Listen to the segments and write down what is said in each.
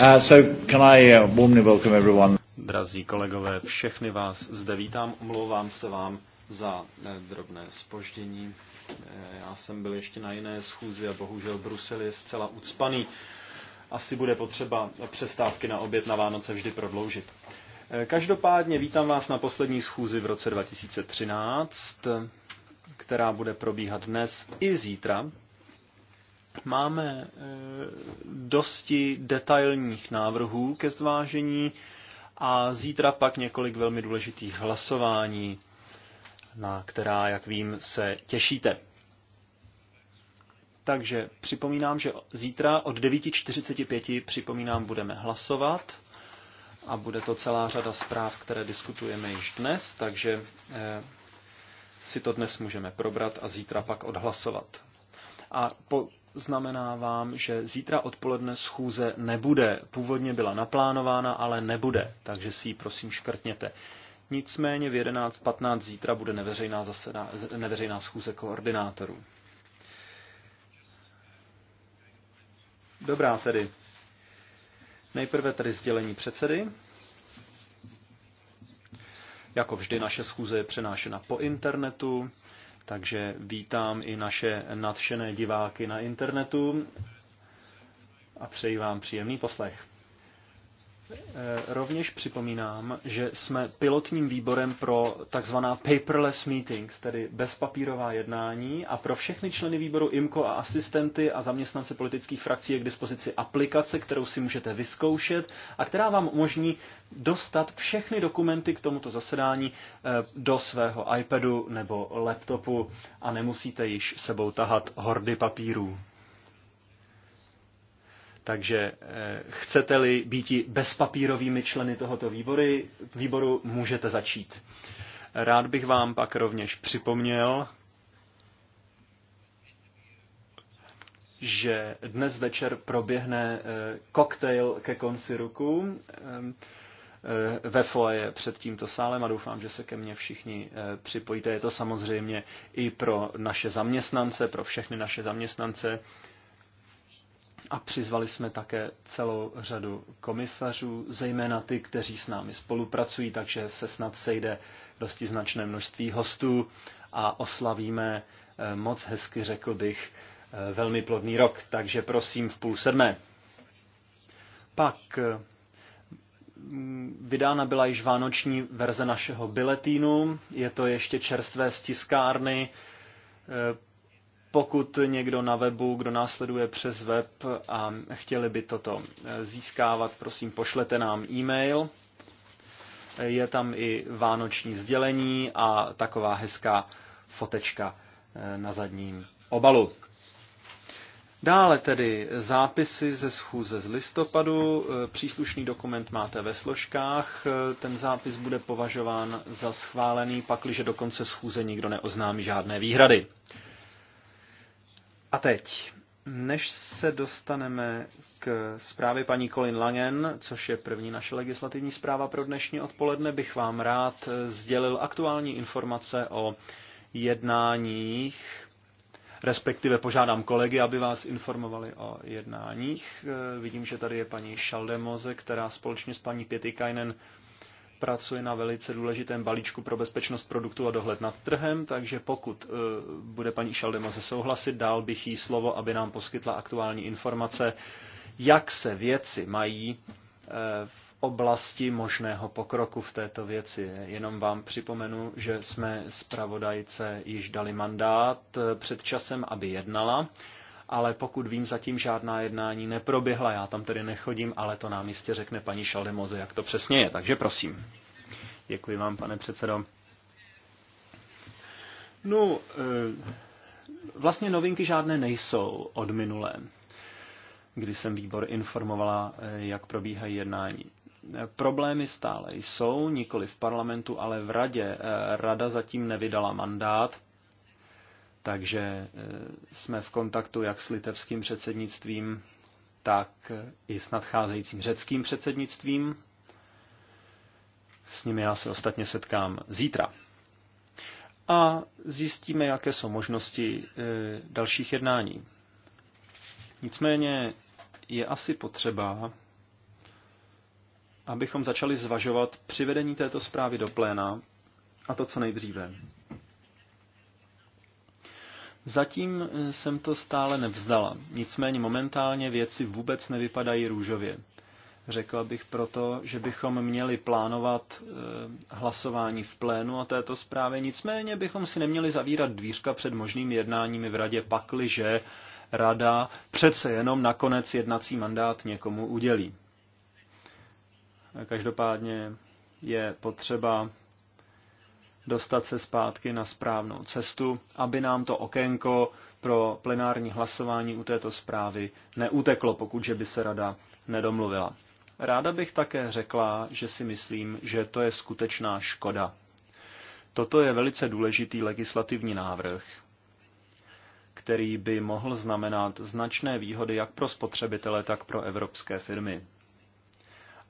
Uh, uh, Drazí kolegové, všechny vás zde vítám. Omlouvám se vám za uh, drobné spoždění. Já jsem byl ještě na jiné schůzi a bohužel Brusel je zcela ucpaný. Asi bude potřeba přestávky na oběd na Vánoce vždy prodloužit. Každopádně vítám vás na poslední schůzi v roce 2013, která bude probíhat dnes i zítra Máme eh, dosti detailních návrhů ke zvážení a zítra pak několik velmi důležitých hlasování, na která, jak vím, se těšíte. Takže připomínám, že zítra od 9.45 připomínám, budeme hlasovat a bude to celá řada zpráv, které diskutujeme již dnes, takže eh, si to dnes můžeme probrat a zítra pak odhlasovat. A po, znamená vám, že zítra odpoledne schůze nebude. Původně byla naplánována, ale nebude, takže si ji prosím škrtněte. Nicméně v 11.15 zítra bude neveřejná, zaseda, neveřejná schůze koordinátorů. Dobrá tedy. Nejprve tedy sdělení předsedy. Jako vždy naše schůze je přenášena po internetu. Takže vítám i naše nadšené diváky na internetu a přeji vám příjemný poslech. Eh, rovněž připomínám, že jsme pilotním výborem pro takzvaná paperless meetings, tedy bezpapírová jednání a pro všechny členy výboru IMCO a asistenty a zaměstnance politických frakcí je k dispozici aplikace, kterou si můžete vyzkoušet a která vám umožní dostat všechny dokumenty k tomuto zasedání eh, do svého iPadu nebo laptopu a nemusíte již sebou tahat hordy papírů. Takže eh, chcete-li být bezpapírovými členy tohoto výbory, výboru, můžete začít. Rád bych vám pak rovněž připomněl, že dnes večer proběhne eh, koktejl ke konci roku eh, ve foaje před tímto sálem a doufám, že se ke mně všichni připojíte. Je to samozřejmě i pro naše zaměstnance, pro všechny naše zaměstnance a přizvali jsme také celou řadu komisařů, zejména ty, kteří s námi spolupracují, takže se snad sejde dosti značné množství hostů a oslavíme eh, moc hezky, řekl bych, eh, velmi plodný rok, takže prosím v půl sedmé. Pak eh, vydána byla již vánoční verze našeho biletínu, je to ještě čerstvé z tiskárny, pokud někdo na webu, kdo následuje přes web a chtěli by toto eh, získávat, prosím, pošlete nám e-mail. Eh, je tam i vánoční sdělení a taková hezká fotečka eh, na zadním obalu. Dále tedy zápisy ze schůze z listopadu. Příslušný dokument máte ve složkách. Ten zápis bude považován za schválený, pakliže do konce schůze nikdo neoznámí žádné výhrady. A teď, než se dostaneme k zprávě paní Colin Langen, což je první naše legislativní zpráva pro dnešní odpoledne, bych vám rád sdělil aktuální informace o jednáních, respektive požádám kolegy, aby vás informovali o jednáních. Vidím, že tady je paní Šaldemoze, která společně s paní Pětikajnen pracuje na velice důležitém balíčku pro bezpečnost produktu a dohled nad trhem, takže pokud e, bude paní Šaldema se souhlasit, dál bych jí slovo, aby nám poskytla aktuální informace, jak se věci mají e, v oblasti možného pokroku v této věci. Jenom vám připomenu, že jsme zpravodajce již dali mandát e, před časem, aby jednala ale pokud vím, zatím žádná jednání neproběhla, já tam tedy nechodím, ale to nám jistě řekne paní Šaldemoze, jak to přesně je, takže prosím. Děkuji vám, pane předsedo. No, eh, vlastně novinky žádné nejsou od minulé, kdy jsem výbor informovala, eh, jak probíhají jednání. Problémy stále jsou, nikoli v parlamentu, ale v radě. Eh, rada zatím nevydala mandát takže e, jsme v kontaktu jak s litevským předsednictvím, tak i s nadcházejícím řeckým předsednictvím. S nimi já se ostatně setkám zítra. A zjistíme, jaké jsou možnosti e, dalších jednání. Nicméně je asi potřeba, abychom začali zvažovat přivedení této zprávy do pléna, a to co nejdříve. Zatím eh, jsem to stále nevzdala, nicméně momentálně věci vůbec nevypadají růžově. Řekla bych proto, že bychom měli plánovat eh, hlasování v plénu a této zprávě, nicméně bychom si neměli zavírat dvířka před možnými jednáními v radě, pakliže rada přece jenom nakonec jednací mandát někomu udělí. Každopádně je potřeba dostat se zpátky na správnou cestu, aby nám to okénko pro plenární hlasování u této zprávy neuteklo, pokud že by se rada nedomluvila. Ráda bych také řekla, že si myslím, že to je skutečná škoda. Toto je velice důležitý legislativní návrh, který by mohl znamenat značné výhody jak pro spotřebitele, tak pro evropské firmy.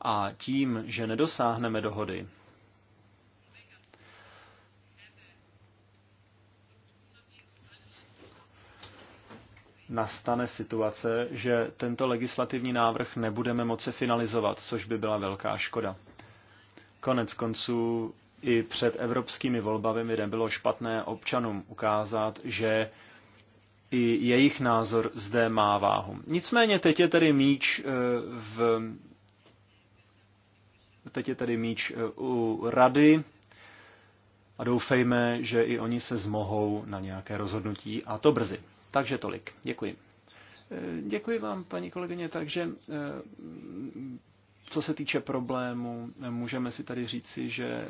A tím, že nedosáhneme dohody, nastane situace, že tento legislativní návrh nebudeme moci finalizovat, což by byla velká škoda. Konec konců i před evropskými volbami nebylo špatné občanům ukázat, že i jejich názor zde má váhu. Nicméně teď je tedy míč eh, v teď je tedy míč eh, u rady a doufejme, že i oni se zmohou na nějaké rozhodnutí a to brzy. Takže tolik. Děkuji. Eh, děkuji vám, paní kolegyně. Takže eh, co se týče problému, můžeme si tady říci, že eh,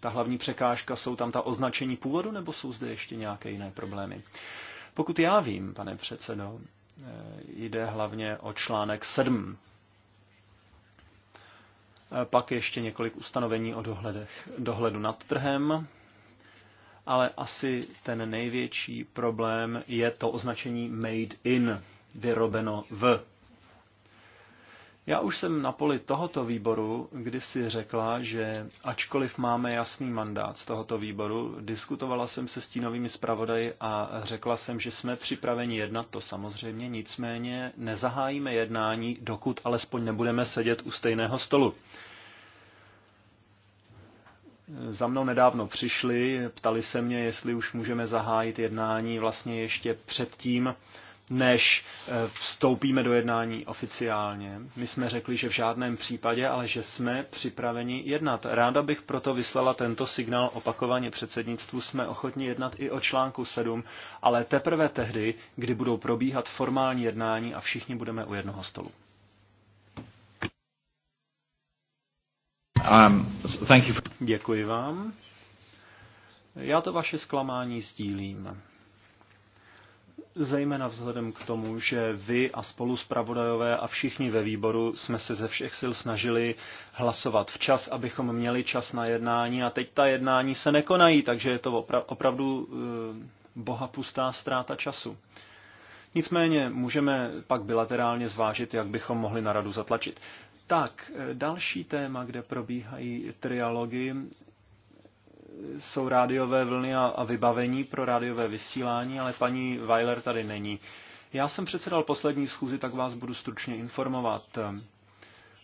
ta hlavní překážka jsou tam ta označení původu, nebo jsou zde ještě nějaké jiné problémy? Pokud já vím, pane předsedo, jde hlavně o článek 7. Pak ještě několik ustanovení o dohledech, dohledu nad trhem, ale asi ten největší problém je to označení made in, vyrobeno v. Já už jsem na poli tohoto výboru kdysi řekla, že ačkoliv máme jasný mandát z tohoto výboru, diskutovala jsem se stínovými zpravodaji a řekla jsem, že jsme připraveni jednat, to samozřejmě, nicméně nezahájíme jednání, dokud alespoň nebudeme sedět u stejného stolu za mnou nedávno přišli, ptali se mě, jestli už můžeme zahájit jednání vlastně ještě předtím, než eh, vstoupíme do jednání oficiálně. My jsme řekli, že v žádném případě, ale že jsme připraveni jednat. Ráda bych proto vyslala tento signál opakovaně předsednictvu. Jsme ochotni jednat i o článku 7, ale teprve tehdy, kdy budou probíhat formální jednání a všichni budeme u jednoho stolu. Um, thank you. Děkuji vám. Já to vaše zklamání sdílím. Zejména vzhledem k tomu, že vy a spolu zpravodajové a všichni ve výboru jsme se ze všech sil snažili hlasovat včas, abychom měli čas na jednání a teď ta jednání se nekonají, takže je to opra- opravdu e, eh, bohapustá ztráta času. Nicméně můžeme pak bilaterálně zvážit, jak bychom mohli na radu zatlačit. Tak, e, další téma, kde probíhají trialogy, e, jsou rádiové vlny a, a vybavení pro rádiové vysílání, ale paní Weiler tady není. Já jsem předsedal poslední schůzi, tak vás budu stručně informovat. E,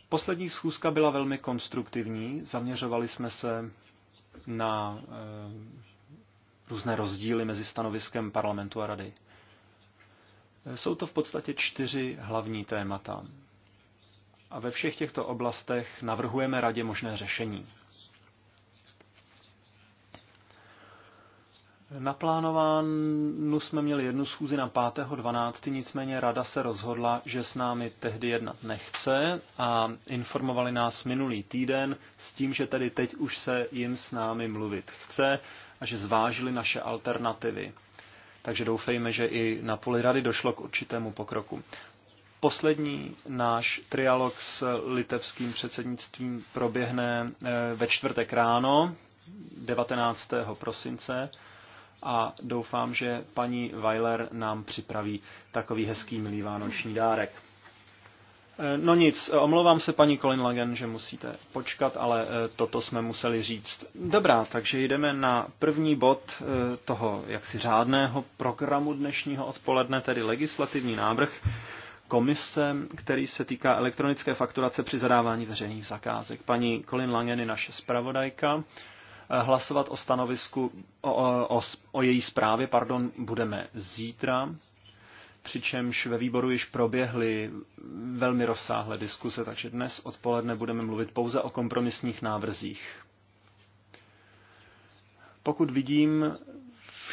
poslední schůzka byla velmi konstruktivní, zaměřovali jsme se na e, různé rozdíly mezi stanoviskem parlamentu a rady. Jsou to v podstatě čtyři hlavní témata. A ve všech těchto oblastech navrhujeme radě možné řešení. Naplánovánu jsme měli jednu schůzi na 5.12., nicméně rada se rozhodla, že s námi tehdy jednat nechce a informovali nás minulý týden s tím, že tedy teď už se jim s námi mluvit chce a že zvážili naše alternativy. Takže doufejme, že i na poli rady došlo k určitému pokroku. Poslední náš trialog s litevským předsednictvím proběhne eh, ve čtvrtek ráno 19. prosince a doufám, že paní Weiler nám připraví takový hezký milý vánoční dárek. Eh, no nic, eh, omlouvám se paní Colin Lagen, že musíte počkat, ale toto jsme museli říct. Dobrá, takže jdeme na první bod toho jaksi řádného programu dnešního odpoledne, tedy legislativní návrh komise, který se týká elektronické fakturace při zadávání veřejných zakázek. Paní Colin Langen je naše zpravodajka. Eh, hlasovat o stanovisku, o, o, o její zprávě, pardon, budeme zítra, přičemž ve výboru již proběhly velmi rozsáhlé diskuse, takže dnes odpoledne budeme mluvit pouze o kompromisních návrzích. Pokud vidím,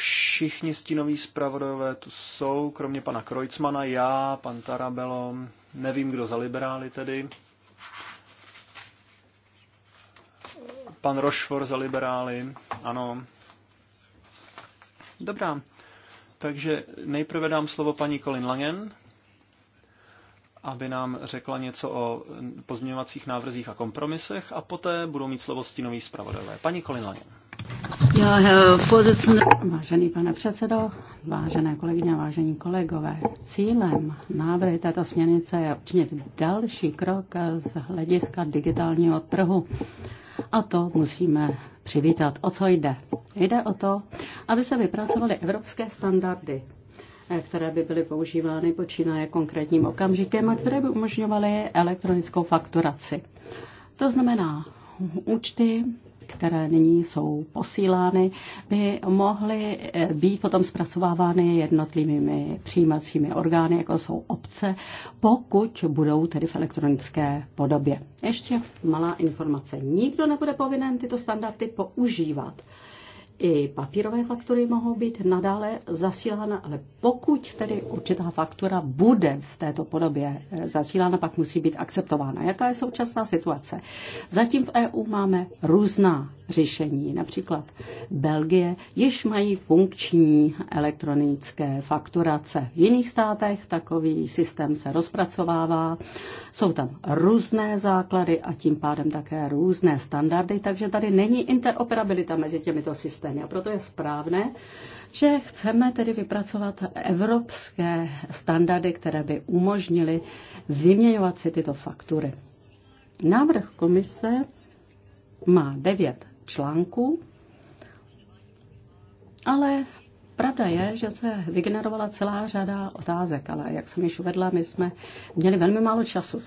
Všichni stínoví zpravodajové tu jsou, kromě pana Krojcmana, já, pan Tarabelo, nevím, kdo za liberály tedy. Pan Rošfor za liberály, ano. Dobrá, takže nejprve dám slovo paní Colin Langen, aby nám řekla něco o pozměňovacích návrzích a kompromisech a poté budou mít slovo stínoví zpravodajové. Paní Colin Langen. Já, eh, Vážený pane předsedo, vážené kolegyně a vážení kolegové, cílem návrhy této směrnice je učinit další krok eh, z hlediska digitálního trhu. A to musíme přivítat. O co jde? Jde o to, aby se vypracovaly evropské standardy, eh, které by byly používány počínaje konkrétním okamžikem a které by umožňovaly elektronickou fakturaci. To znamená účty které nyní jsou posílány, by mohly eh, být potom zpracovávány jednotlivými přijímacími orgány, jako jsou obce, pokud budou tedy v elektronické podobě. Ještě malá informace. Nikdo nebude povinen tyto standardy používat. I papírové faktury mohou být nadále zasílána, ale pokud tedy určitá faktura bude v této podobě eh, zasílána, pak musí být akceptována. Jaká je současná situace? Zatím v EU máme různá řešení. Například Belgie již mají funkční elektronické fakturace. V jiných státech takový systém se rozpracovává. Jsou tam různé základy a tím pádem také různé standardy, takže tady není interoperabilita mezi těmito systémy zároveň. A proto je správné, že chceme tedy vypracovat evropské standardy, které by umožnily vyměňovat si tyto faktury. Návrh komise má devět článků, ale Pravda je, že se vygenerovala celá řada otázek, ale jak jsem již uvedla, my jsme měli velmi málo času,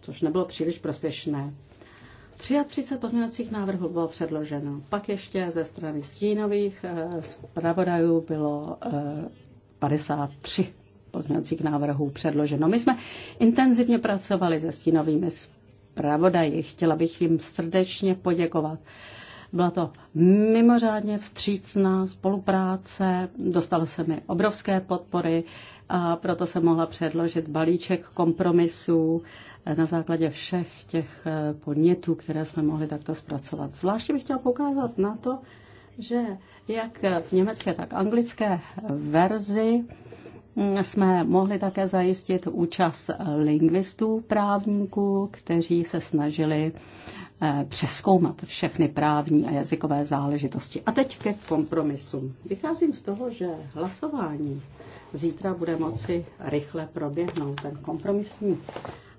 což nebylo příliš prospěšné. 33 pozměňovacích návrhů bylo předloženo. Pak ještě ze strany stínových eh, zpravodajů bylo 53 eh, pozměňovacích návrhů předloženo. My jsme intenzivně pracovali se stínovými zpravodaji. Chtěla bych jim srdečně poděkovat. Byla to mimořádně vstřícná spolupráce, dostal se mi obrovské podpory a proto se mohla předložit balíček kompromisů na základě všech těch eh, podnětů, které jsme mohli takto zpracovat. Zvláště bych chtěla poukázat na to, že jak v německé, tak anglické verzi hm, jsme mohli také zajistit účast lingvistů, právníků, kteří se snažili Eh, přeskoumat všechny právní a jazykové záležitosti. A teď ke kompromisům. Vycházím z toho, že hlasování zítra bude moci rychle proběhnout. Ten kompromisní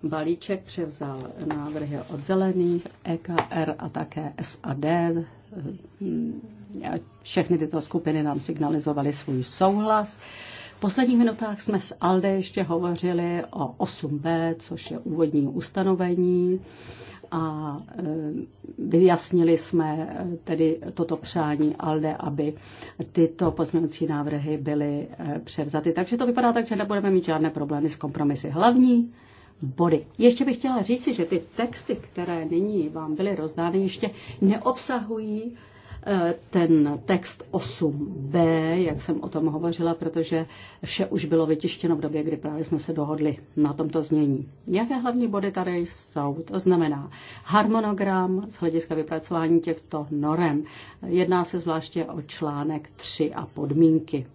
balíček převzal návrhy od zelených, EKR a také SAD. Eh, všechny tyto skupiny nám signalizovaly svůj souhlas. V posledních minutách jsme s Alde ještě hovořili o 8b, což je úvodní ustanovení a eh, vyjasnili jsme eh, tedy toto přání ALDE, aby tyto pozměňovací návrhy byly eh, převzaty. Takže to vypadá tak, že nebudeme mít žádné problémy s kompromisy. Hlavní body. Ještě bych chtěla říct, že ty texty, které nyní vám byly rozdány, ještě neobsahují Eh, ten text 8b, jak jsem o tom hovořila, protože vše už bylo vytištěno v době, kdy právě jsme se dohodli na tomto znění. Jaké hlavní body tady jsou? To znamená harmonogram z hlediska vypracování těchto norem. Jedná se zvláště o článek 3 a podmínky.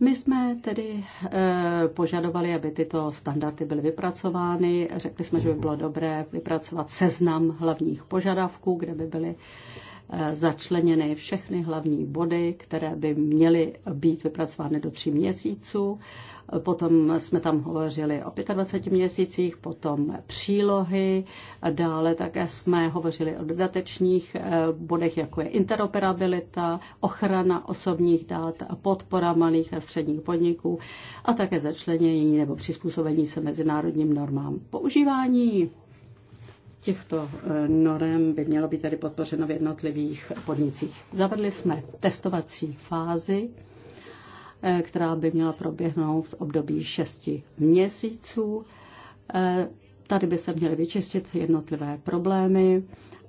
My jsme tedy e, požadovali, aby tyto standardy byly vypracovány. Řekli jsme, že by bylo dobré vypracovat seznam hlavních požadavků, kde by byly e, Eh, začleněny všechny hlavní body, které by měly být vypracovány do tří měsíců. Potom jsme tam hovořili o 25 měsících, potom přílohy, dále také jsme hovořili o dodatečných eh, bodech, jako je interoperabilita, ochrana osobních dat, podpora malých a středních podniků a také začlenění nebo přizpůsobení se mezinárodním normám. Používání těchto eh, norem by mělo být tady podpořeno v jednotlivých podnicích. Zavedli jsme testovací fázi, eh, která by měla proběhnout v období 6 měsíců. Eh, tady by se měly vyčistit jednotlivé problémy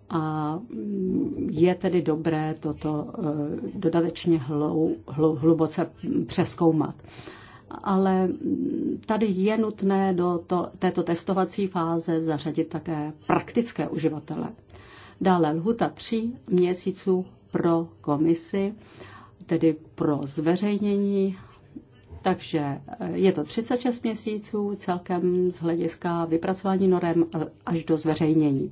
a mm, je tedy dobré toto dodatečně hlou, hlou, hluboce přeskoumat ale tady je nutné do to, této testovací fáze zařadit také praktické uživatele. Dále lhuta tří měsíců pro komisi, tedy pro zveřejnění takže eh, je to 36 měsíců celkem z hlediska vypracování norem až do zveřejnění.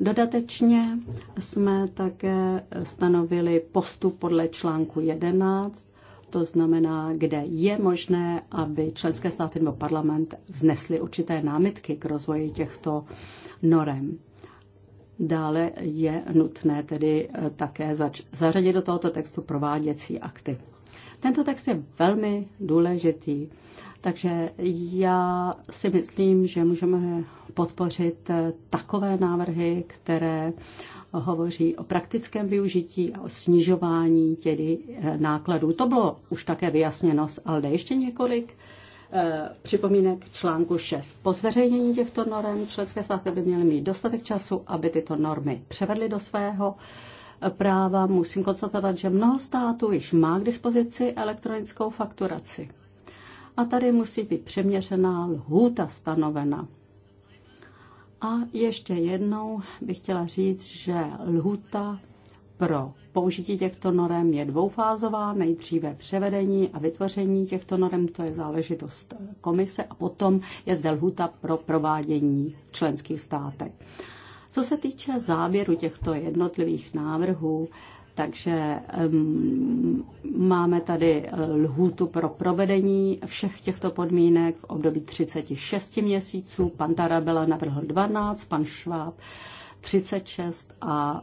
Dodatečně jsme také stanovili postup podle článku 11 to znamená, kde je možné, aby členské státy nebo parlament vznesly určité námitky k rozvoji těchto norem. Dále je nutné tedy eh, také zač- zařadit do tohoto textu prováděcí akty. Tento text je velmi důležitý. Takže já si myslím, že můžeme podpořit takové návrhy, které hovoří o praktickém využití a o snižování tedy eh, nákladů. To bylo už také vyjasněno ale ALDE. Ještě několik eh, připomínek článku 6. Po zveřejnění těchto norm členské státy by měly mít dostatek času, aby tyto normy převedly do svého eh, práva. Musím konstatovat, že mnoho států již má k dispozici elektronickou fakturaci a tady musí být přeměřená lhůta stanovena. A ještě jednou bych chtěla říct, že lhůta pro použití těchto norem je dvoufázová, nejdříve převedení a vytvoření těchto norem, to je záležitost komise, a potom je zde lhůta pro provádění členských státek. Co se týče závěru těchto jednotlivých návrhů, takže máme tady lhůtu pro provedení všech těchto podmínek v období 36 měsíců. Pan Tarabela navrhl 12, pan Šváb 36 a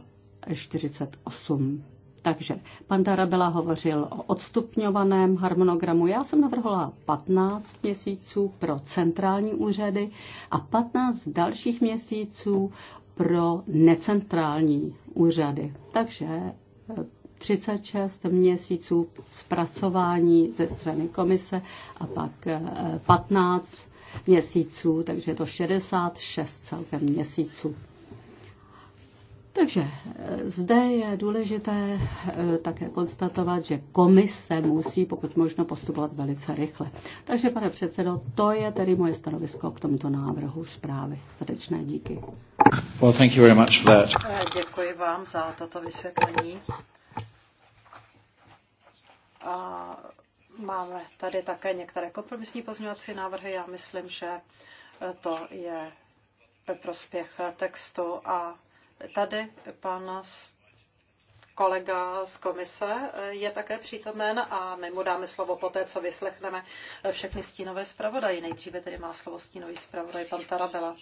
48. Takže pan Darabela hovořil o odstupňovaném harmonogramu. Já jsem navrhla 15 měsíců pro centrální úřady a 15 dalších měsíců pro necentrální úřady. Takže 36 měsíců zpracování ze strany komise a pak 15 eh, měsíců, takže je to 66 celkem měsíců. Takže eh, zde je důležité eh, také konstatovat, že komise musí pokud možno postupovat velice rychle. Takže, pane předsedo, to je tedy moje stanovisko k tomuto návrhu zprávy. Srdečné díky. Well, thank you very much for that. Eh, děkuji vám za toto vysvětlení. A máme tady také některé kompromisní pozměňovací návrhy. Já myslím, že to je ve prospěch textu a Tady pan kolega z komise je také přítomen a my mu dáme slovo poté, co vyslechneme všechny stínové zpravodaji. Nejdříve tedy má slovo stínový zpravodaj pan Tarabela.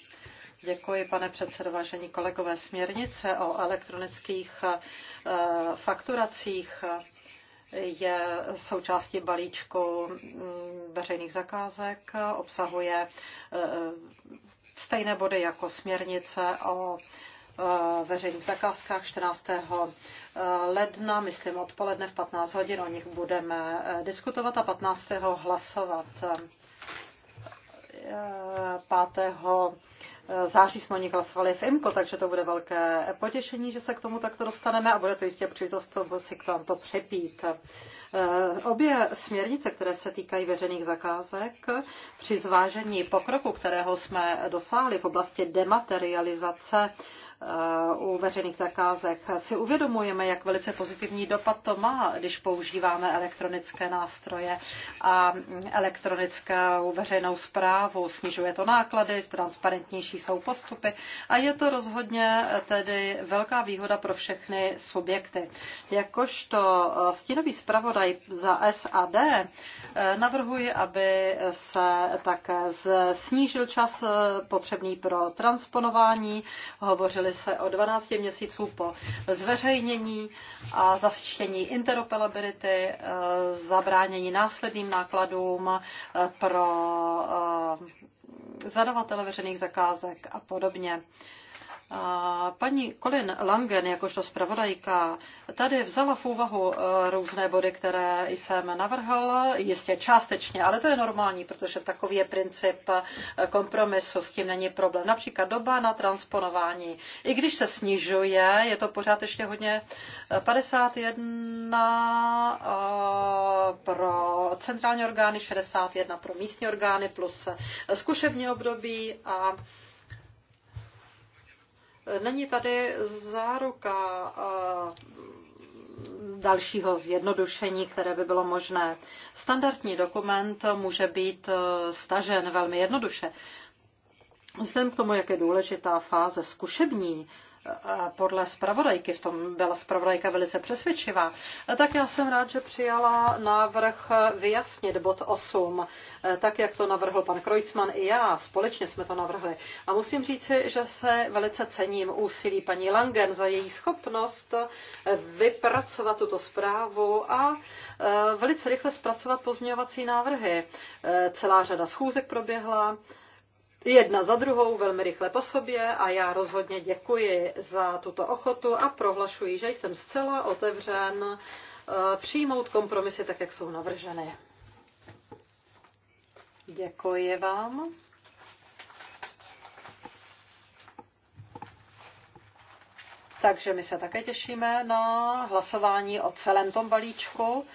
Děkuji, pane předsedo, vážení kolegové. Směrnice o elektronických eh, fakturacích je součástí balíčku mm, veřejných zakázek, obsahuje eh, stejné body jako směrnice o Eh, veřejných zakázkách 14. ledna, myslím odpoledne v 15 hodin, o nich budeme eh, diskutovat a 15. hlasovat. 5. Eh, září jsme o nich hlasovali v IMKO, takže to bude velké potěšení, že se k tomu takto dostaneme a bude to jistě příležitost si k tomu to přepít. Obě směrnice, které se týkají veřejných zakázek, při zvážení pokroku, kterého jsme dosáhli v oblasti dematerializace Eh, u veřejných zakázek, si uvědomujeme, jak velice pozitivní dopad to má, když používáme elektronické nástroje a elektronickou veřejnou zprávu. Snižuje to náklady, transparentnější jsou postupy a je to rozhodně tedy velká výhoda pro všechny subjekty. Jakožto eh, stínový zpravodaj za SAD eh, navrhuji, aby se také snížil čas potřebný pro transponování. Hovořili objevily se o 12 měsíců po zveřejnění a zastištění interoperability, eh, zabránění následným nákladům eh, pro eh, zadavatele veřejných zakázek a podobně paní Colin Langen, jakožto zpravodajka, tady vzala v úvahu e, různé body, které jsem navrhl, jistě částečně, ale to je normální, protože takový je princip e, kompromisu, s tím není problém. Například doba na transponování. I když se snižuje, je to pořád ještě hodně 51 e, pro centrální orgány, 61 pro místní orgány plus zkušební období a Není tady záruka eh, dalšího zjednodušení, které by bylo možné. Standardní dokument může být eh, stažen velmi jednoduše. Vzhledem k tomu, jak je důležitá fáze zkušební, a podle zpravodajky, v tom byla zpravodajka velice přesvědčivá, tak já jsem rád, že přijala návrh vyjasnit bod 8, tak jak to navrhl pan Krojcman i já, společně jsme to navrhli. A musím říci, že se velice cením úsilí paní Langen za její schopnost vypracovat tuto zprávu a e, velice rychle zpracovat pozměňovací návrhy. E, celá řada schůzek proběhla, jedna za druhou, velmi rychle po sobě a já rozhodně děkuji za tuto ochotu a prohlašuji, že jsem zcela otevřen eh, přijmout kompromisy tak, jak jsou navrženy. Děkuji vám. Takže my se také těšíme na hlasování o celém tom balíčku,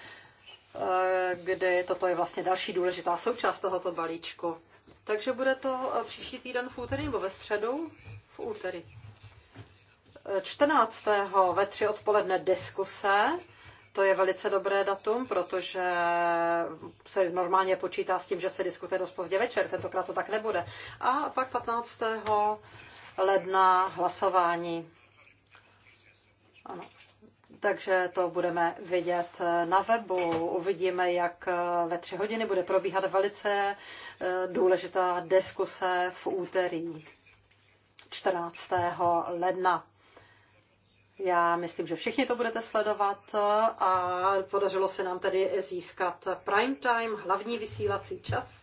eh, kdy toto je vlastně další důležitá součást tohoto balíčku. Takže bude to e, příští týden v úterý nebo ve středu? V úterý. 14. E, ve 3 odpoledne diskuse. To je velice dobré datum, protože se normálně počítá s tím, že se diskutuje dost pozdě večer, tentokrát to tak nebude. A pak 15. ledna hlasování. Ano takže to budeme vidět na webu. Uvidíme, jak ve tři hodiny bude probíhat velice eh, důležitá diskuse v úterý 14. ledna. Já myslím, že všichni to budete sledovat a podařilo se nám tedy získat prime time, hlavní vysílací čas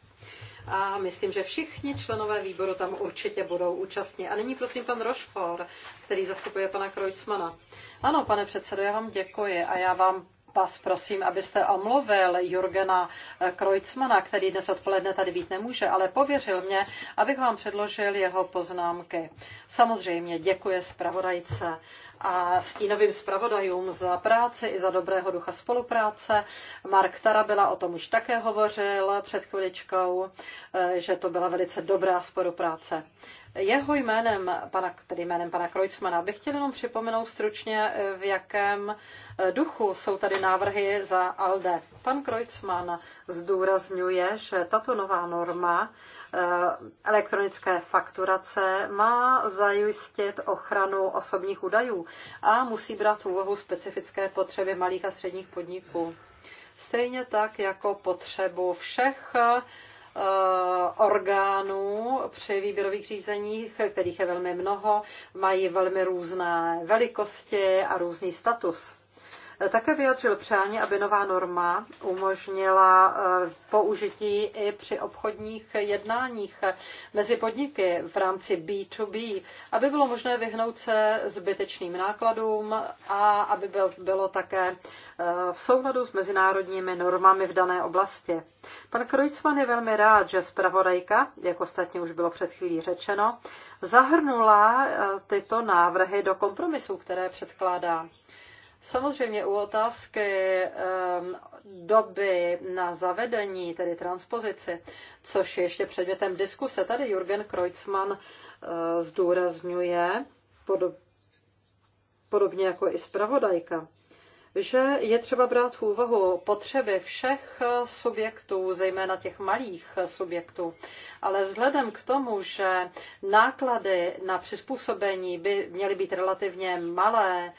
a myslím, že všichni členové výboru tam určitě budou účastní. A nyní prosím pan Rošfor, který zastupuje pana Krojcmana. Ano, pane předsedo, já vám děkuji a já vám vás prosím, abyste omluvil Jurgena Kreutzmana, který dnes odpoledne tady být nemůže, ale pověřil mě, abych vám předložil jeho poznámky. Samozřejmě děkuje zpravodajce a stínovým zpravodajům za práci i za dobrého ducha spolupráce. Mark Tarabila o tom už také hovořil před chviličkou, eh, že to byla velice dobrá spolupráce. Jeho jménem, pana, tedy jménem pana Krojcmana, bych chtěl jenom připomenout stručně, v jakém eh, duchu jsou tady návrhy za ALDE. Pan Krojcman zdůrazňuje, že tato nová norma eh, elektronické fakturace má zajistit ochranu osobních údajů a musí brát v úvahu specifické potřeby malých a středních podniků. Stejně tak jako potřebu všech eh, Eh, orgánů při výběrových řízeních, kterých je velmi mnoho, mají velmi různé velikosti a různý status. Také vyjadřil přání, aby nová norma umožnila eh, použití i při obchodních jednáních mezi podniky v rámci B2B, aby bylo možné vyhnout se zbytečným nákladům a aby bylo také eh, v souladu s mezinárodními normami v dané oblasti. Pan Krojcman je velmi rád, že zpravodajka, jak ostatně už bylo před chvílí řečeno, zahrnula eh, tyto návrhy do kompromisů, které předkládá. Samozřejmě u otázky doby na zavedení, tedy transpozici, což je ještě předmětem diskuse, tady Jürgen Kreutzmann eh, zdůrazňuje, podobně jako i zpravodajka, že je třeba brát v úvahu potřeby všech eh, subjektů, zejména těch malých eh, subjektů. Ale vzhledem k tomu, že náklady na přizpůsobení by měly být relativně malé,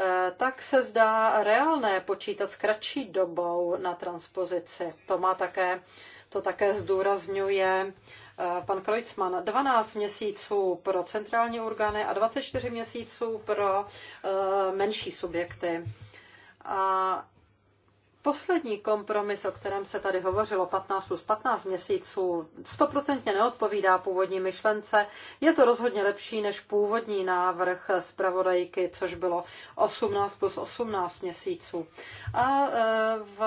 Eh, tak se zdá reálné počítat s kratší dobou na transpozici. To má také, to také zdůrazňuje eh, pan Kreutzmann, 12 měsíců pro centrální orgány a 24 měsíců pro eh, menší subjekty. A Poslední kompromis, o kterém se tady hovořilo, 15 plus 15 měsíců, stoprocentně neodpovídá původní myšlence. Je to rozhodně lepší než původní návrh zpravodajky, což bylo 18 plus 18 měsíců. A e, v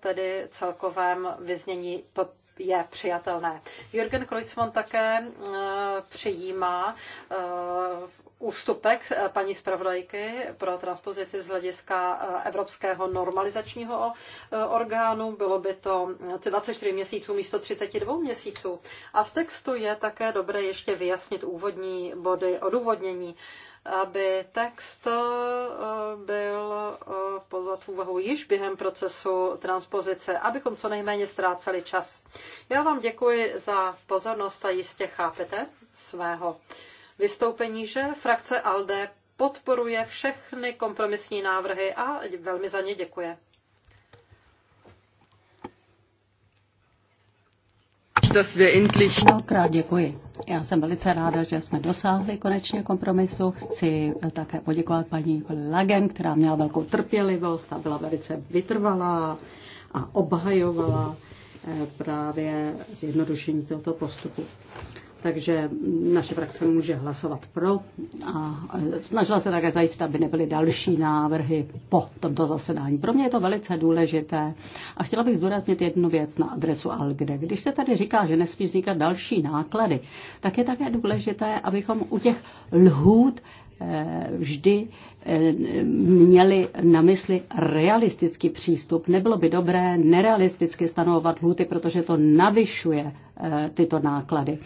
tedy celkovém vyznění to je přijatelné. Jürgen Kreuzmann také e, přijímá e, ústupek paní zpravodajky pro transpozici z hlediska evropského normalizačního regulačního eh, orgánu, bylo by to 24 eh, měsíců místo 32 měsíců. A v textu je také dobré ještě vyjasnit úvodní body odůvodnění aby text eh, byl pozvat v úvahu již během procesu transpozice, abychom co nejméně ztráceli čas. Já vám děkuji za pozornost a jistě chápete svého vystoupení, že frakce ALDE podporuje všechny kompromisní návrhy a velmi za ně děkuje. Mnohokrát děkuji. Já jsem velice ráda, že jsme dosáhli konečně kompromisu. Chci eh, také poděkovat paní Lagen, která měla velkou trpělivost a byla velice vytrvalá a obhajovala eh, právě zjednodušení tohoto postupu takže naše frakce může hlasovat pro a snažila se také zajistit, aby nebyly další návrhy po tomto zasedání. Pro mě je to velice důležité a chtěla bych zdůraznit jednu věc na adresu Algre. Když se tady říká, že nesmí vznikat další náklady, tak je také důležité, abychom u těch lhůt eh, vždy eh, měli na mysli realistický přístup. Nebylo by dobré nerealisticky stanovovat lhuty, protože to navyšuje eh, tyto náklady.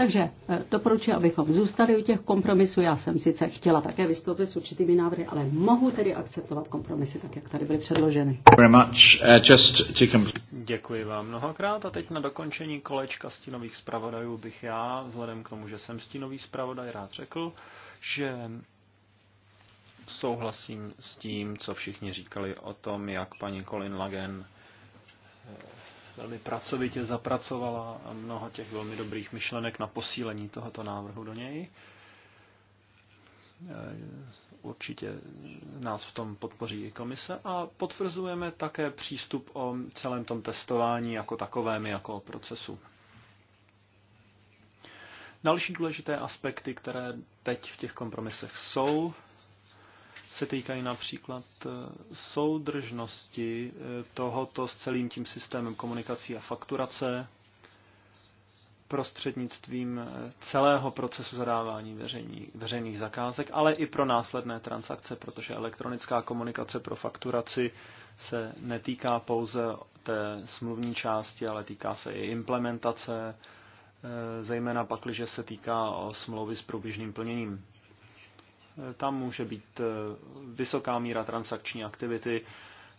Takže eh, doporučuji, abychom zůstali u těch kompromisů. Já jsem sice chtěla také vystoupit s určitými návrhy, ale mohu tedy akceptovat kompromisy, tak jak tady byly předloženy. Uh, Děkuji vám mnohokrát a teď na dokončení kolečka stínových zpravodajů bych já, vzhledem k tomu, že jsem stínový zpravodaj, rád řekl, že souhlasím s tím, co všichni říkali o tom, jak paní Colin Lagen velmi pracovitě zapracovala mnoho těch velmi dobrých myšlenek na posílení tohoto návrhu do něj. E, určitě nás v tom podpoří i komise a potvrzujeme také přístup o celém tom testování jako takovém, jako o procesu. Další důležité aspekty, které teď v těch kompromisech jsou, se týkají například eh, soudržnosti eh, tohoto s celým tím systémem komunikací a fakturace prostřednictvím eh, celého procesu zadávání veřejní, veřejných zakázek, ale i pro následné transakce, protože elektronická komunikace pro fakturaci se netýká pouze té smluvní části, ale týká se i implementace, zejména pak, když se týká o smlouvy s průběžným plněním. Tam může být eh, vysoká míra transakční aktivity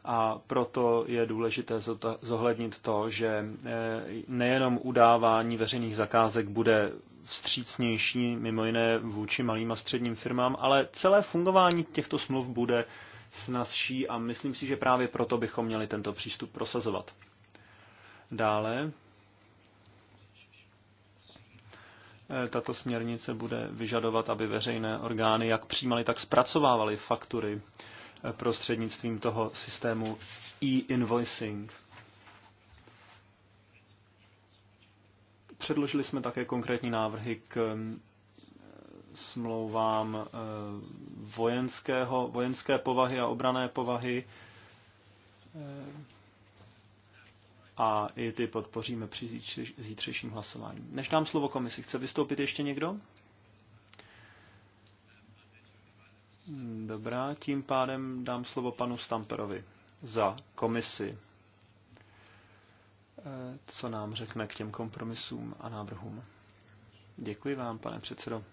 a proto je důležité zohlednit to, že eh, nejenom udávání veřejných zakázek bude vstřícnější, mimo jiné vůči malým a středním firmám, ale celé fungování těchto smluv bude snazší a myslím si, že právě proto bychom měli tento přístup prosazovat. Dále Eh, tato směrnice bude vyžadovat, aby veřejné orgány jak přijímaly, tak zpracovávaly faktury eh, prostřednictvím toho systému e-invoicing. Předložili jsme také konkrétní návrhy k eh, smlouvám vojenského, vojenské povahy a obrané povahy a i ty podpoříme při zítřejším hlasování. Než dám slovo komisi, chce vystoupit ještě někdo? Dobrá, tím pádem dám slovo panu Stamperovi za komisi, eh, co nám řekne k těm kompromisům a návrhům. Děkuji vám, pane předsedo.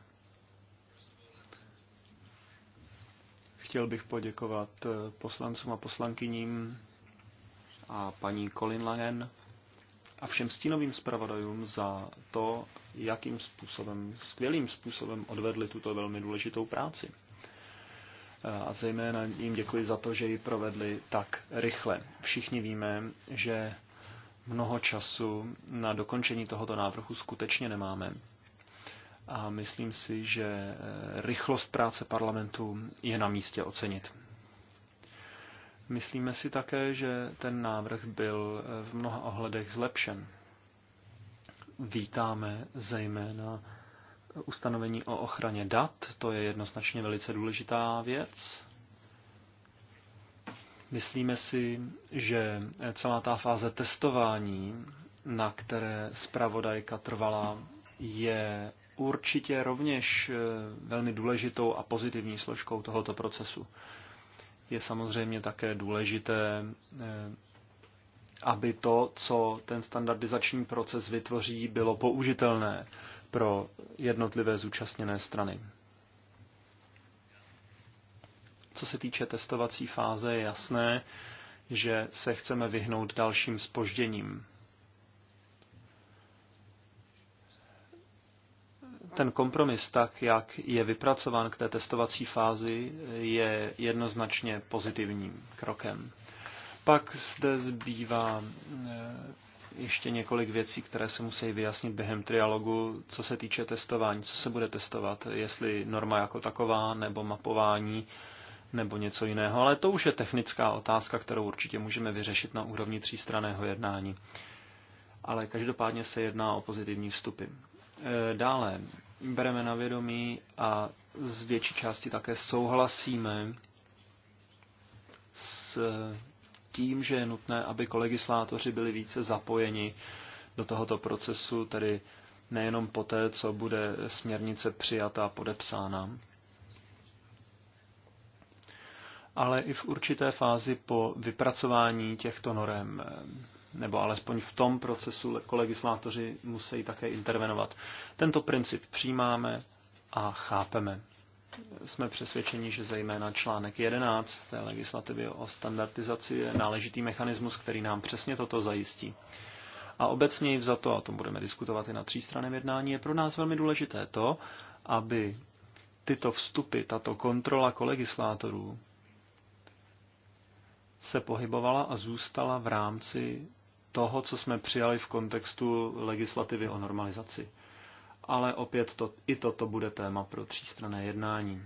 Chtěl bych poděkovat eh, poslancům a poslankyním a paní Colin Langen a všem stínovým zpravodajům za to, jakým způsobem, skvělým způsobem odvedli tuto velmi důležitou práci. E, a zejména jim děkuji za to, že ji provedli tak rychle. Všichni víme, že mnoho času na dokončení tohoto návrhu skutečně nemáme. A myslím si, že e, rychlost práce parlamentu je na místě ocenit. Myslíme si také, že ten návrh byl eh, v mnoha ohledech zlepšen. Vítáme zejména ustanovení o ochraně dat, to je jednoznačně velice důležitá věc. Myslíme si, že celá ta fáze testování, na které zpravodajka trvala, je určitě rovněž eh, velmi důležitou a pozitivní složkou tohoto procesu je samozřejmě také důležité, eh, aby to, co ten standardizační proces vytvoří, bylo použitelné pro jednotlivé zúčastněné strany. Co se týče testovací fáze, je jasné, že se chceme vyhnout dalším spožděním. ten kompromis tak, jak je vypracován k té testovací fázi, je jednoznačně pozitivním krokem. Pak zde zbývá eh, ještě několik věcí, které se musí vyjasnit během trialogu, co se týče testování, co se bude testovat, jestli norma jako taková, nebo mapování, nebo něco jiného. Ale to už je technická otázka, kterou určitě můžeme vyřešit na úrovni třístraného jednání. Ale každopádně se jedná o pozitivní vstupy. E, dále bereme na vědomí a z větší části také souhlasíme s tím, že je nutné, aby kolegislátoři byli více zapojeni do tohoto procesu, tedy nejenom poté, co bude směrnice přijata a podepsána, ale i v určité fázi po vypracování těchto norem nebo alespoň v tom procesu kolegislátoři musí také intervenovat. Tento princip přijímáme a chápeme. Jsme přesvědčeni, že zejména článek 11 té legislativy o standardizaci je náležitý mechanismus, který nám přesně toto zajistí. A obecně za to, a tom budeme diskutovat i na třístraném jednání, je pro nás velmi důležité to, aby tyto vstupy, tato kontrola kolegislátorů se pohybovala a zůstala v rámci toho, co jsme přijali v kontextu legislativy o normalizaci. Ale opět to, i toto bude téma pro třístrané jednání.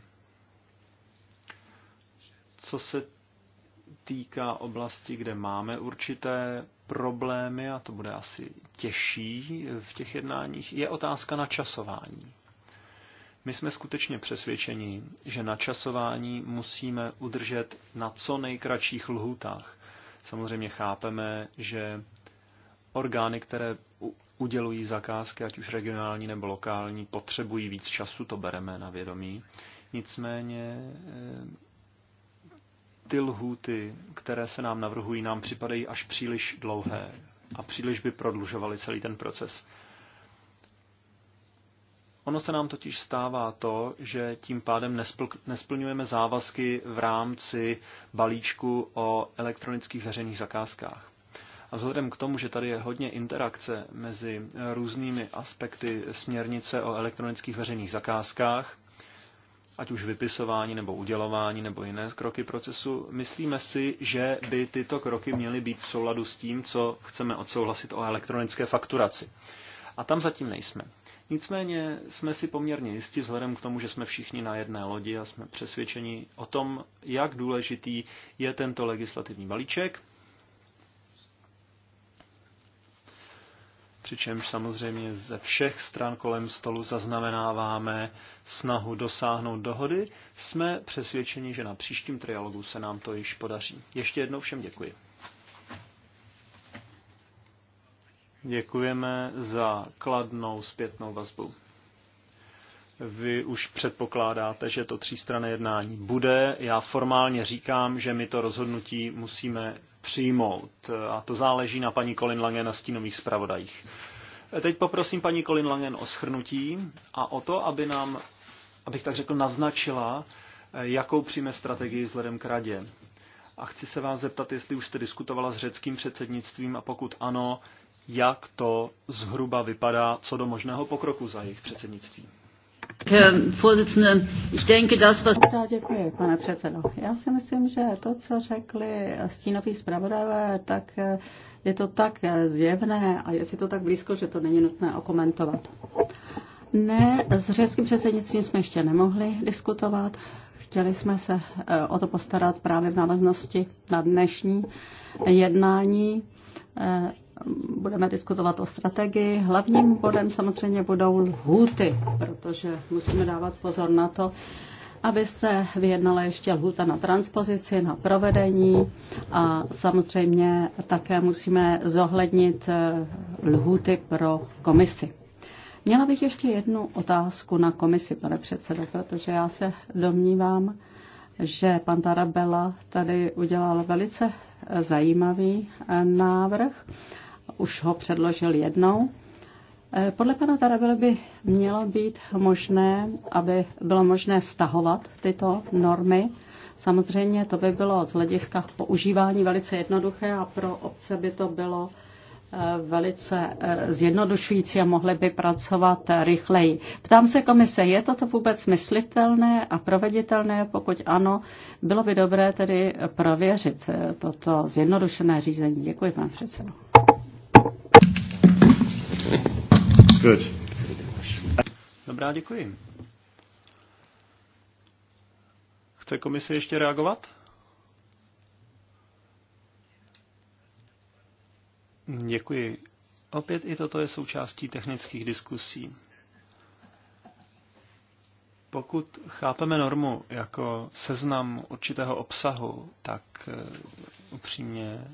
Co se týká oblasti, kde máme určité problémy, a to bude asi těžší v těch jednáních, je otázka načasování. My jsme skutečně přesvědčeni, že načasování musíme udržet na co nejkratších lhůtách. Samozřejmě chápeme, že orgány, které udělují zakázky, ať už regionální nebo lokální, potřebují víc času, to bereme na vědomí. Nicméně eh, ty lhůty, které se nám navrhují, nám připadají až příliš dlouhé a příliš by prodlužovaly celý ten proces. Ono se nám totiž stává to, že tím pádem nespl, nesplňujeme závazky v rámci balíčku o elektronických veřejných zakázkách. A vzhledem k tomu, že tady je hodně interakce mezi různými aspekty směrnice o elektronických veřejných zakázkách, ať už vypisování nebo udělování nebo jiné kroky procesu, myslíme si, že by tyto kroky měly být v souladu s tím, co chceme odsouhlasit o elektronické fakturaci. A tam zatím nejsme. Nicméně jsme si poměrně jistí, vzhledem k tomu, že jsme všichni na jedné lodi a jsme přesvědčeni o tom, jak důležitý je tento legislativní balíček. Přičemž samozřejmě ze všech stran kolem stolu zaznamenáváme snahu dosáhnout dohody. Jsme přesvědčeni, že na příštím trialogu se nám to již podaří. Ještě jednou všem děkuji. Děkujeme za kladnou zpětnou vazbu. Vy už předpokládáte, že to třístrané jednání bude. Já formálně říkám, že my to rozhodnutí musíme přijmout. A to záleží na paní Colin Lange na stínových zpravodajích. Teď poprosím paní Colin Langen o schrnutí a o to, aby nám, abych tak řekl, naznačila, jakou přijme strategii vzhledem k radě. A chci se vás zeptat, jestli už jste diskutovala s řeckým předsednictvím a pokud ano, jak to zhruba vypadá co do možného pokroku za jejich předsednictví. Děkuji, pane předsedo. Já si myslím, že to, co řekli stínoví zpravodajové, tak eh, je to tak eh, zjevné a je si to tak blízko, že to není nutné okomentovat. Ne, s řeckým předsednictvím jsme ještě nemohli diskutovat. Chtěli jsme se eh, o to postarat právě v návaznosti na dnešní jednání budeme diskutovat o strategii. Hlavním bodem samozřejmě budou lhůty, protože musíme dávat pozor na to, aby se vyjednala ještě lhůta na transpozici, na provedení a samozřejmě také musíme zohlednit eh, lhůty pro komisi. Měla bych ještě jednu otázku na komisi, pane předsedo, protože já se domnívám, že pan Tarabella tady udělal velice eh, zajímavý eh, návrh už ho předložil jednou. Eh, podle pana Tarabely by mělo být možné, aby bylo možné stahovat tyto normy. Samozřejmě to by bylo z hlediska používání velice jednoduché a pro obce by to bylo eh, velice eh, zjednodušující a mohly by pracovat rychleji. Ptám se komise, je toto vůbec myslitelné a proveditelné? Pokud ano, bylo by dobré tedy prověřit toto zjednodušené řízení. Děkuji, pan předsedo. Good. Dobrá, děkuji. Chce komise ještě reagovat? Děkuji. Opět i toto je součástí technických diskusí. Pokud chápeme normu jako seznam určitého obsahu, tak eh, upřímně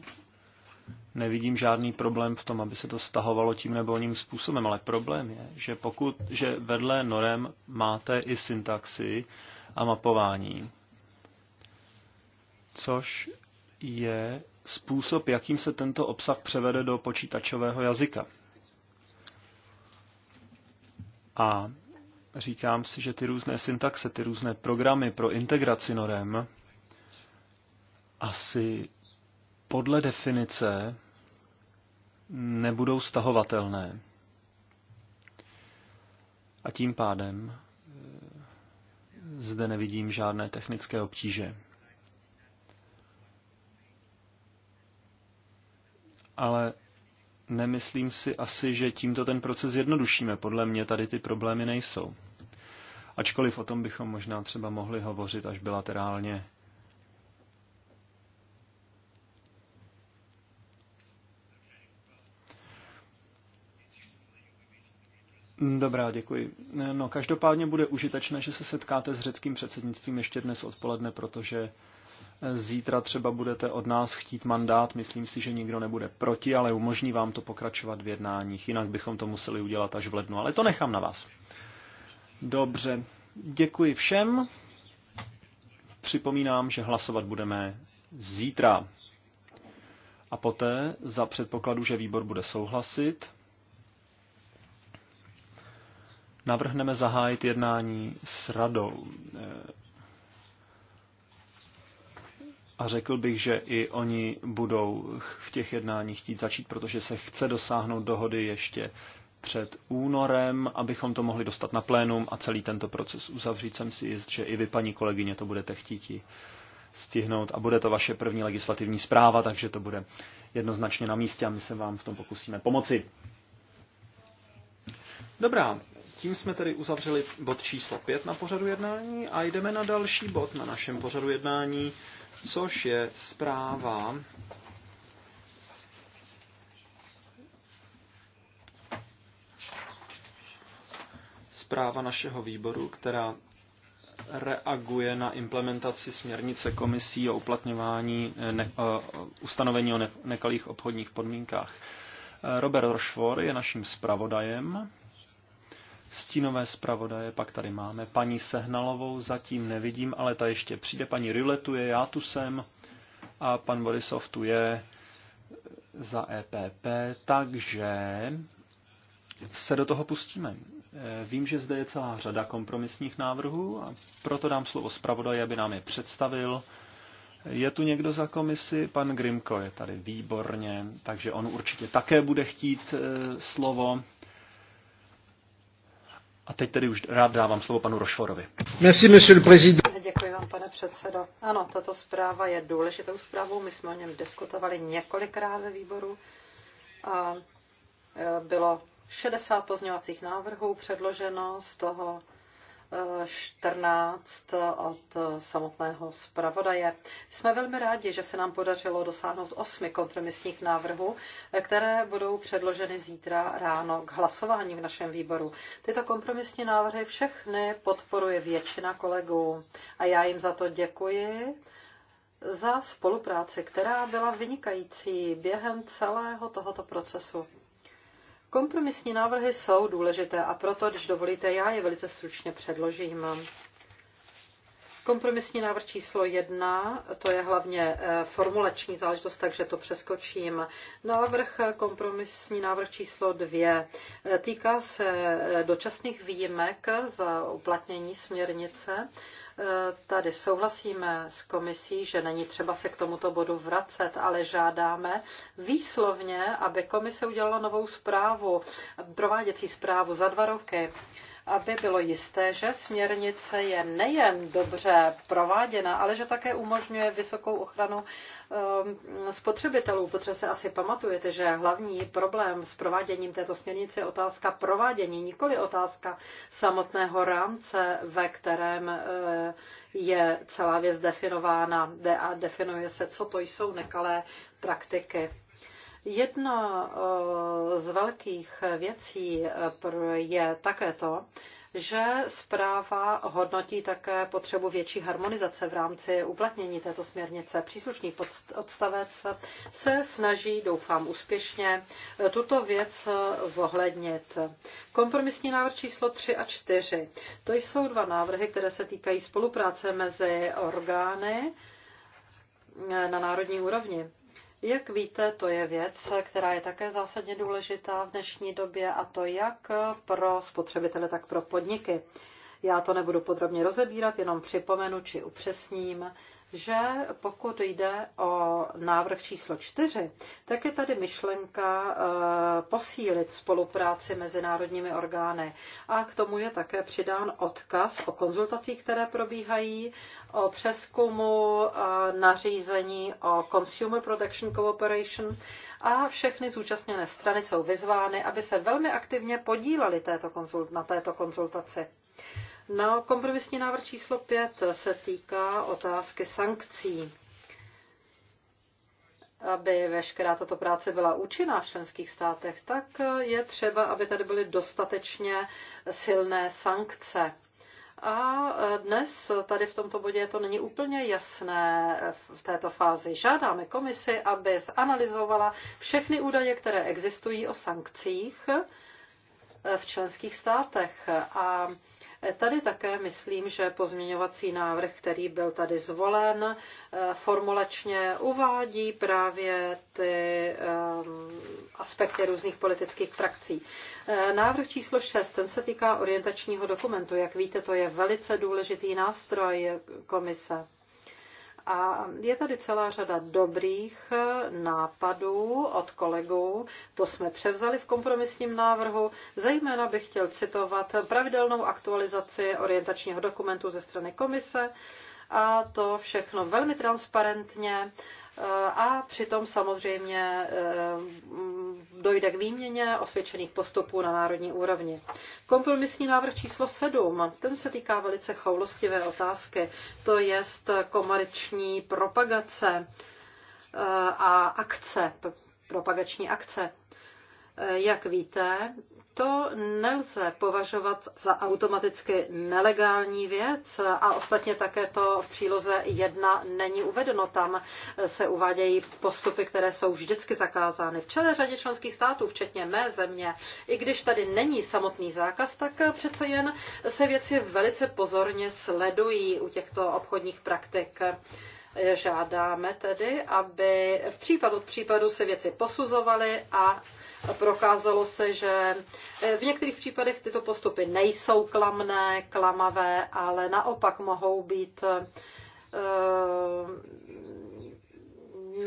nevidím žádný problém v tom, aby se to stahovalo tím nebo oním způsobem, ale problém je, že pokud, že vedle norem máte i syntaxi a mapování, což je způsob, jakým se tento obsah převede do počítačového jazyka. A říkám si, že ty různé syntaxe, ty různé programy pro integraci norem asi podle definice nebudou stahovatelné. A tím pádem eh, zde nevidím žádné technické obtíže. Ale nemyslím si asi, že tímto ten proces jednodušíme. Podle mě tady ty problémy nejsou. Ačkoliv o tom bychom možná třeba mohli hovořit až bilaterálně Dobrá, děkuji. No, každopádně bude užitečné, že se setkáte s řeckým předsednictvím ještě dnes odpoledne, protože eh, zítra třeba budete od nás chtít mandát. Myslím si, že nikdo nebude proti, ale umožní vám to pokračovat v jednáních. Jinak bychom to museli udělat až v lednu, ale to nechám na vás. Dobře, děkuji všem. Připomínám, že hlasovat budeme zítra. A poté, za předpokladu, že výbor bude souhlasit, navrhneme zahájit jednání s radou. Eh, a řekl bych, že i oni budou v těch jednáních chtít začít, protože se chce dosáhnout dohody ještě před únorem, abychom to mohli dostat na plénum a celý tento proces uzavřít. Jsem si jist, že i vy, paní kolegyně, to budete chtít stihnout a bude to vaše první legislativní zpráva, takže to bude jednoznačně na místě a my se vám v tom pokusíme pomoci. Dobrá, tím jsme tedy uzavřeli bod číslo 5 na pořadu jednání a jdeme na další bod na našem pořadu jednání, což je zpráva zpráva našeho výboru, která reaguje na implementaci směrnice komisí o uplatňování eh, ne, o, eh, ustanovení o ne, nekalých obchodních podmínkách. Eh, Robert Rošvor je naším zpravodajem Stínové zpravodaje pak tady máme. Paní Sehnalovou zatím nevidím, ale ta ještě přijde. Paní Riletu je, já tu jsem. A pan Borisov tu je za EPP. Takže se do toho pustíme. Eh, vím, že zde je celá řada kompromisních návrhů a proto dám slovo zpravodaji, aby nám je představil. Je tu někdo za komisi? Pan Grimko je tady výborně, takže on určitě také bude chtít eh, slovo. A teď tedy už rád dávám slovo panu Rošforovi. Merci, monsieur le président. Děkuji vám, pane předsedo. Ano, tato zpráva je důležitou zprávou. My jsme o něm diskutovali několikrát ve výboru. A e, bylo 60 pozměňovacích návrhů předloženo, z toho 14 od samotného zpravodaje. Jsme velmi rádi, že se nám podařilo dosáhnout osmi kompromisních návrhů, které budou předloženy zítra ráno k hlasování v našem výboru. Tyto kompromisní návrhy všechny podporuje většina kolegů a já jim za to děkuji za spolupráci, která byla vynikající během celého tohoto procesu. Kompromisní návrhy jsou důležité a proto, když dovolíte, já je velice stručně předložím. Kompromisní návrh číslo jedna, to je hlavně eh, formulační záležitost, takže to přeskočím. Návrh eh, kompromisní návrh číslo dvě eh, týká se dočasných výjimek za uplatnění směrnice Tady souhlasíme s komisí, že není třeba se k tomuto bodu vracet, ale žádáme výslovně, aby komise udělala novou zprávu, prováděcí zprávu za dva roky aby bylo jisté, že směrnice je nejen dobře prováděna, ale že také umožňuje vysokou ochranu ehm, spotřebitelů, protože se asi pamatujete, že hlavní problém s prováděním této směrnice je otázka provádění, nikoli otázka samotného rámce, ve kterém eh, je celá věc definována a definuje se, co to jsou nekalé praktiky. Jedna eh, z velkých věcí eh, je také to, že zpráva hodnotí také potřebu větší harmonizace v rámci uplatnění této směrnice. Příslušný odstavec se snaží, doufám úspěšně, eh, tuto věc zohlednit. Kompromisní návrh číslo 3 a 4. To jsou dva návrhy, které se týkají spolupráce mezi orgány na národní úrovni. Jak víte, to je věc, která je také zásadně důležitá v dnešní době a to jak pro spotřebitele, tak pro podniky. Já to nebudu podrobně rozebírat, jenom připomenu či upřesním, že pokud jde o návrh číslo čtyři, tak je tady myšlenka eh, posílit spolupráci mezinárodními orgány. A k tomu je také přidán odkaz o konzultacích, které probíhají, o přeskumu eh, nařízení o Consumer Protection Cooperation a všechny zúčastněné strany jsou vyzvány, aby se velmi aktivně podílely této na této konzultaci. No, kompromisní návrh číslo 5 se týká otázky sankcí. Aby veškerá tato práce byla účinná v členských státech, tak je třeba, aby tady byly dostatečně silné sankce. A dnes tady v tomto bodě to není úplně jasné v této fázi. Žádáme komisi, aby zanalizovala všechny údaje, které existují o sankcích v členských státech a Tady také myslím, že pozměňovací návrh, který byl tady zvolen, eh, formulačně uvádí právě ty eh, aspekty různých politických frakcí. Eh, návrh číslo 6, ten se týká orientačního dokumentu. Jak víte, to je velice důležitý nástroj komise. A je tady celá řada dobrých nápadů od kolegů, to jsme převzali v kompromisním návrhu. Zejména bych chtěl citovat pravidelnou aktualizaci orientačního dokumentu ze strany komise a to všechno velmi transparentně a přitom samozřejmě eh, dojde k výměně osvědčených postupů na národní úrovni. Kompromisní návrh číslo 7, ten se týká velice choulostivé otázky, to je komerční propagace eh, a akce, propagační akce. Eh, jak víte, to nelze považovat za automaticky nelegální věc a ostatně také to v příloze 1 není uvedeno. Tam eh, se uvádějí postupy, které jsou vždycky zakázány. V celé řadě členských států, včetně mé země, i když tady není samotný zákaz, tak eh, přece jen se věci velice pozorně sledují u těchto obchodních praktik. Žádáme tedy, aby v případu od případu se věci posuzovaly a Prokázalo se, že eh, v některých případech tyto postupy nejsou klamné, klamavé, ale naopak mohou být eh,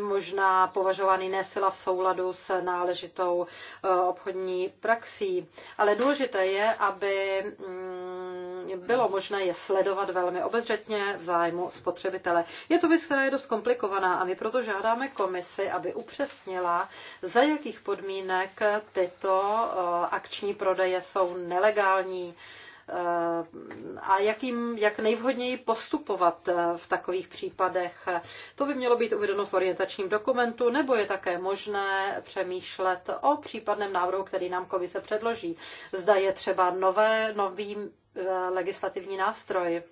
možná považovaný nesila v souladu s náležitou eh, obchodní praxí. Ale důležité je, aby mm, bylo možné je sledovat velmi obezřetně v zájmu spotřebitele. Je to věc, která je dost komplikovaná a my proto žádáme komisi, aby upřesnila, za jakých podmínek tyto eh, akční prodeje jsou nelegální a jakým, jak nejvhodněji postupovat eh, v takových případech. To by mělo být uvedeno v orientačním dokumentu, nebo je také možné přemýšlet o případném návrhu, který nám komise předloží. Zda je třeba nové, nový eh, legislativní nástroj.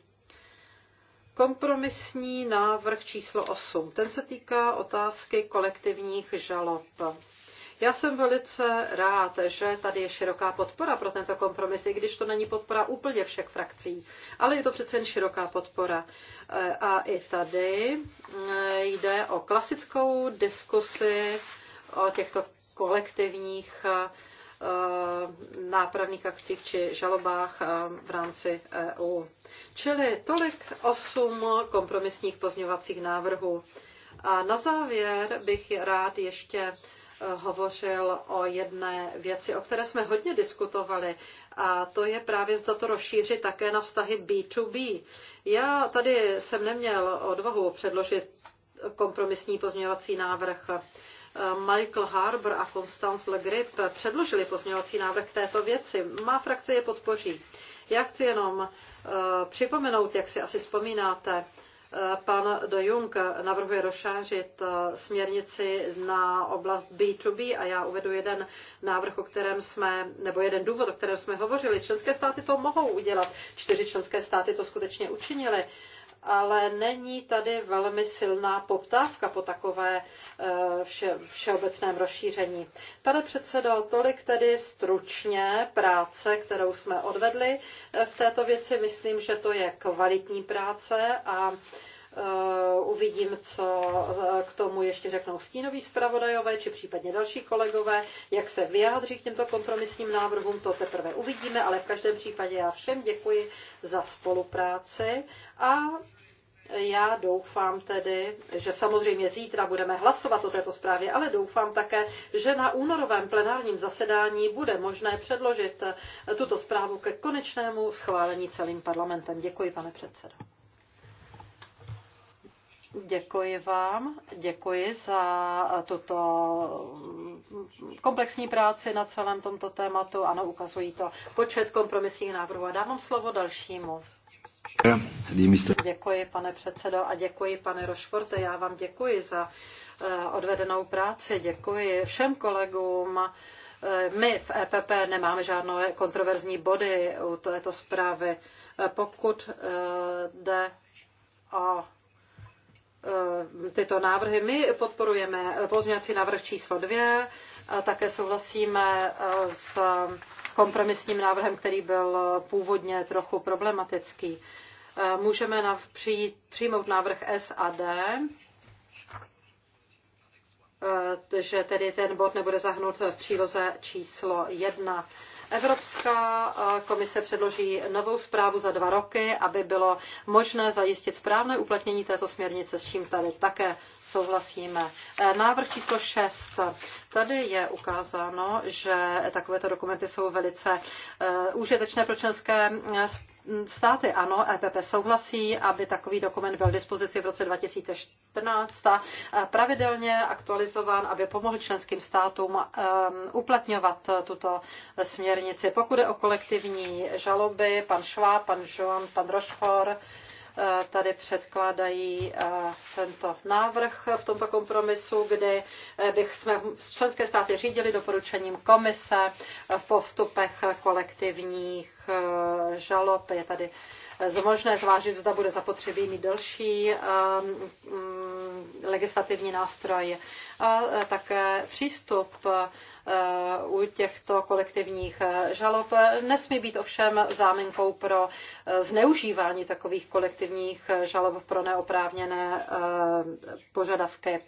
Kompromisní návrh číslo 8. Ten se týká otázky kolektivních žalob. Já jsem velice rád, že tady je široká podpora pro tento kompromis, i když to není podpora úplně všech frakcí, ale je to přece jen široká podpora. Eh, a i tady eh, jde o klasickou diskusi o těchto kolektivních eh, nápravných akcích či žalobách v rámci EU. Čili tolik osm kompromisních pozňovacích návrhů. A na závěr bych rád ještě hovořil o jedné věci, o které jsme hodně diskutovali, a to je právě zda to rozšířit také na vztahy B2B. Já tady jsem neměl odvahu předložit kompromisní pozměňovací návrh. Michael Harbour a Constance Le Grip předložili pozměňovací návrh k této věci. Má frakce je podpoří. Já chci jenom eh, připomenout, jak si asi vzpomínáte, Pan de Jong navrhuje rozšířit eh, směrnici na oblast B2B a já uvedu jeden návrh, o kterém jsme, nebo jeden důvod, o kterém jsme hovořili. Členské státy to mohou udělat. Čtyři členské státy to skutečně učinily ale není tady velmi silná poptávka po takové eh, vše, všeobecném rozšíření. Pane předsedo, tolik tedy stručně práce, kterou jsme odvedli eh, v této věci. Myslím, že to je kvalitní práce a Eh, uvidím, co eh, k tomu ještě řeknou stínoví zpravodajové, či případně další kolegové, jak se vyjádří k těmto kompromisním návrhům, to teprve uvidíme, ale v každém případě já všem děkuji za spolupráci a já doufám tedy, že samozřejmě zítra budeme hlasovat o této zprávě, ale doufám také, že na únorovém plenárním zasedání bude možné předložit eh, tuto zprávu ke konečnému schválení celým parlamentem. Děkuji, pane předsedo. Děkuji vám, děkuji za tuto komplexní práci na celém tomto tématu. Ano, ukazují to počet kompromisních návrhů. A dávám slovo dalšímu. Děkuji, pane předsedo, a děkuji, pane Rošforte. Já vám děkuji za eh, odvedenou práci, děkuji všem kolegům. Eh, my v EPP nemáme žádné kontroverzní body u této zprávy. Eh, pokud jde o Eh, tyto návrhy. My podporujeme pozměňovací návrh číslo dvě. také souhlasíme eh, s kompromisním návrhem, který byl původně trochu problematický. Eh, můžeme přijít, přijmout návrh S a D, že tedy ten bod nebude zahrnut v příloze číslo jedna. Evropská eh, komise předloží novou zprávu za dva roky, aby bylo možné zajistit správné uplatnění této směrnice, s čím tady také souhlasíme. Eh, návrh číslo 6. Tady je ukázáno, že takovéto dokumenty jsou velice eh, užitečné pro členské eh, státy. Ano, EPP souhlasí, aby takový dokument byl v dispozici v roce 2014 a eh, pravidelně aktualizován, aby pomohl členským státům uplatňovat tuto směrnici. Pokud je o kolektivní žaloby, pan Schwab, pan Žon, pan Rochefort, Eh, tady předkládají eh, tento návrh v tomto kompromisu, kdy eh, bych jsme členské státy řídili doporučením komise v postupech kolektivních žalob. Je tady možné zvážit, zda bude zapotřebí mít další um, um, legislativní nástroj a e, také přístup e, u těchto kolektivních e, žalob nesmí být ovšem záminkou pro zneužívání takových kolektivních žalob pro neoprávněné požadavky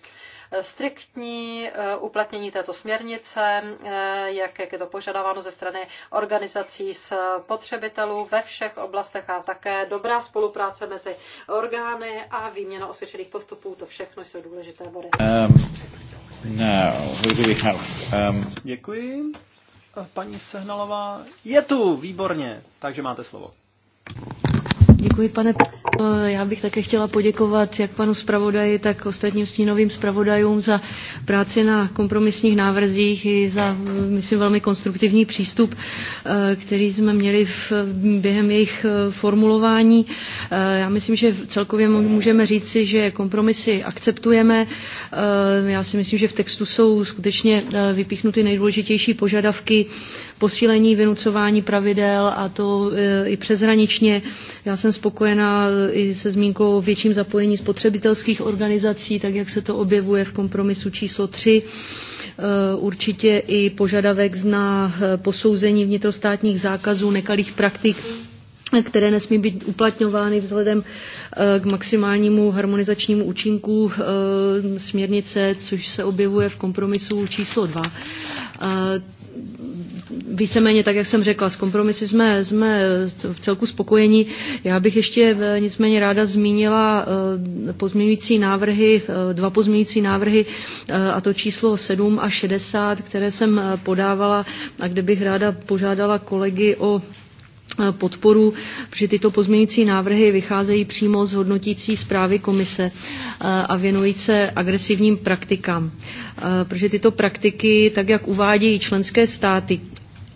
striktní eh, uplatnění této směrnice, eh, jak je to požadováno ze strany organizací potřebitelů ve všech oblastech a také dobrá spolupráce mezi orgány a výměna osvědčených postupů. To všechno jsou důležité body. Um, no, do we have? Um... Děkuji. Paní Sehnalová je tu, výborně, takže máte slovo. Děkuji, pane. Eh, já bych také chtěla poděkovat jak panu zpravodaji, tak ostatním stínovým zpravodajům za práci na kompromisních návrzích i za, mm, myslím, velmi konstruktivní přístup, eh, který jsme měli v, během jejich eh, formulování. Já myslím, že celkově můžeme říci, že kompromisy akceptujeme. Já si myslím, že v textu jsou skutečně vypíchnuty nejdůležitější požadavky posílení vynucování pravidel a to e, i přeshraničně. Já jsem spokojená e, i se zmínkou o větším zapojení spotřebitelských organizací, tak jak se to objevuje v kompromisu číslo 3. E, určitě i požadavek na posouzení vnitrostátních zákazů nekalých praktik které nesmí být uplatňovány vzhledem k maximálnímu harmonizačnímu účinku směrnice, což se objevuje v kompromisu číslo 2 víceméně, tak jak jsem řekla, s kompromisy jsme, jsme v celku spokojeni. Já bych ještě nicméně ráda zmínila eh, pozměňující návrhy, eh, dva pozměňující návrhy, eh, a to číslo 7 a 60, které jsem podávala a kde bych ráda požádala kolegy o Eh, podporu, protože tyto pozměňující návrhy vycházejí přímo z hodnotící zprávy komise eh, a věnují se agresivním praktikám. Eh, protože tyto praktiky, tak jak uvádějí členské státy,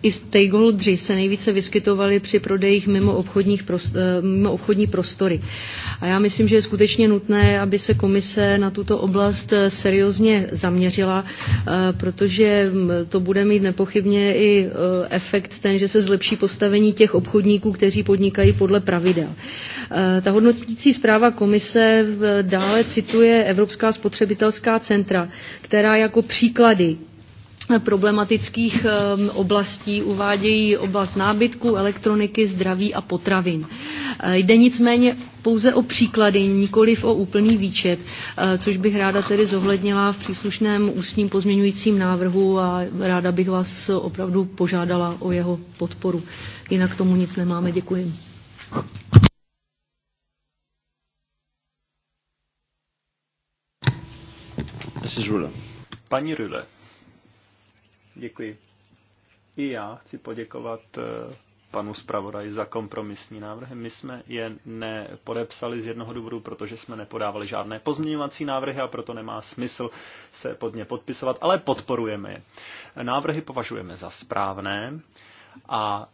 i stejgoldři se nejvíce vyskytovali při prodejích mimo, obchodních prostor, eh, mimo obchodní prostory. A já myslím, že je skutečně nutné, aby se komise na tuto oblast eh, seriózně zaměřila, eh, protože mm, to bude mít nepochybně i efekt ten, že se zlepší postavení těch obchodníků, kteří podnikají podle pravidel. Ta hodnotící zpráva komise dále cituje Evropská spotřebitelská centra, která jako příklady problematických ehm, oblastí uvádějí oblast nábytku, elektroniky, zdraví a potravin. Eh, jde nicméně pouze o příklady, nikoliv o úplný výčet, eh, což bych ráda tedy zohlednila v příslušném ústním pozměňujícím návrhu a ráda bych vás opravdu požádala o jeho podporu. Jinak tomu nic nemáme. Děkuji. Paní Rüle. Děkuji. I já chci poděkovat eh, panu zpravodaji za kompromisní návrhy. My jsme je nepodepsali z jednoho důvodu, protože jsme nepodávali žádné pozměňovací návrhy a proto nemá smysl se pod ně podpisovat, ale podporujeme je. Návrhy považujeme za správné a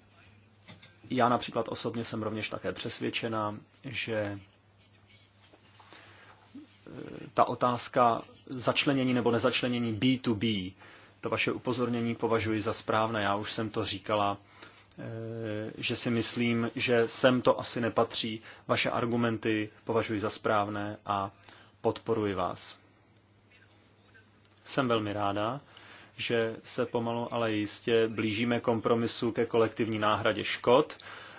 já například osobně jsem rovněž také přesvědčena, že eh, ta otázka začlenění nebo nezačlenění B2B to vaše upozornění považuji za správné. Já už jsem to říkala, eh, že si myslím, že sem to asi nepatří. Vaše argumenty považuji za správné a podporuji vás. Jsem velmi ráda, že se pomalu, ale jistě blížíme kompromisu ke kolektivní náhradě škod.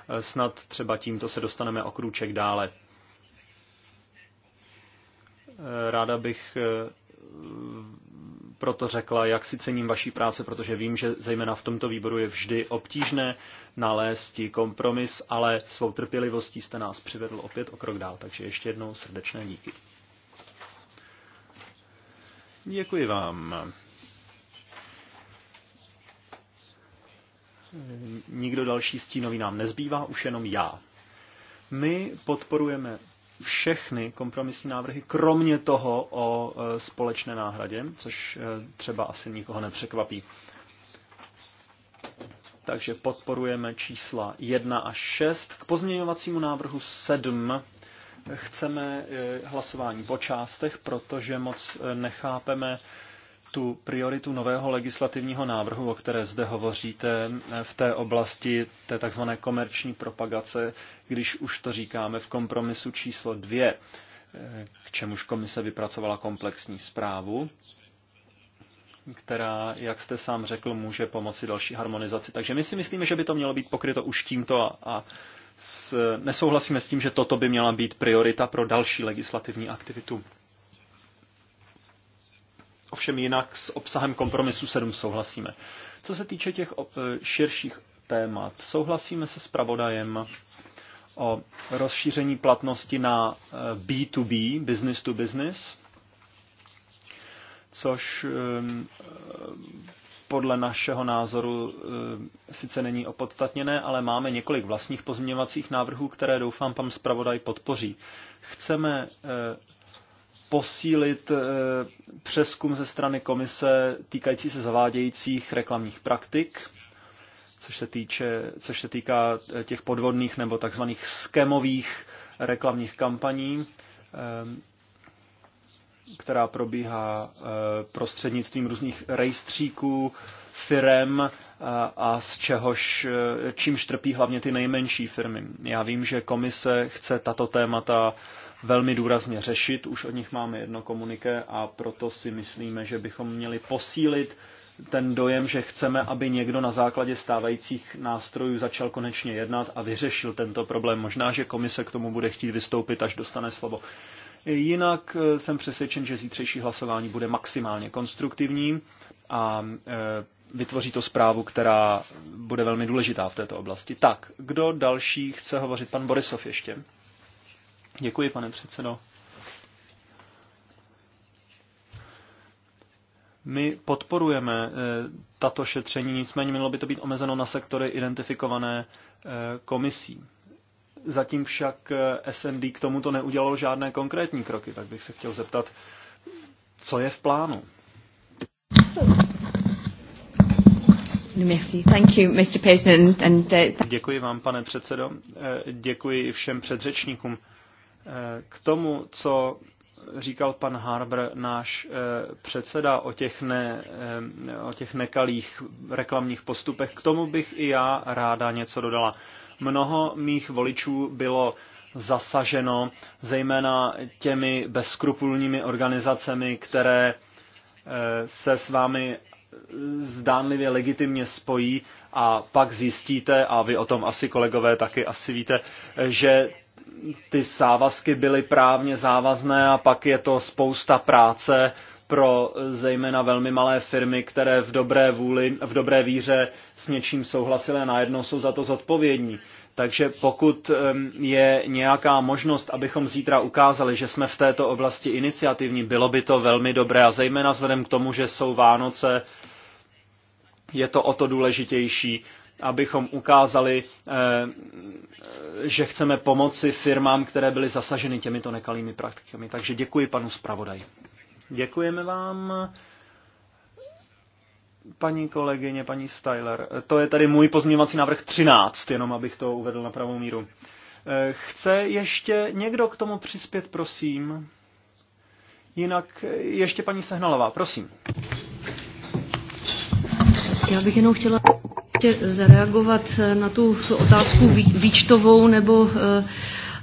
Eh, snad třeba tímto se dostaneme o krůček dále. Eh, ráda bych proto řekla, jak si cením vaší práce, protože vím, že zejména v tomto výboru je vždy obtížné nalézt kompromis, ale svou trpělivostí jste nás přivedl opět o krok dál, takže ještě jednou srdečné díky. Děkuji vám. Nikdo další stínový nám nezbývá, už jenom já. My podporujeme všechny kompromisní návrhy, kromě toho o e, společné náhradě, což e, třeba asi nikoho nepřekvapí. Takže podporujeme čísla 1 až 6. K pozměňovacímu návrhu 7 chceme e, hlasování po částech, protože moc nechápeme, tu prioritu nového legislativního návrhu, o které zde hovoříte, eh, v té oblasti té tzv. komerční propagace, když už to říkáme v kompromisu číslo dvě, eh, k čemuž komise vypracovala komplexní zprávu, která, jak jste sám řekl, může pomoci další harmonizaci. Takže my si myslíme, že by to mělo být pokryto už tímto a, a s, nesouhlasíme s tím, že toto by měla být priorita pro další legislativní aktivitu Ovšem jinak s obsahem kompromisu 7 souhlasíme. Co se týče těch eh, širších témat, souhlasíme se pravodajem o rozšíření platnosti na B2B, eh, business to business, což ehm, eh, podle našeho názoru sice není opodstatněné, ale máme několik vlastních pozměňovacích návrhů, které doufám pan zpravodaj podpoří. Chceme posílit eh, přeskum ze strany komise týkající se zavádějících reklamních praktik, což se, týče, což se týká eh, těch podvodných nebo takzvaných skemových reklamních kampaní, eh, která probíhá prostřednictvím různých rejstříků, firem a z čehož, čím štrpí hlavně ty nejmenší firmy. Já vím, že komise chce tato témata velmi důrazně řešit. Už od nich máme jedno komuniké a proto si myslíme, že bychom měli posílit ten dojem, že chceme, aby někdo na základě stávajících nástrojů začal konečně jednat a vyřešil tento problém. Možná, že komise k tomu bude chtít vystoupit, až dostane slovo. Jinak eh, jsem přesvědčen, že zítřejší hlasování bude maximálně konstruktivní a eh, vytvoří to zprávu, která bude velmi důležitá v této oblasti. Tak, kdo další chce hovořit? Pan Borisov ještě. Děkuji, pane předsedo. My podporujeme eh, tato šetření, nicméně mělo by to být omezeno na sektory identifikované eh, komisí. Zatím však eh, SND k tomuto neudělalo žádné konkrétní kroky, tak bych se chtěl zeptat, co je v plánu? Uh, děkuji vám, pane předsedo. Děkuji všem předřečníkům. K tomu, co říkal pan Harbr, náš eh, předseda, o těch, ne, eh, o těch nekalých reklamních postupech, k tomu bych i já ráda něco dodala. Mnoho mých voličů bylo zasaženo, zejména těmi bezskrupulními organizacemi, které eh, se s vámi zdánlivě legitimně spojí a pak zjistíte, a vy o tom asi kolegové taky asi víte, že ty závazky byly právně závazné a pak je to spousta práce pro zejména velmi malé firmy, které v dobré vůli, v dobré víře s něčím souhlasily a najednou jsou za to zodpovědní. Takže pokud je nějaká možnost, abychom zítra ukázali, že jsme v této oblasti iniciativní, bylo by to velmi dobré a zejména vzhledem k tomu, že jsou Vánoce, je to o to důležitější, abychom ukázali, eh, že chceme pomoci firmám, které byly zasaženy těmito nekalými praktikami. Takže děkuji panu zpravodaji. Děkujeme vám. Paní kolegyně, paní Styler, to je tady můj pozměňovací návrh 13, jenom abych to uvedl na pravou míru. Eh, chce ještě někdo k tomu přispět, prosím? Jinak ještě paní Sehnalová, prosím. Já bych jenom chtěla ještě zareagovat na tu otázku výčtovou nebo eh,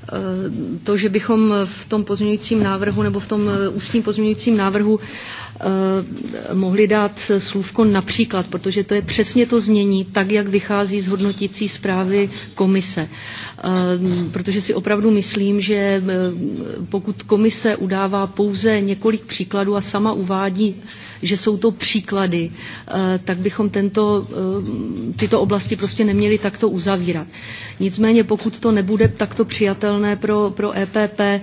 Eh, to, že bychom v tom pozměňujícím návrhu nebo v tom eh, ústním pozměňujícím návrhu eh, mohli dát slůvko například, protože to je přesně to znění, tak jak vychází z hodnotící zprávy komise. Protože si opravdu myslím, že pokud komise udává pouze několik příkladů a sama uvádí, že jsou to příklady, tak bychom tento, tyto oblasti prostě neměli takto uzavírat. Nicméně pokud to nebude takto přijatelné, přijatelné pro, pro EPP. Eh,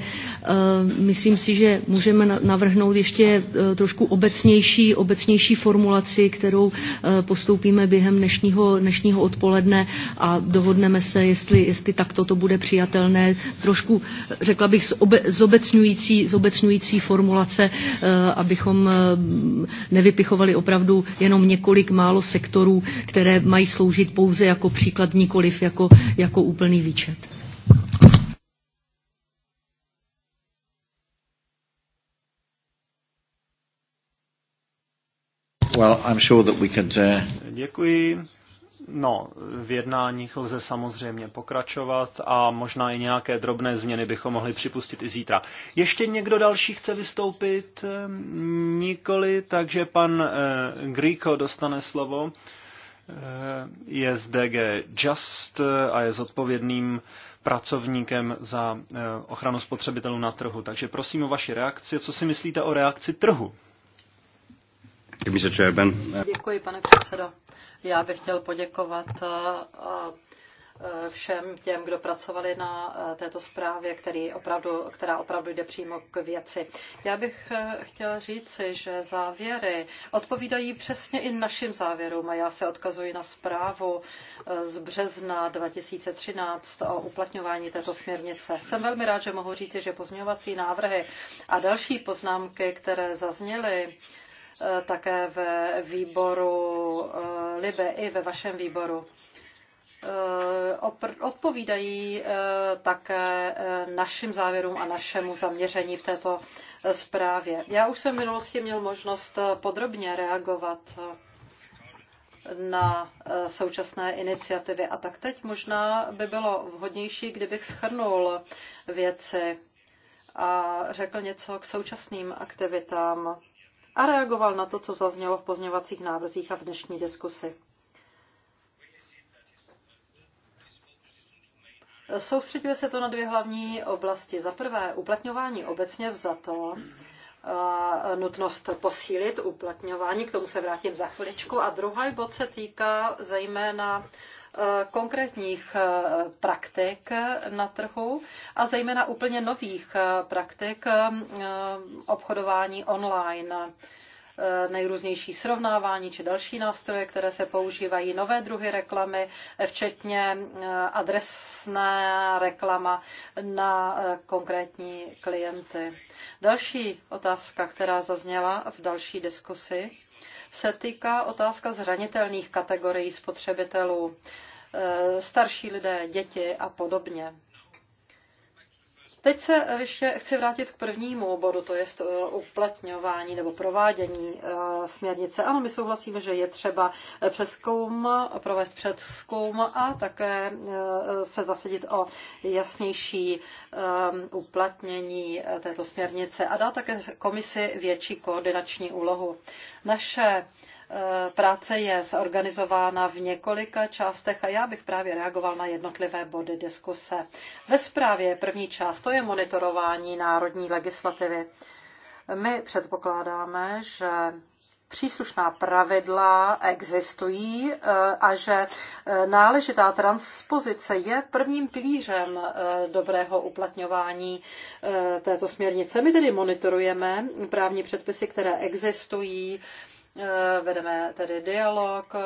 myslím si, že můžeme navrhnout ještě eh, trošku obecnější, obecnější formulaci, kterou eh, postoupíme během dnešního, dnešního odpoledne a dohodneme se, jestli, jestli takto to bude přijatelné. Trošku, řekla bych, zobecňující, zobecňující formulace, abychom nevypichovali opravdu jenom několik málo sektorů, které mají sloužit pouze jako příklad, nikoliv jako, jako úplný výčet. Well, I'm sure that we could, uh... Děkuji. No, v jednáních lze samozřejmě pokračovat a možná i nějaké drobné změny bychom mohli připustit i zítra. Ještě někdo další chce vystoupit? Eh, nikoli, takže pan uh, eh, Gríko dostane slovo. Uh, je z DG Just a je zodpovědným pracovníkem za uh, ochranu spotřebitelů na trhu. Takže prosím o vaši reakci. Co si myslíte o reakci trhu? Děkuji, pane předsedo. Já bych chtěl poděkovat eh, eh, všem těm, kdo pracovali na eh, této zprávě, který opravdu, která opravdu jde přímo k věci. Já bych chtěl říci, že závěry odpovídají přesně i našim závěrům a já se odkazuji na zprávu z března 2013 o uplatňování této směrnice. Jsem velmi rád, že mohu říci, že pozměňovací návrhy a další poznámky, které zazněly, Eh, také ve výboru eh, Libe i ve vašem výboru eh, odpovídají také našim závěrům a našemu zaměření v této zprávě. Já už jsem v minulosti měl možnost podrobně reagovat na současné iniciativy. A tak teď možná by bylo vhodnější, kdybych schrnul věci a řekl něco k současným aktivitám a reagoval na to, co zaznělo v pozněvacích návrzích a v dnešní diskusi. Soustředuje se to na dvě hlavní oblasti. Za prvé, uplatňování obecně vzato, nutnost posílit uplatňování, k tomu se vrátím za chviličku. A druhý bod se týká zejména Eh, konkrétních eh, praktik eh, na trhu a zejména úplně nových praktik obchodování online nejrůznější srovnávání či další nástroje, které se používají, nové druhy reklamy, včetně adresná reklama na konkrétní klienty. Další otázka, která zazněla v další diskusi, se týká otázka zranitelných kategorií spotřebitelů, e, starší lidé, děti a podobně. Teď se ještě chci vrátit k prvnímu oboru, to je eh, uplatňování nebo provádění eh, směrnice. Ano, my souhlasíme, že je třeba eh, přeskoum provést předskoum a také se zasadit o jasnější uplatnění této směrnice a dá také komisi větší koordinační úlohu. Naše Eh, práce je zorganizována v několika částech a já bych právě reagoval na jednotlivé body diskuse. Ve zprávě první část to je monitorování národní legislativy. My předpokládáme, že příslušná pravidla existují eh, a že eh, náležitá transpozice je prvním pilířem dobrého uplatňování této směrnice. My tedy monitorujeme právní předpisy, které existují Eh, vedeme tedy dialog, eh,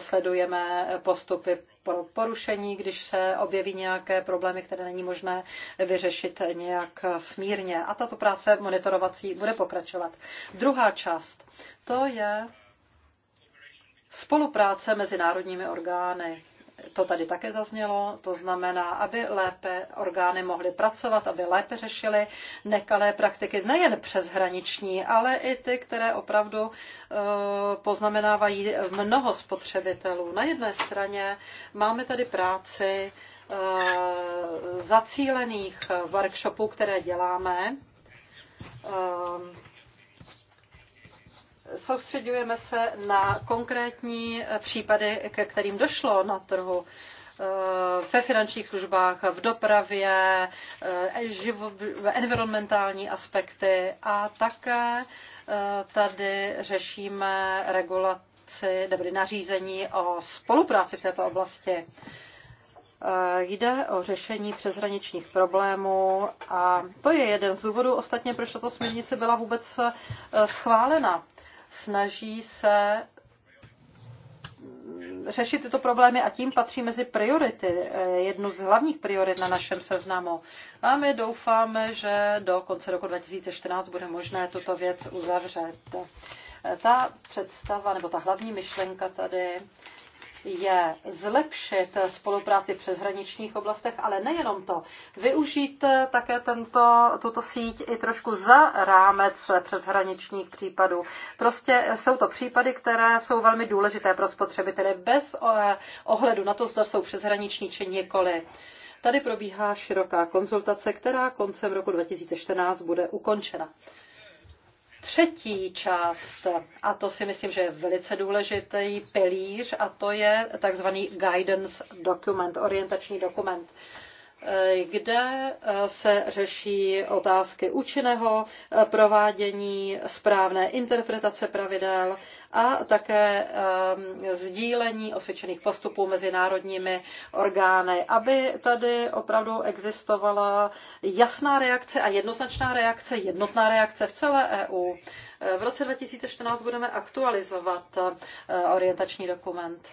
sledujeme postupy pro porušení, když se objeví nějaké problémy, které není možné vyřešit nějak smírně. A tato práce monitorovací bude pokračovat. Druhá část, to je spolupráce mezi národními orgány to tady také zaznělo, to znamená, aby lépe orgány mohly pracovat, aby lépe řešily nekalé praktiky, nejen přeshraniční, ale i ty, které opravdu e, poznamenávají mnoho spotřebitelů. Na jedné straně máme tady práci e, zacílených workshopů, které děláme e, Soustředujeme se na konkrétní eh, případy, ke kterým došlo na trhu eh, ve finančních službách, v dopravě, eh, environmentální aspekty a také tady řešíme regulaci nebo nařízení o spolupráci v této oblasti. Jde o řešení přeshraničních problémů a to je jeden z důvodů ostatně, proč tato směrnice byla vůbec schválena snaží se řešit tyto problémy a tím patří mezi priority, eh, jednu z hlavních priorit na našem seznamu. A my doufáme, že do konce roku 2014 bude možné tuto věc uzavřet. Eh, ta představa nebo ta hlavní myšlenka tady je zlepšit spolupráci v přeshraničních oblastech, ale nejenom to, využít také tento, tuto síť i trošku za rámec přeshraničních případů. Prostě jsou to případy, které jsou velmi důležité pro spotřebitele bez eh, ohledu na to, zda jsou přeshraniční či nikoli. Tady probíhá široká konzultace, která koncem roku 2014 bude ukončena třetí část, a to si myslím, že je velice důležitý pilíř, a to je takzvaný guidance document, orientační dokument kde eh, se řeší otázky účinného eh, provádění, správné interpretace pravidel a také eh, sdílení osvědčených postupů mezi národními orgány, aby tady opravdu existovala jasná reakce a jednoznačná reakce, jednotná reakce v celé EU. V roce 2014 budeme aktualizovat orientační dokument.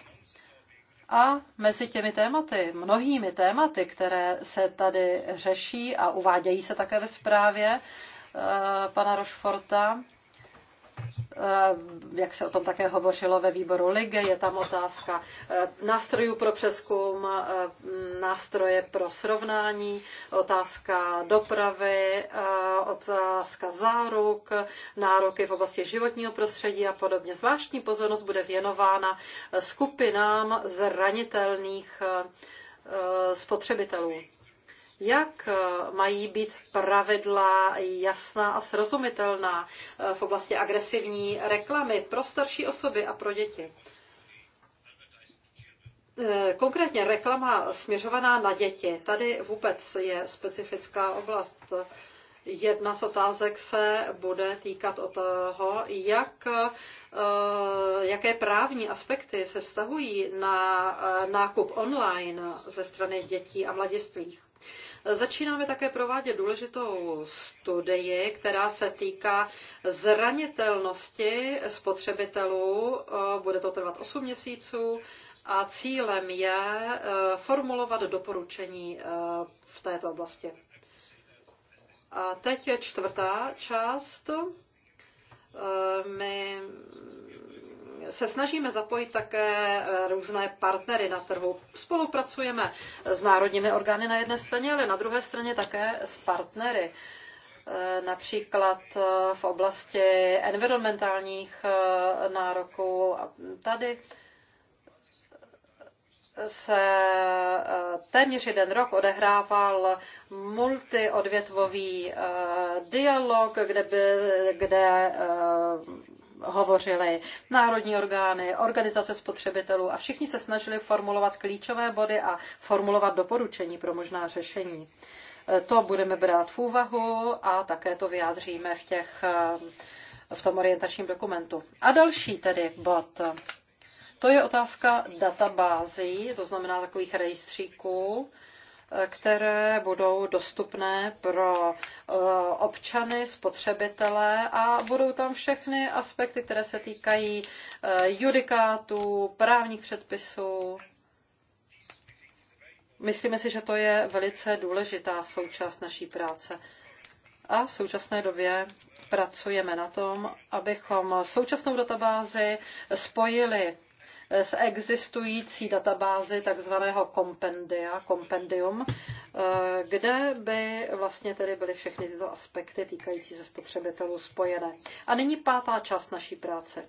A mezi těmi tématy, mnohými tématy, které se tady řeší a uvádějí se také ve zprávě eh, pana Rošforta, Eh, jak se o tom také hovořilo ve výboru Lige, je tam otázka eh, nástrojů pro přeskum, eh, nástroje pro srovnání, otázka dopravy, otázka záruk, nároky v oblasti životního prostředí a podobně. Zvláštní pozornost bude věnována skupinám zranitelných spotřebitelů jak eh, mají být pravidla jasná a srozumitelná eh, v oblasti agresivní reklamy pro starší osoby a pro děti. Eh, konkrétně reklama směřovaná na děti. Tady vůbec je specifická oblast. Jedna z otázek se bude týkat o toho, jak, jaké právní aspekty se vztahují na nákup online ze strany dětí a mladistvých. Začínáme také provádět důležitou studii, která se týká zranitelnosti spotřebitelů. Bude to trvat 8 měsíců a cílem je eh, formulovat doporučení eh, v této oblasti. A teď je čtvrtá část. Eh, my se snažíme zapojit také eh, různé partnery na trhu. Spolupracujeme s národními orgány na jedné straně, ale na druhé straně také s partnery eh, například eh, v oblasti environmentálních nároků. Tady se téměř jeden rok odehrával multiodvětvový dialog, kde, by, kde hovořili, národní orgány, organizace spotřebitelů a všichni se snažili formulovat klíčové body a formulovat doporučení pro možná řešení. E, to budeme brát v úvahu a také to vyjádříme v, těch, e, v tom orientačním dokumentu. A další tedy bod. To je otázka databází, to znamená takových rejstříků, které budou dostupné pro eh, občany, spotřebitele a budou tam všechny aspekty, které se týkají eh, judikátů, právních předpisů. Myslíme si, že to je velice důležitá součást naší práce. A v současné době pracujeme na tom, abychom současnou databázi spojili z existující databázy takzvaného kompendia, kompendium, eh, kde by vlastně tedy byly všechny tyto aspekty týkající se spotřebitelů spojené. A nyní pátá část naší práce.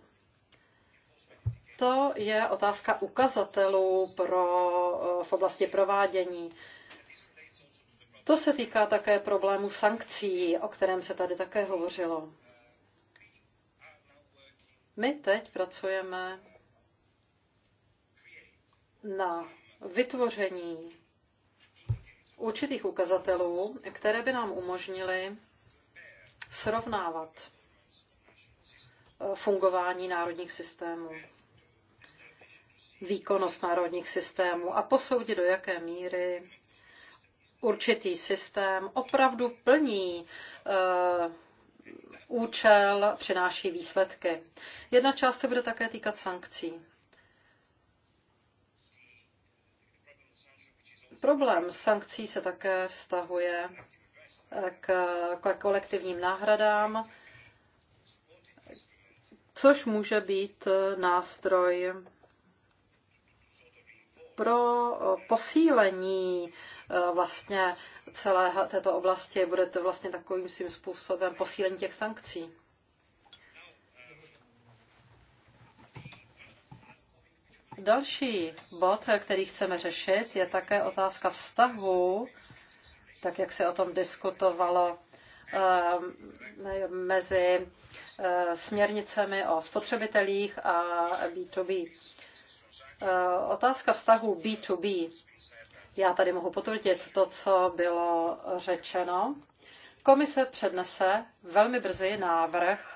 To je otázka ukazatelů pro, eh, v oblasti provádění. To se týká také problému sankcí, o kterém se tady také hovořilo. My teď pracujeme na vytvoření určitých ukazatelů, které by nám umožnily srovnávat eh, fungování národních systémů, výkonnost národních systémů a posoudit, do jaké míry určitý systém opravdu plní eh, účel, přináší výsledky. Jedna část se bude také týkat sankcí. problém sankcí se také vztahuje eh, k kolektivním náhradám, což může být eh, nástroj pro eh, posílení vlastně celé této oblasti. Bude to vlastně takovým svým způsobem posílení těch sankcí. Další bod, který chceme řešit, je také otázka vztahu, tak jak se o tom diskutovalo eh, mezi eh, směrnicemi o spotřebitelích a B2B. Eh, otázka vztahu B2B. Já tady mohu potvrdit to, co bylo řečeno. Komise přednese velmi brzy návrh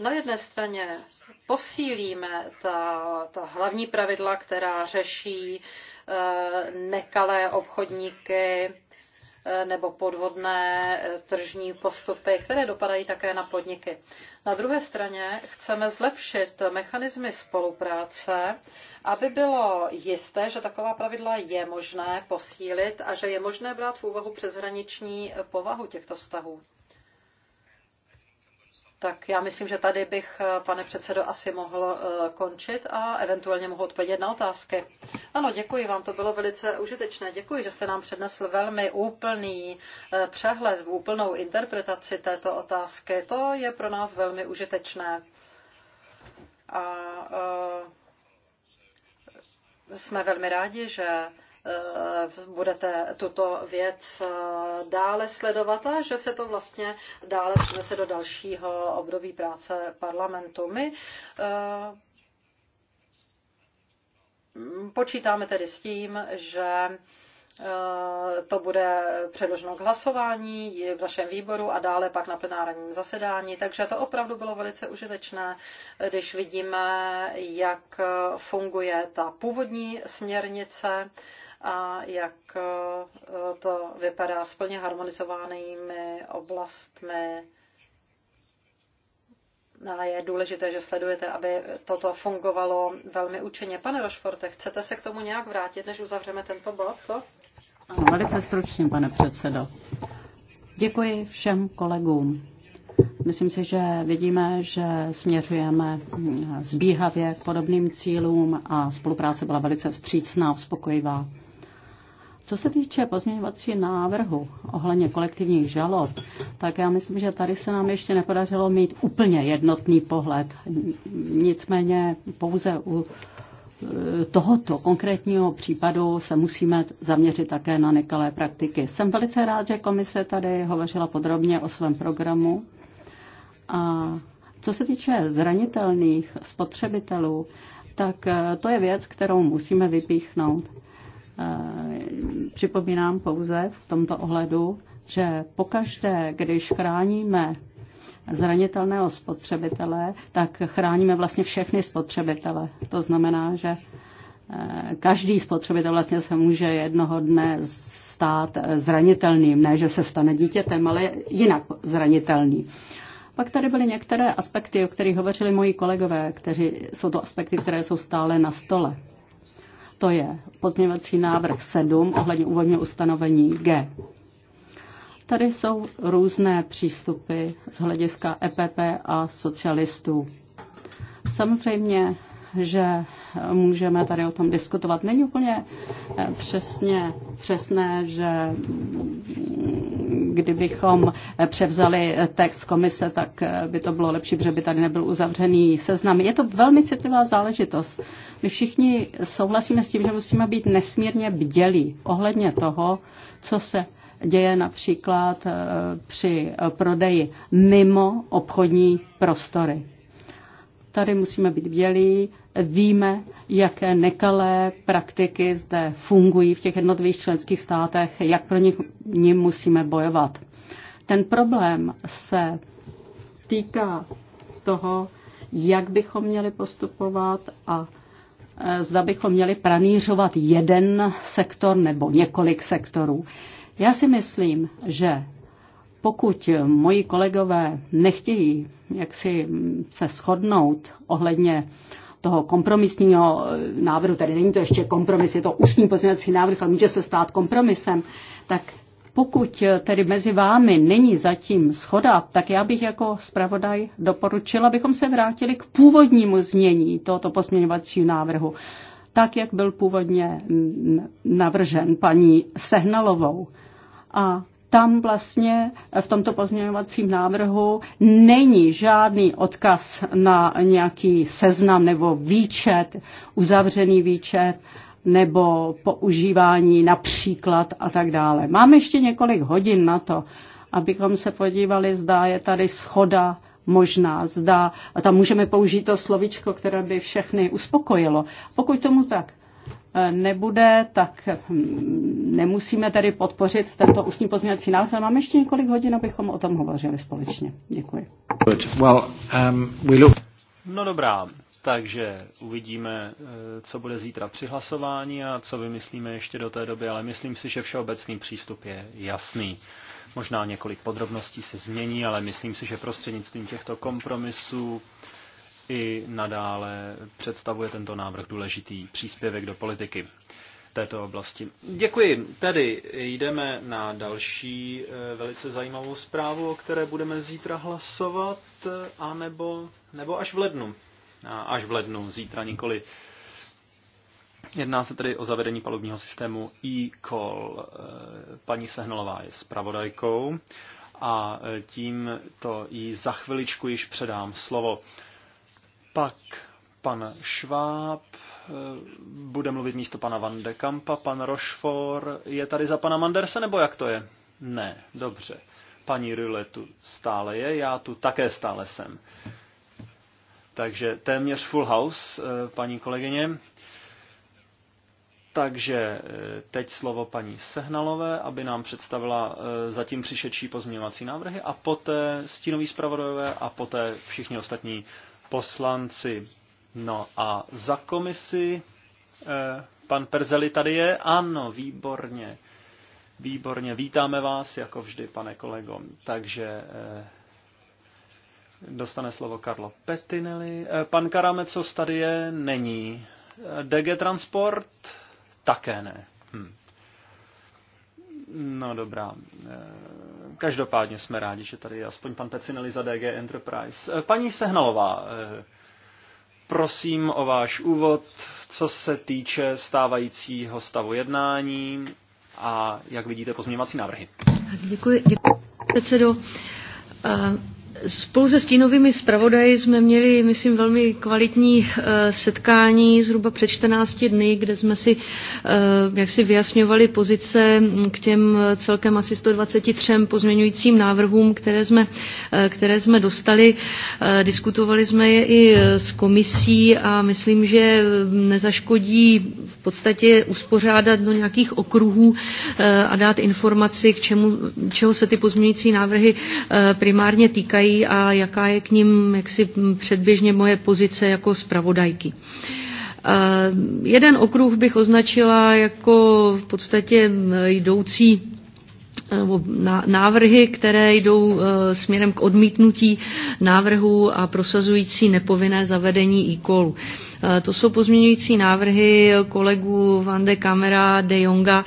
na jedné straně posílíme ta, ta hlavní pravidla, která řeší eh, nekalé obchodníky eh, nebo podvodné eh, tržní postupy, které dopadají také na podniky. Na druhé straně chceme zlepšit mechanismy spolupráce, aby bylo jisté, že taková pravidla je možné posílit a že je možné brát v úvahu přeshraniční povahu těchto vztahů. Tak já myslím, že tady bych, eh, pane předsedo, asi mohl eh, končit a eventuálně mohu odpovědět na otázky. Ano, děkuji vám, to bylo velice užitečné. Děkuji, že jste nám přednesl velmi úplný eh, přehled, úplnou interpretaci této otázky. To je pro nás velmi užitečné. A jsme velmi rádi, že Eh, budete tuto věc eh, dále sledovat a že se to vlastně dále přinese do dalšího období práce parlamentu. My eh, počítáme tedy s tím, že to bude předloženo k hlasování v našem výboru a dále pak na plenárním zasedání. Takže to opravdu bylo velice užitečné, když vidíme, jak funguje ta původní směrnice a jak e, to vypadá s plně harmonizovanými oblastmi. No, a je důležité, že sledujete, aby toto fungovalo velmi účinně. Pane Rošforte, chcete se k tomu nějak vrátit, než uzavřeme tento bod? Co? Ano, velice stručně, pane předsedo. Děkuji všem kolegům. Myslím si, že vidíme, že směřujeme e, zbíhavě k podobným cílům a spolupráce byla velice vstřícná, uspokojivá. Co se týče pozměňovací návrhu ohledně kolektivních žalob, tak já myslím, že tady se nám ještě nepodařilo mít úplně jednotný pohled. Nicméně pouze u e, tohoto konkrétního případu se musíme zaměřit také na nekalé praktiky. Jsem velice rád, že komise tady hovořila podrobně o svém programu. A co se týče zranitelných spotřebitelů, tak e, to je věc, kterou musíme vypíchnout. Eh, připomínám pouze v tomto ohledu, že pokaždé, když chráníme zranitelného spotřebitele, tak chráníme vlastně všechny spotřebitele. To znamená, že eh, každý spotřebitel vlastně se může jednoho dne stát eh, zranitelným. Ne, že se stane dítětem, ale jinak zranitelný. Pak tady byly některé aspekty, o kterých hovořili moji kolegové, kteří jsou to aspekty, které jsou stále na stole to je pozměňovací návrh 7 ohledně úvodního ustanovení G. Tady jsou různé přístupy z hlediska EPP a socialistů. Samozřejmě že můžeme tady o tom diskutovat. Není úplně eh, přesně, přesné, že kdybychom eh, převzali eh, text komise, tak by to bylo lepší, protože by tady nebyl uzavřený seznam. Je to velmi citlivá záležitost. My všichni souhlasíme s tím, že musíme být nesmírně bdělí ohledně toho, co se děje například při prodeji mimo obchodní prostory. Tady musíme být bdělí Víme, jaké nekalé praktiky zde fungují v těch jednotlivých členských státech, jak pro nich ním musíme bojovat. Ten problém se týká toho, jak bychom měli postupovat a e, zda bychom měli pranířovat jeden sektor nebo několik sektorů. Já si myslím, že pokud moji kolegové nechtějí jak si mm, se shodnout ohledně toho kompromisního eh, návrhu, tady není to ještě kompromis, je to ústní pozměňovací návrh, ale může se stát kompromisem, tak pokud eh, tedy mezi vámi není zatím schoda, tak já bych jako zpravodaj doporučila, abychom se vrátili k původnímu změní tohoto pozměňovacího návrhu, tak jak byl původně navržen paní Sehnalovou. A tam vlastně v tomto pozměňovacím návrhu není žádný odkaz na nějaký seznam nebo výčet, uzavřený výčet nebo používání například a tak dále. Máme ještě několik hodin na to, abychom se podívali, zda je tady schoda možná, zda, a tam můžeme použít to slovičko, které by všechny uspokojilo. Pokud tomu tak nebude, tak hm, nemusíme tedy podpořit tento ústní pozměňovací návrh, ale máme ještě několik hodin, abychom o tom hovořili společně. Děkuji. Um, no dobrá, takže uvidíme, eh, co bude zítra při hlasování a co vymyslíme ještě do té doby, ale myslím si, že všeobecný přístup je jasný. Možná několik podrobností se změní, ale myslím si, že prostřednictvím těchto kompromisů i nadále představuje tento návrh důležitý příspěvek do politiky této oblasti. Děkuji. Tedy jdeme na další eh, velice zajímavou zprávu, o které budeme zítra hlasovat, eh, a nebo nebo až v lednu. Až v lednu, zítra nikoli. Jedná se tedy o zavedení palubního systému e-call. Eh, paní Sehnalová je zpravodajkou a tím to jí za chviličku již předám slovo. Pak pan Šváb eh, bude mluvit místo pana Van de Kampa, pan Rochefort je tady za pana Manderse, nebo jak to je? Ne, dobře. Paní Rule tu stále je, já tu také stále jsem. Takže téměř full house, eh, paní kolegyně. Takže eh, teď slovo paní Sehnalové, aby nám představila zatím přišedší pozměňovací návrhy a poté stínový zpravodajové a poté všichni ostatní poslanci. No a za komisi eh, pan Perzeli tady je. Ano, výborně. Výborně, vítáme vás, jako vždy, pane kolego. Takže eh, dostane slovo Karlo Petinelli. Eh, pan Karamecos tady je? Není. DG Transport? Také ne. Hm. No dobrá. Eh, každopádně jsme rádi, že tady je aspoň pan Pecinelli za DG Enterprise. Eh, paní Sehnalová, eh, prosím o váš úvod, co se týče stávajícího stavu jednání a jak vidíte pozměňovací návrhy. Děkuji, děkuji předsedo. Spolu se stínovými zpravodaji jsme měli, myslím, velmi kvalitní eh, setkání zhruba před 14 dny, kde jsme si eh, jak si vyjasňovali pozice mm, k těm eh, celkem asi 123 pozměňujícím návrhům, které jsme, které jsme dostali. Diskutovali jsme je i s komisí a myslím, že mm, nezaškodí v podstatě uspořádat do nějakých okruhů a dát informaci, k čemu, čeho se ty pozměňující návrhy primárně týkají probíhají a jaká je k ním jaksi předběžně moje pozice jako zpravodajky. Eh, jeden okruh bych označila jako v podstatě eh, jdoucí eh, návrhy, které jdou směrem k odmítnutí návrhu a prosazující nepovinné zavedení e-callu. Eh, to jsou pozměňující návrhy kolegů Van de Kamera, de Jonga.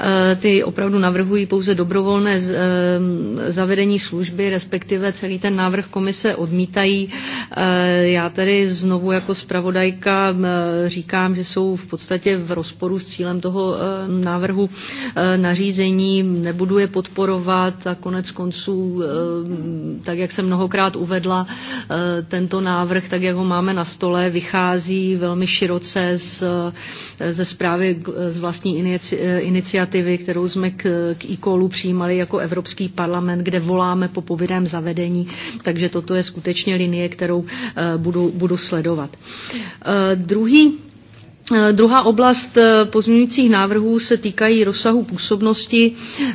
Eh, ty opravdu navrhují pouze dobrovolné eh, zavedení služby, respektive celý ten návrh komise odmítají. Já tedy znovu jako zpravodajka říkám, že jsou v podstatě v rozporu s cílem toho návrhu nařízení, nebudu je podporovat a konec konců, tak jak jsem mnohokrát uvedla, tento návrh, tak jak ho máme na stole, vychází vychází velmi široce z, ze zprávy z vlastní iniciativy, kterou jsme k, k e-callu přijímali jako Evropský parlament, kde voláme po povinném zavedení. Takže toto je skutečně linie, kterou eh, budu, budu sledovat. Eh, druhý Eh, druhá oblast eh, pozměňujících návrhů se týkají rozsahu působnosti, eh,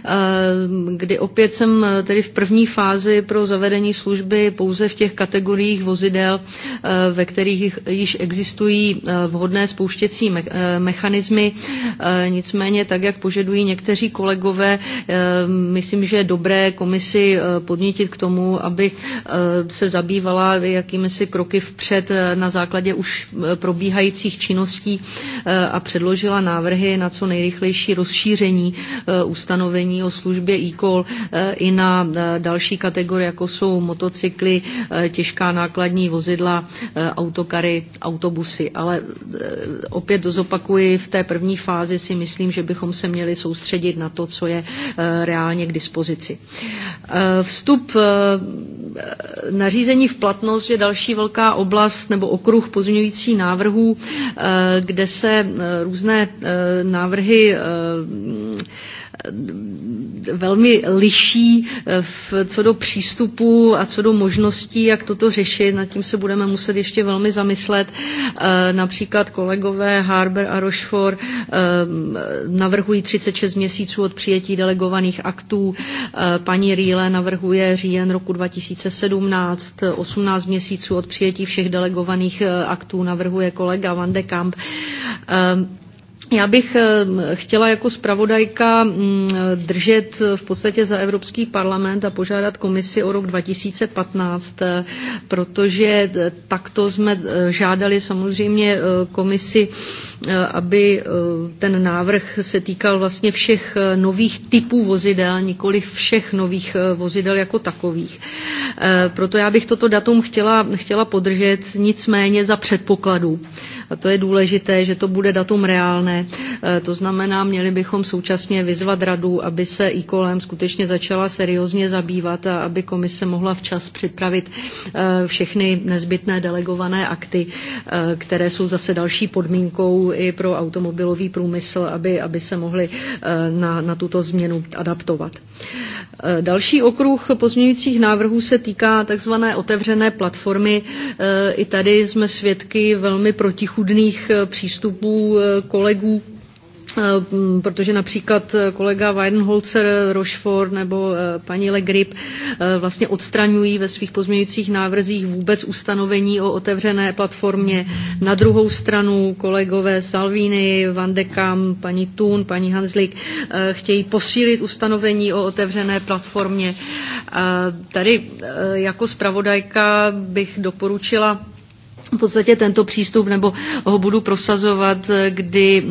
kdy opět jsem tedy v první fázi pro zavedení služby pouze v těch kategoriích vozidel, ve kterých již existují vhodné spouštěcí mechanismy. Nicméně, tak jak požadují někteří kolegové, myslím, že je dobré komisi podnítit k tomu, aby se zabývala jakými si kroky vpřed na základě už probíhajících činností Eh, a předložila návrhy na co nejrychlejší rozšíření eh, ustanovení o službě e-call eh, i na další kategorie, jako jsou motocykly, těžká nákladní vozidla, autokary, autobusy. Ale opět zopakuji, v té první fázi si myslím, že bychom se měli soustředit na to, co je reálně k dispozici. Vstup nařízení v platnost je další velká oblast nebo okruh pozměňující návrhů, kde se eh, různé eh, návrhy eh, Eh, velmi liší eh, v, co do přístupu a co do možností, jak toto řešit. Nad tím se budeme muset ještě velmi zamyslet. Eh, například kolegové Harber a Rochefort navrhují 36 měsíců od přijetí delegovaných aktů. Paní Rýle navrhuje říjen roku 2017, 18 měsíců od přijetí všech delegovaných aktů navrhuje kolega Van de Kamp. Já bych eh, chtěla jako zpravodajka mm, držet v podstatě za Evropský parlament a požádat komisi o rok 2015, eh, protože eh, takto jsme žádali samozřejmě komisi, aby ten návrh se týkal vlastně všech nových typů vozidel, nikoli všech nových vozidel jako takových. Proto já bych toto datum chtěla, chtěla podržet, nicméně za předpokladů, a to je důležité, že to bude datum reálné. E, to znamená, měli bychom současně vyzvat radu, aby se i kolem skutečně začala seriózně zabývat a aby komise mohla včas připravit e, všechny nezbytné delegované akty, e, které jsou zase další podmínkou i pro automobilový průmysl, aby, aby se mohli na, na tuto změnu adaptovat. Další okruh pozměňujících návrhů se týká takzvané otevřené platformy. I tady jsme svědky velmi protichů chudných eh, přístupů eh, kolegů eh, protože například kolega Weidenholzer, Rochefort nebo paní Legrip vlastně odstraňují ve svých pozměňujících návrzích vůbec ustanovení o otevřené platformě. Na druhou stranu kolegové Salvini, Van de Kam, paní Thun, paní Hanslik chtějí posílit ustanovení o otevřené platformě. Tady jako zpravodajka bych doporučila v podstatě tento přístup, nebo ho budu prosazovat, kdy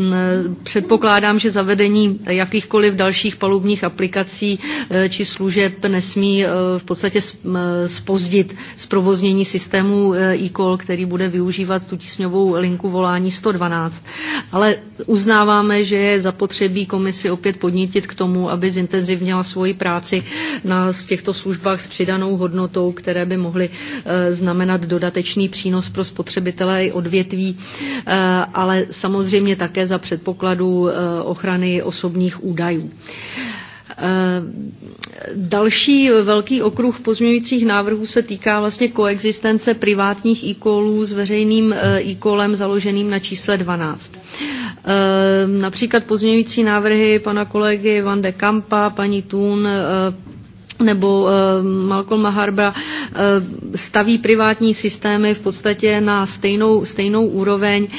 předpokládám, že zavedení jakýchkoliv dalších palubních aplikací e, či služeb nesmí e, v podstatě spozdit zprovoznění systému e, e-call, který bude využívat tu tisňovou linku volání 112. Ale uznáváme, že je zapotřebí komisi opět podnítit k tomu, aby zintenzivněla svoji práci na těchto službách s přidanou hodnotou, které by mohly znamenat dodatečný přínos pro spotřebitele i odvětví, eh, ale samozřejmě také za předpokladu eh, ochrany osobních údajů. Eh, další velký okruh pozměňujících návrhů se týká vlastně koexistence privátních e-callů s veřejným e-callem založeným na čísle 12. Například pozměňující návrhy pana kolegy Van de Kampa, paní Thun, nebo uh, Malcolm Harbra uh, eh, staví privátní systémy v podstatě na stejnou, stejnou úroveň. Uh,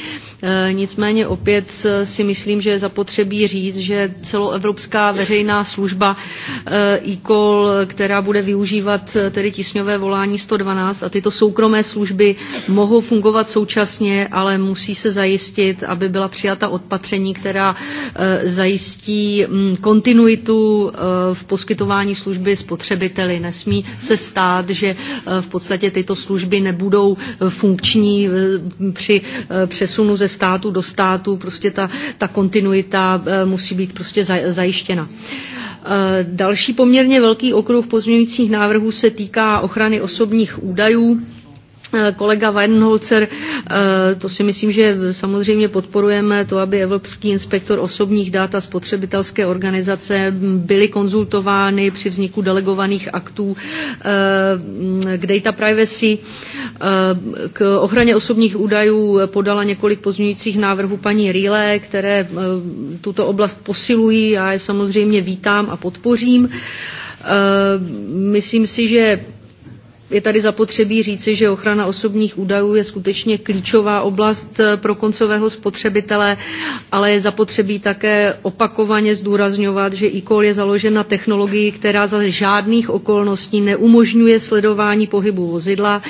E, nicméně opět e, si myslím, že je zapotřebí říct, že celoevropská veřejná služba e, e-call, která bude využívat tedy tisňové volání 112 a tyto soukromé služby mohou fungovat současně, ale musí se zajistit, aby byla přijata odpatření, která zajistí kontinuitu v poskytování služby spotřebiteli. Nesmí se stát, že v podstatě tyto služby nebudou funkční při přesunu ze státu do státu, prostě ta, ta kontinuita eh, musí být prostě zajištěna. Eh, další poměrně velký okruh pozměňujících návrhů se týká ochrany osobních údajů. Eh, kolega Weidenholzer, eh, to si myslím, že samozřejmě podporujeme to, aby Evropský inspektor osobních dat a spotřebitelské organizace byly konzultovány při vzniku delegovaných aktů eh, mm, k data privacy. K ochraně osobních údajů podala několik pozměňujících návrhů paní Rile, které tuto oblast posilují. Já je samozřejmě vítám a podpořím. Myslím si, že je tady zapotřebí říci, že ochrana osobních údajů je skutečně klíčová oblast eh, pro koncového spotřebitele, ale je zapotřebí také opakovaně zdůrazňovat, že e-call je založen na technologii, která za žádných okolností neumožňuje sledování pohybu vozidla.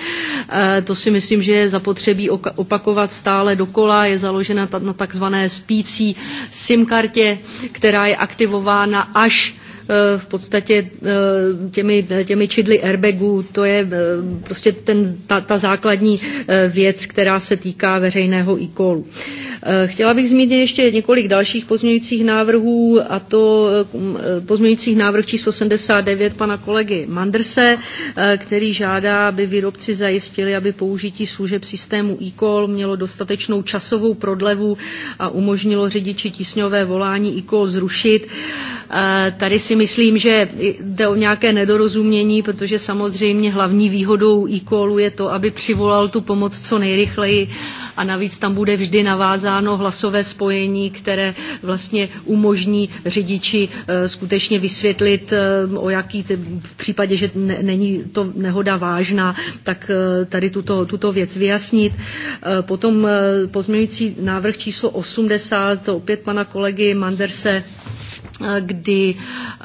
Eh, to si myslím, že je zapotřebí opakovat stále dokola. Je založena na takzvané spící SIM kartě, která je aktivována až Eh, v podstatě eh, těmi, těmi čidly airbagů. To je eh, prostě ten, ta, ta základní věc, která se týká veřejného e-callu. Chtěla bych zmínit ještě několik dalších pozměňujících návrhů, a to pozměňujících návrh číslo 79 pana kolegy Mandrse, který žádá, aby výrobci zajistili, aby použití služeb systému e-call mělo dostatečnou časovou prodlevu a umožnilo řidiči tisňové volání e-call zrušit. Tady si myslím, že jde o nějaké nedorozumění, protože samozřejmě hlavní výhodou e je to, aby přivolal tu pomoc co nejrychleji a navíc tam bude vždy navázáno hlasové spojení, které vlastně umožní řidiči eh, skutečně vysvětlit, eh, o jaký ty, v případě, že není to nehoda vážná, tak eh, tady tuto, tuto věc vyjasnit. Potom pozměňující návrh číslo 80, to opět pana kolegy Manderse kdy eh,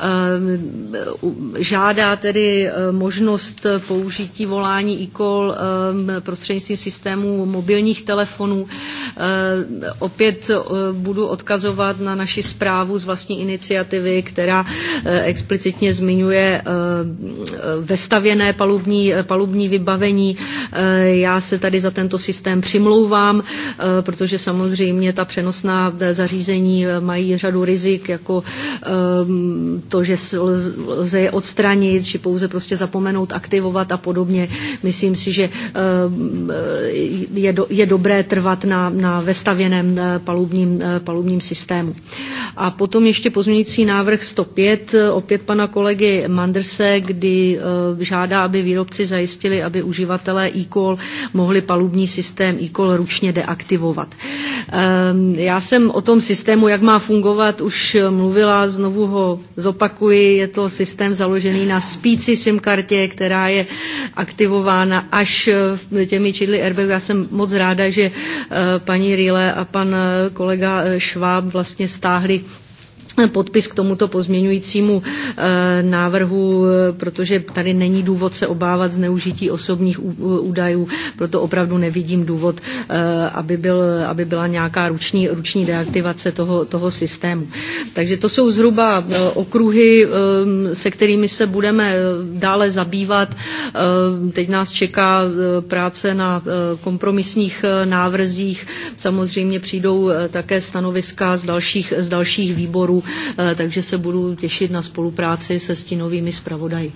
žádá tedy eh, možnost použití volání e-call eh, prostřednictvím systému mobilních telefonů. Opět budu odkazovat na naši zprávu z vlastní iniciativy, která explicitně zmiňuje vestavěné palubní, palubní vybavení. Já se tady za tento systém přimlouvám, protože samozřejmě ta přenosná zařízení mají řadu rizik, jako Ehm, to, že lze je odstranit, či pouze prostě zapomenout, aktivovat a podobně. Myslím si, že ehm, je, do, je dobré trvat na, na vestavěném eh, palubním, eh, palubním systému. A potom ještě pozměňující návrh 105, eh, opět pana kolegy Manderse, kdy žádá, aby výrobci zajistili, aby uživatelé e-call mohli palubní systém e-call ručně deaktivovat. Ehm, já jsem o tom systému, jak má fungovat, už mluvila zmínila, znovu ho zopakuji, je to systém založený na spíci SIM kartě, která je aktivována až eh, těmi čidly airbag. Já jsem moc ráda, že eh, paní Rile a pan eh, kolega Šváb vlastně stáhli podpis k tomuto pozměňujícímu eh, návrhu, eh, protože tady není důvod se obávat zneužití osobních údajů, proto opravdu nevidím důvod, eh, aby, byl, aby byla nějaká ruční, ruční deaktivace toho, toho systému. Takže to jsou zhruba okruhy, se kterými se budeme dále zabývat. Teď nás čeká práce na kompromisních návrzích. Samozřejmě přijdou také stanoviska z dalších, z dalších výborů Eh, takže se budu těšit na spolupráci se stínovými zpravodaji.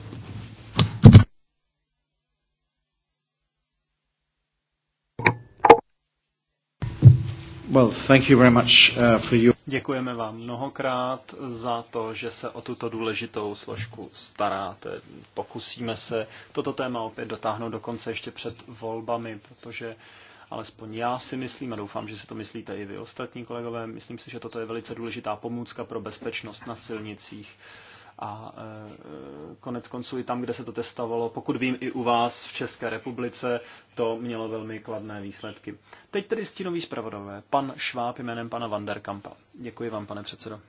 Well, thank you very much, uh, for Děkujeme vám mnohokrát za to, že se o tuto důležitou složku staráte. Pokusíme se toto téma opět dotáhnout dokonce ještě před volbami, protože uh, alespoň já si myslím, a doufám, že si to myslíte i vy ostatní kolegové, myslím si, že toto je velice důležitá pomůcka pro bezpečnost na silnicích. A e, e, konec konců i tam, kde se to testovalo, pokud vím, i u vás v České republice, to mělo velmi kladné výsledky. Teď tedy stínový zpravodové, pan Šváb jménem pana Vanderkampa. Děkuji vám, pane předsedo.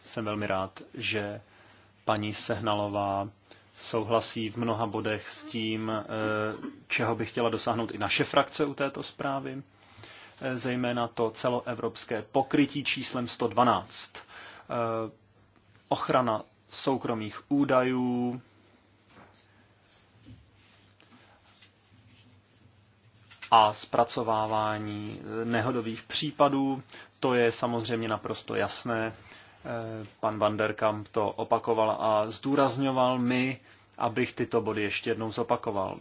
Jsem velmi rád, že paní Sehnalová souhlasí v mnoha bodech s tím, eh, čeho by chtěla dosáhnout i naše frakce u této zprávy, eh, zejména to celoevropské pokrytí číslem 112. Eh, ochrana soukromých údajů, a zpracovávání nehodových případů. To je samozřejmě naprosto jasné Eh, pan Vanderkamp to opakoval a zdůrazňoval mi, abych tyto body ještě jednou zopakoval.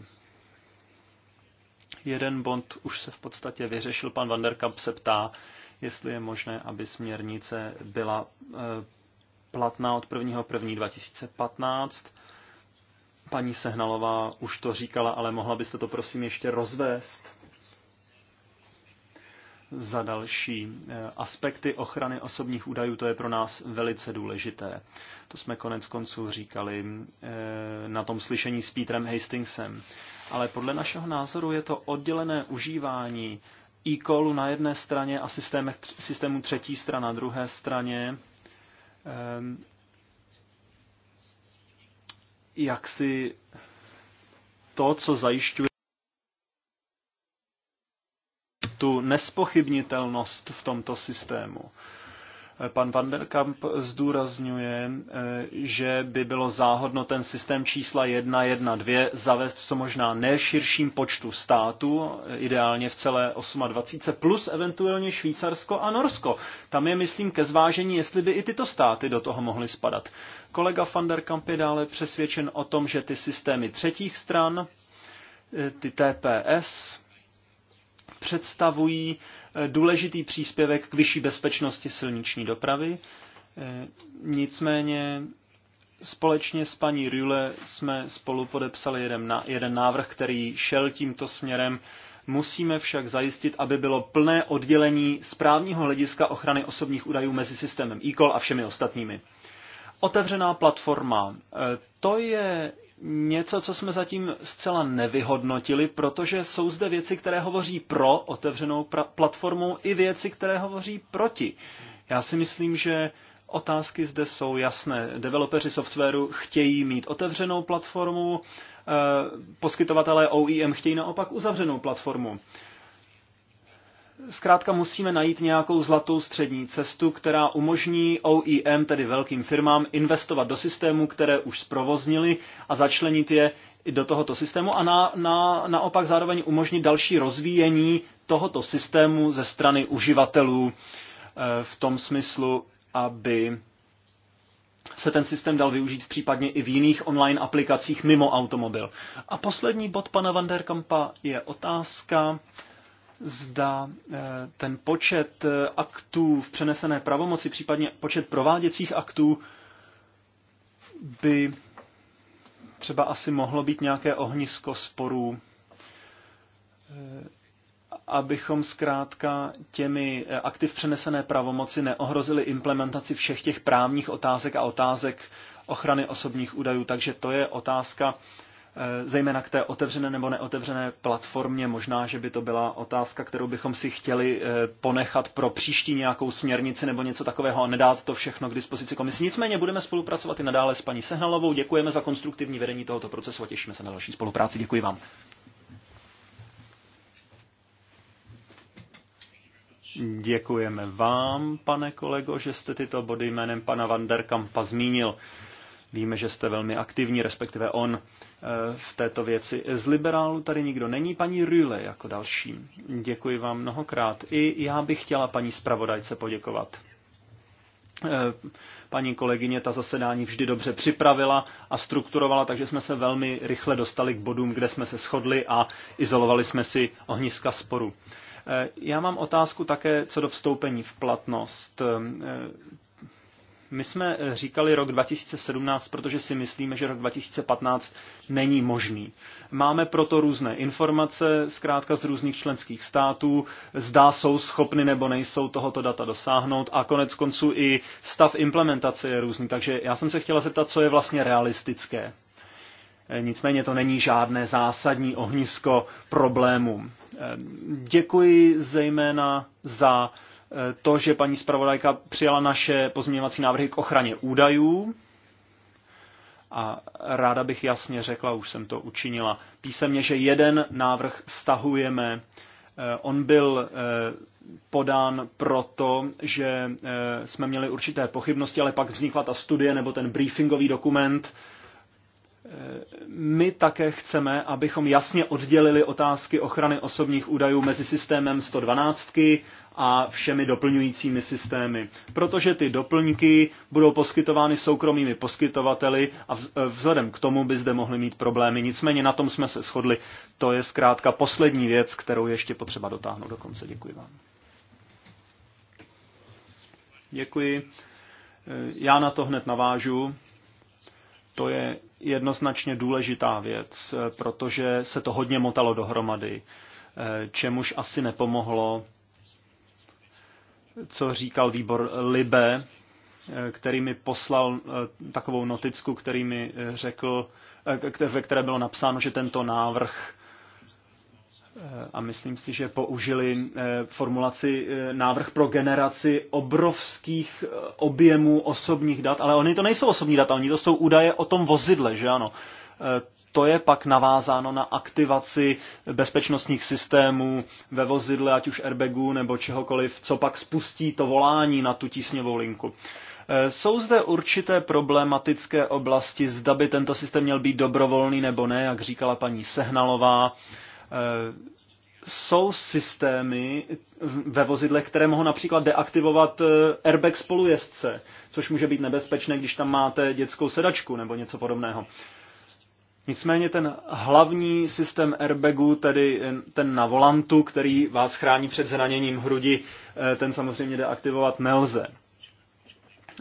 Jeden bod už se v podstatě vyřešil. Pan Vanderkamp se ptá, jestli je možné, aby směrnice byla eh, platná od 1.1.2015. Paní Sehnalová už to říkala, ale mohla byste to prosím ještě rozvést? Za další, eh, aspekty ochrany osobních údajů, to je pro nás velice důležité. To jsme konec konců říkali eh, na tom slyšení s Petrem Hastingsem. Ale podle našeho názoru je to oddělené užívání e-callu na jedné straně a systému třetí strana na druhé straně eh, jak si to, co zajišťuje tu nespochybnitelnost v tomto systému. Pan Van der Kamp zdůrazňuje, eh, že by bylo záhodno ten systém čísla 1.1.2 zavést v co možná nejširším počtu států, eh, ideálně v celé 28, plus eventuálně Švýcarsko a Norsko. Tam je, myslím, ke zvážení, jestli by i tyto státy do toho mohly spadat. Kolega Van der Kamp je dále přesvědčen o tom, že ty systémy třetích stran, eh, ty TPS, představují eh, důležitý příspěvek k vyšší bezpečnosti silniční dopravy. Eh, nicméně společně s paní Rüle jsme spolu podepsali jeden, návrh, který šel tímto směrem. Musíme však zajistit, aby bylo plné oddělení správního hlediska ochrany osobních údajů mezi systémem e a všemi ostatními. Otevřená platforma. Eh, to je něco, co jsme zatím zcela nevyhodnotili, protože jsou zde věci, které hovoří pro otevřenou platformu i věci, které hovoří proti. Já si myslím, že otázky zde jsou jasné. Developeři softwaru chtějí mít otevřenou platformu, eh, poskytovatelé OEM chtějí naopak uzavřenou platformu. Zkrátka musíme najít nějakou zlatou střední cestu, která umožní OEM, tedy velkým firmám, investovat do systémů, které už zprovoznili a začlenit je do tohoto systému a na, na, naopak zároveň umožnit další rozvíjení tohoto systému ze strany uživatelů eh, v tom smyslu, aby se ten systém dal využít případně i v jiných online aplikacích mimo automobil. A poslední bod pana Vanderkampa je otázka, zda eh, ten počet eh, aktů v přenesené pravomoci, případně počet prováděcích aktů, by třeba asi mohlo být nějaké ohnisko sporů, eh, abychom zkrátka těmi aktiv přenesené pravomoci neohrozili implementaci všech těch právních otázek a otázek ochrany osobních údajů. Takže to je otázka, Eh, zejména k té otevřené nebo neotevřené platformě. Možná, že by to byla otázka, kterou bychom si chtěli eh, ponechat pro příští nějakou směrnici nebo něco takového a nedát to všechno k dispozici komisi. Nicméně budeme spolupracovat i nadále s paní Sehnalovou. Děkujeme za konstruktivní vedení tohoto procesu a těšíme se na další spolupráci. Děkuji vám. Děkujeme vám, pane kolego, že jste tyto body jménem pana Vanderkampa zmínil. Víme, že jste velmi aktivní, respektive on Eh, v této věci. Z liberálu tady nikdo není, paní Rüle jako další. Děkuji vám mnohokrát. I já bych chtěla paní zpravodajce poděkovat. Eh, paní kolegyně ta zasedání vždy dobře připravila a strukturovala, takže jsme se velmi rychle dostali k bodům, kde jsme se shodli a izolovali jsme si ohniska sporu. Eh, já mám otázku také co do vstoupení v platnost. My jsme eh, říkali rok 2017, protože si myslíme, že rok 2015 není možný. Máme proto různé informace, zkrátka z různých členských států, zdá jsou schopny nebo nejsou tohoto data dosáhnout a konec konců i stav implementace je různý. Takže já jsem se chtěla zeptat, co je vlastně realistické. Eh, nicméně to není žádné zásadní ohnisko problémů. Eh, děkuji zejména za Eh, to, že paní zpravodajka přijala naše pozměňovací návrhy k ochraně údajů. A ráda bych jasně řekla, už jsem to učinila písemně, že jeden návrh stahujeme. Eh, on byl eh, podán proto, že jsme měli určité pochybnosti, ale pak vznikla ta studie nebo ten briefingový dokument, my také chceme, abychom jasně oddělili otázky ochrany osobních údajů mezi systémem 112 a všemi doplňujícími systémy, protože ty doplňky budou poskytovány soukromými poskytovateli a eh, vzhledem k tomu by zde mohly mít problémy. Nicméně na tom jsme se shodli. To je zkrátka poslední věc, kterou ještě potřeba dotáhnout do konce. Děkuji vám. Děkuji. Eh, já na to hned navážu. To je jednoznačně důležitá věc, eh, protože se to hodně motalo dohromady, čemuž asi nepomohlo co říkal výbor Libe, eh, který mi poslal eh, takovou noticku, který mi eh, řekl, ve které bylo napsáno, že tento návrh a myslím si, že použili formulaci návrh pro generaci obrovských objemů osobních dat, ale oni to nejsou osobní data, oni to jsou údaje o tom vozidle, že ano to je pak navázáno na aktivaci bezpečnostních systémů ve vozidle, ať už airbagu nebo čehokoliv, co pak spustí to volání na tu tísňovou linku. Eh, jsou zde určité problematické oblasti, zda by tento systém měl být dobrovolný nebo ne, jak říkala paní Sehnalová. Eh, jsou systémy ve vozidle, které mohou například deaktivovat eh, airbag spolujezdce, což může být nebezpečné, když tam máte dětskou sedačku nebo něco podobného. Nicméně ten hlavní systém airbagu, tedy eh, ten na volantu, který vás chrání před zraněním hrudi, eh, ten samozřejmě deaktivovat nelze.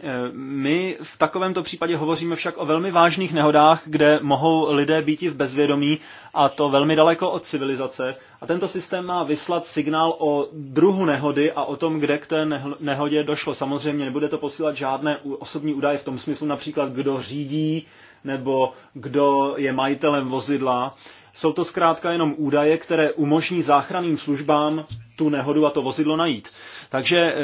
Eh, my v takovémto případě hovoříme však o velmi vážných nehodách, kde mohou lidé být i v bezvědomí a to velmi daleko od civilizace. A tento systém má vyslat signál o druhu nehody a o tom, kde k té nehodě došlo. Samozřejmě nebude to posílat žádné osobní údaje v tom smyslu například, kdo řídí, nebo kdo je majitelem vozidla. Jsou to zkrátka jenom údaje, které umožní záchranným službám tu nehodu a to vozidlo najít. Takže eh,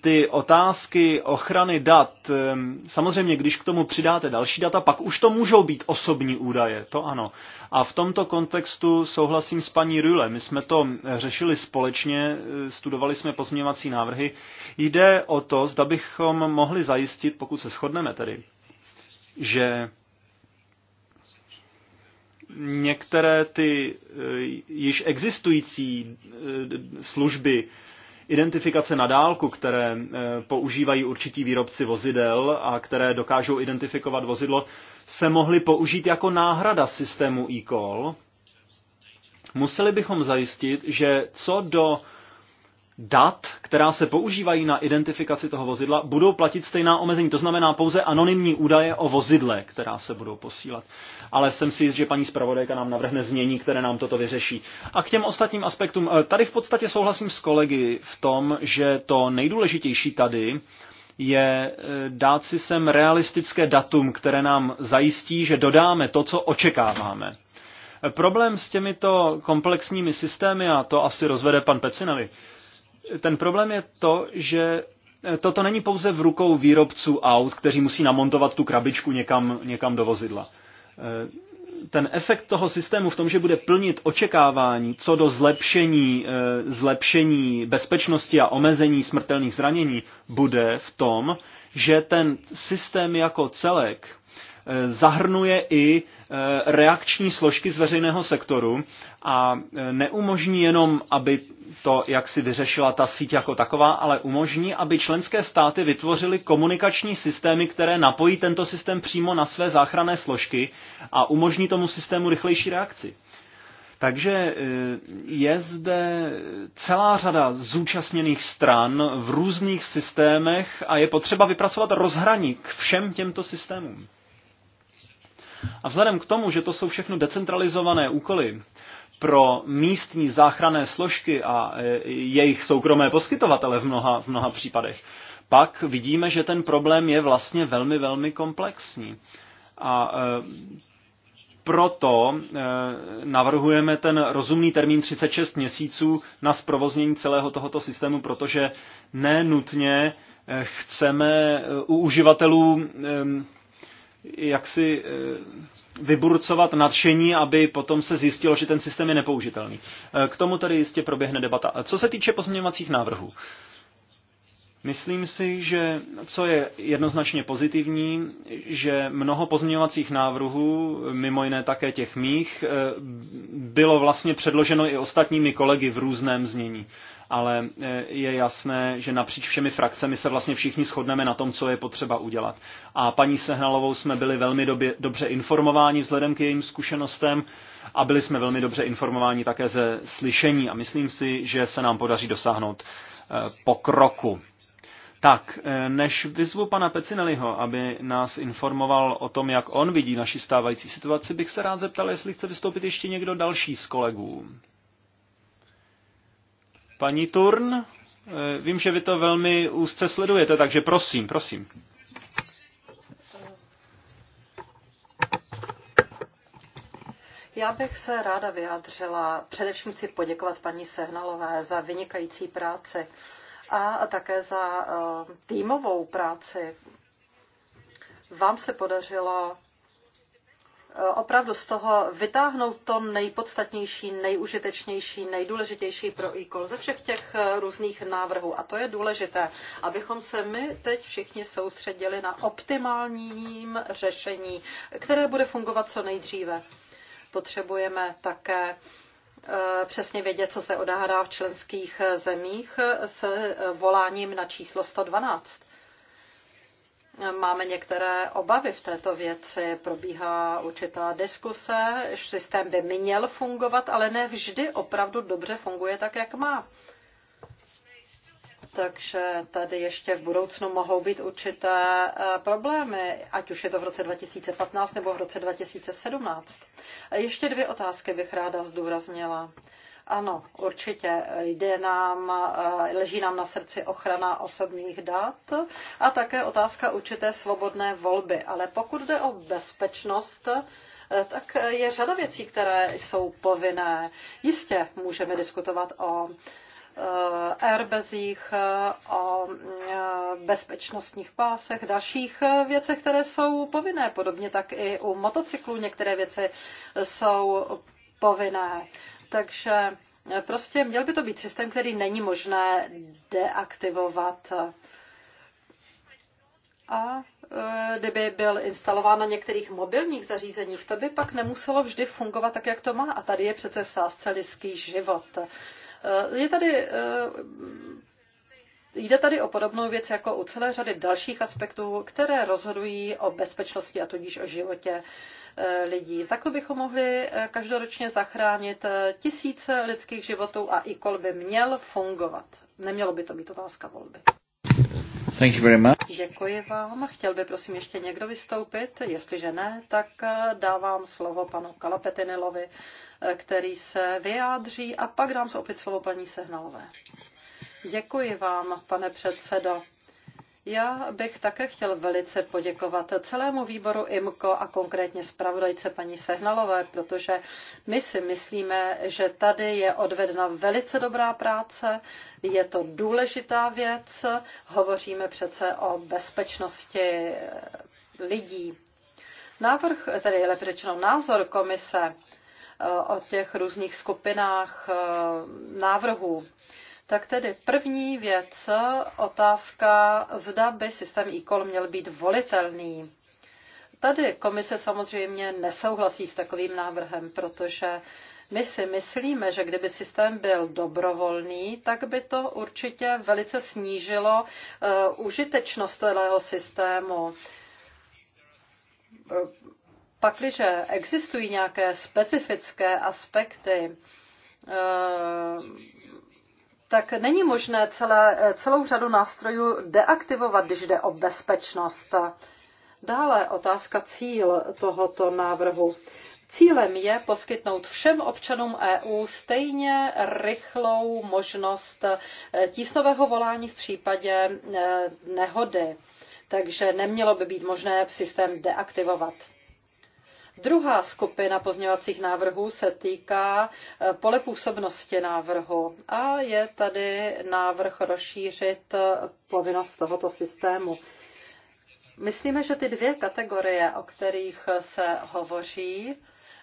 ty otázky ochrany dat, eh, samozřejmě, když k tomu přidáte další data, pak už to můžou být osobní údaje, to ano. A v tomto kontextu souhlasím s paní Rüle. My jsme to řešili společně, eh, studovali jsme pozměňovací návrhy. Jde o to, zda bychom mohli zajistit, pokud se shodneme tedy, že některé ty eh, již existující eh, služby identifikace na dálku, které eh, používají určití výrobci vozidel a které dokážou identifikovat vozidlo, se mohly použít jako náhrada systému e-call, museli bychom zajistit, že co do dat, která se používají na identifikaci toho vozidla, budou platit stejná omezení. To znamená pouze anonymní údaje o vozidle, která se budou posílat. Ale jsem si jist, že paní zpravodajka nám navrhne změní, které nám toto vyřeší. A k těm ostatním aspektům. Eh, tady v podstatě souhlasím s kolegy v tom, že to nejdůležitější tady je eh, dát si sem realistické datum, které nám zajistí, že dodáme to, co očekáváme. Eh, problém s těmito komplexními systémy, a to asi rozvede pan Pecinovi, ten problém je to, že eh, toto není pouze v rukou výrobců aut, kteří musí namontovat tu krabičku někam, někam do vozidla. Eh, ten efekt toho systému v tom, že bude plnit očekávání co do zlepšení, eh, zlepšení bezpečnosti a omezení smrtelných zranění, bude v tom, že ten systém jako celek Eh, zahrnuje i eh, reakční složky z veřejného sektoru a eh, neumožní jenom, aby to, jak si vyřešila ta síť jako taková, ale umožní, aby členské státy vytvořily komunikační systémy, které napojí tento systém přímo na své záchranné složky a umožní tomu systému rychlejší reakci. Takže je zde celá řada zúčastněných stran v různých systémech a je potřeba vypracovat rozhraní k všem těmto systémům. A vzhledem k tomu, že to jsou všechno decentralizované úkoly pro místní záchranné složky a e, jejich soukromé poskytovatele v mnoha, v mnoha případech, pak vidíme, že ten problém je vlastně velmi, velmi komplexní. A e, proto e, navrhujeme ten rozumný termín 36 měsíců na zprovoznění celého tohoto systému, protože nenutně chceme u uživatelů jaksi eh, vyburcovat nadšení, aby potom se zjistilo, že ten systém je nepoužitelný. Eh, k tomu tady jistě proběhne debata. Co se týče pozměňovacích návrhů, Myslím si, že co je jednoznačně pozitivní, že mnoho pozměňovacích návrhů, mimo jiné také těch mých, eh, bylo vlastně předloženo i ostatními kolegy v různém znění ale e, je jasné, že napříč všemi frakcemi se vlastně všichni shodneme na tom, co je potřeba udělat. A paní Sehnalovou jsme byli velmi době, dobře informováni vzhledem k jejím zkušenostem a byli jsme velmi dobře informováni také ze slyšení a myslím si, že se nám podaří dosáhnout e, pokroku. Tak, e, než vyzvu pana Pecineliho, aby nás informoval o tom, jak on vidí naši stávající situaci, bych se rád zeptal, jestli chce vystoupit ještě někdo další z kolegů. Paní Turn, eh, vím, že vy to velmi úzce sledujete, takže prosím, prosím. Já bych se ráda vyjádřila. Především chci poděkovat paní Sehnalové za vynikající práci a také za eh, týmovou práci. Vám se podařilo Eh, opravdu z toho vytáhnout to nejpodstatnější, nejužitečnější, nejdůležitější pro e-call ze všech těch eh, různých návrhů. A to je důležité, abychom se my teď všichni soustředili na optimálním řešení, které bude fungovat co nejdříve. Potřebujeme také eh, přesně vědět, co se odehrá v členských zemích s voláním na číslo 112 Máme některé obavy v této věci, probíhá určitá diskuse, systém by měl fungovat, ale ne vždy opravdu dobře funguje tak, jak má. Takže tady ještě v budoucnu mohou být určité eh, problémy, ať už je to v roce 2015 nebo v roce 2017. Ještě dvě otázky bych ráda zdůraznila. Ano, určitě jde nám, eh, leží nám na srdci ochrana osobních dat a také otázka určité svobodné volby. Ale pokud jde o bezpečnost, eh, tak je řada věcí, které jsou povinné. Jistě můžeme diskutovat o eh, airbezích, o bezpečnostních pásech, dalších věcech, které jsou povinné. Podobně tak i u motocyklů některé věci jsou povinné. Takže eh, prostě měl by to být systém, který není možné deaktivovat. A eh, kdyby byl instalován na některých mobilních zařízeních, to by pak nemuselo vždy fungovat tak, jak to má. A tady je přece v sázce lidský život. Eh, je tady, jde tady o podobnou věc jako u celé řady dalších aspektů, které rozhodují o bezpečnosti a tudíž o životě Eh, lidí. Tak bychom mohli eh, každoročně zachránit eh, tisíce lidských životů a e-call by měl fungovat. Nemělo by to být otázka volby. Thank you very much. Děkuji vám. Chtěl by prosím ještě někdo vystoupit? Jestliže ne, tak dávám slovo panu Kalapetinilovi, který se vyjádří a pak dám se opět slovo paní Sehnalové. Děkuji vám, pane předsedo. Já bych také chtěl velice poděkovat celému výboru IMCO a konkrétně zpravodajce paní Sehnalové, protože my si myslíme, že tady je odvedena velice dobrá práce, je to důležitá věc, hovoříme přece o bezpečnosti lidí. Návrh, tedy je řečeno názor komise eh, o těch různých skupinách eh, návrhů tak tedy první věc, otázka, zda by systém e měl být volitelný. Tady komise samozřejmě nesouhlasí s takovým návrhem, protože my si myslíme, že kdyby systém byl dobrovolný, tak by to určitě velice snížilo uh, užitečnost celého systému. Eh, pakliže existují nějaké specifické aspekty, uh, tak není možné celé, celou řadu nástrojů deaktivovat, když jde o bezpečnost. Dále otázka cíl tohoto návrhu. Cílem je poskytnout všem občanům EU stejně rychlou možnost eh, tísnového volání v případě eh, nehody. Takže nemělo by být možné systém deaktivovat. Druhá skupina pozměňovacích návrhů se týká eh, pole působnosti návrhu a je tady návrh rozšířit eh, povinnost tohoto systému. Myslíme, že ty dvě kategorie, o kterých se hovoří,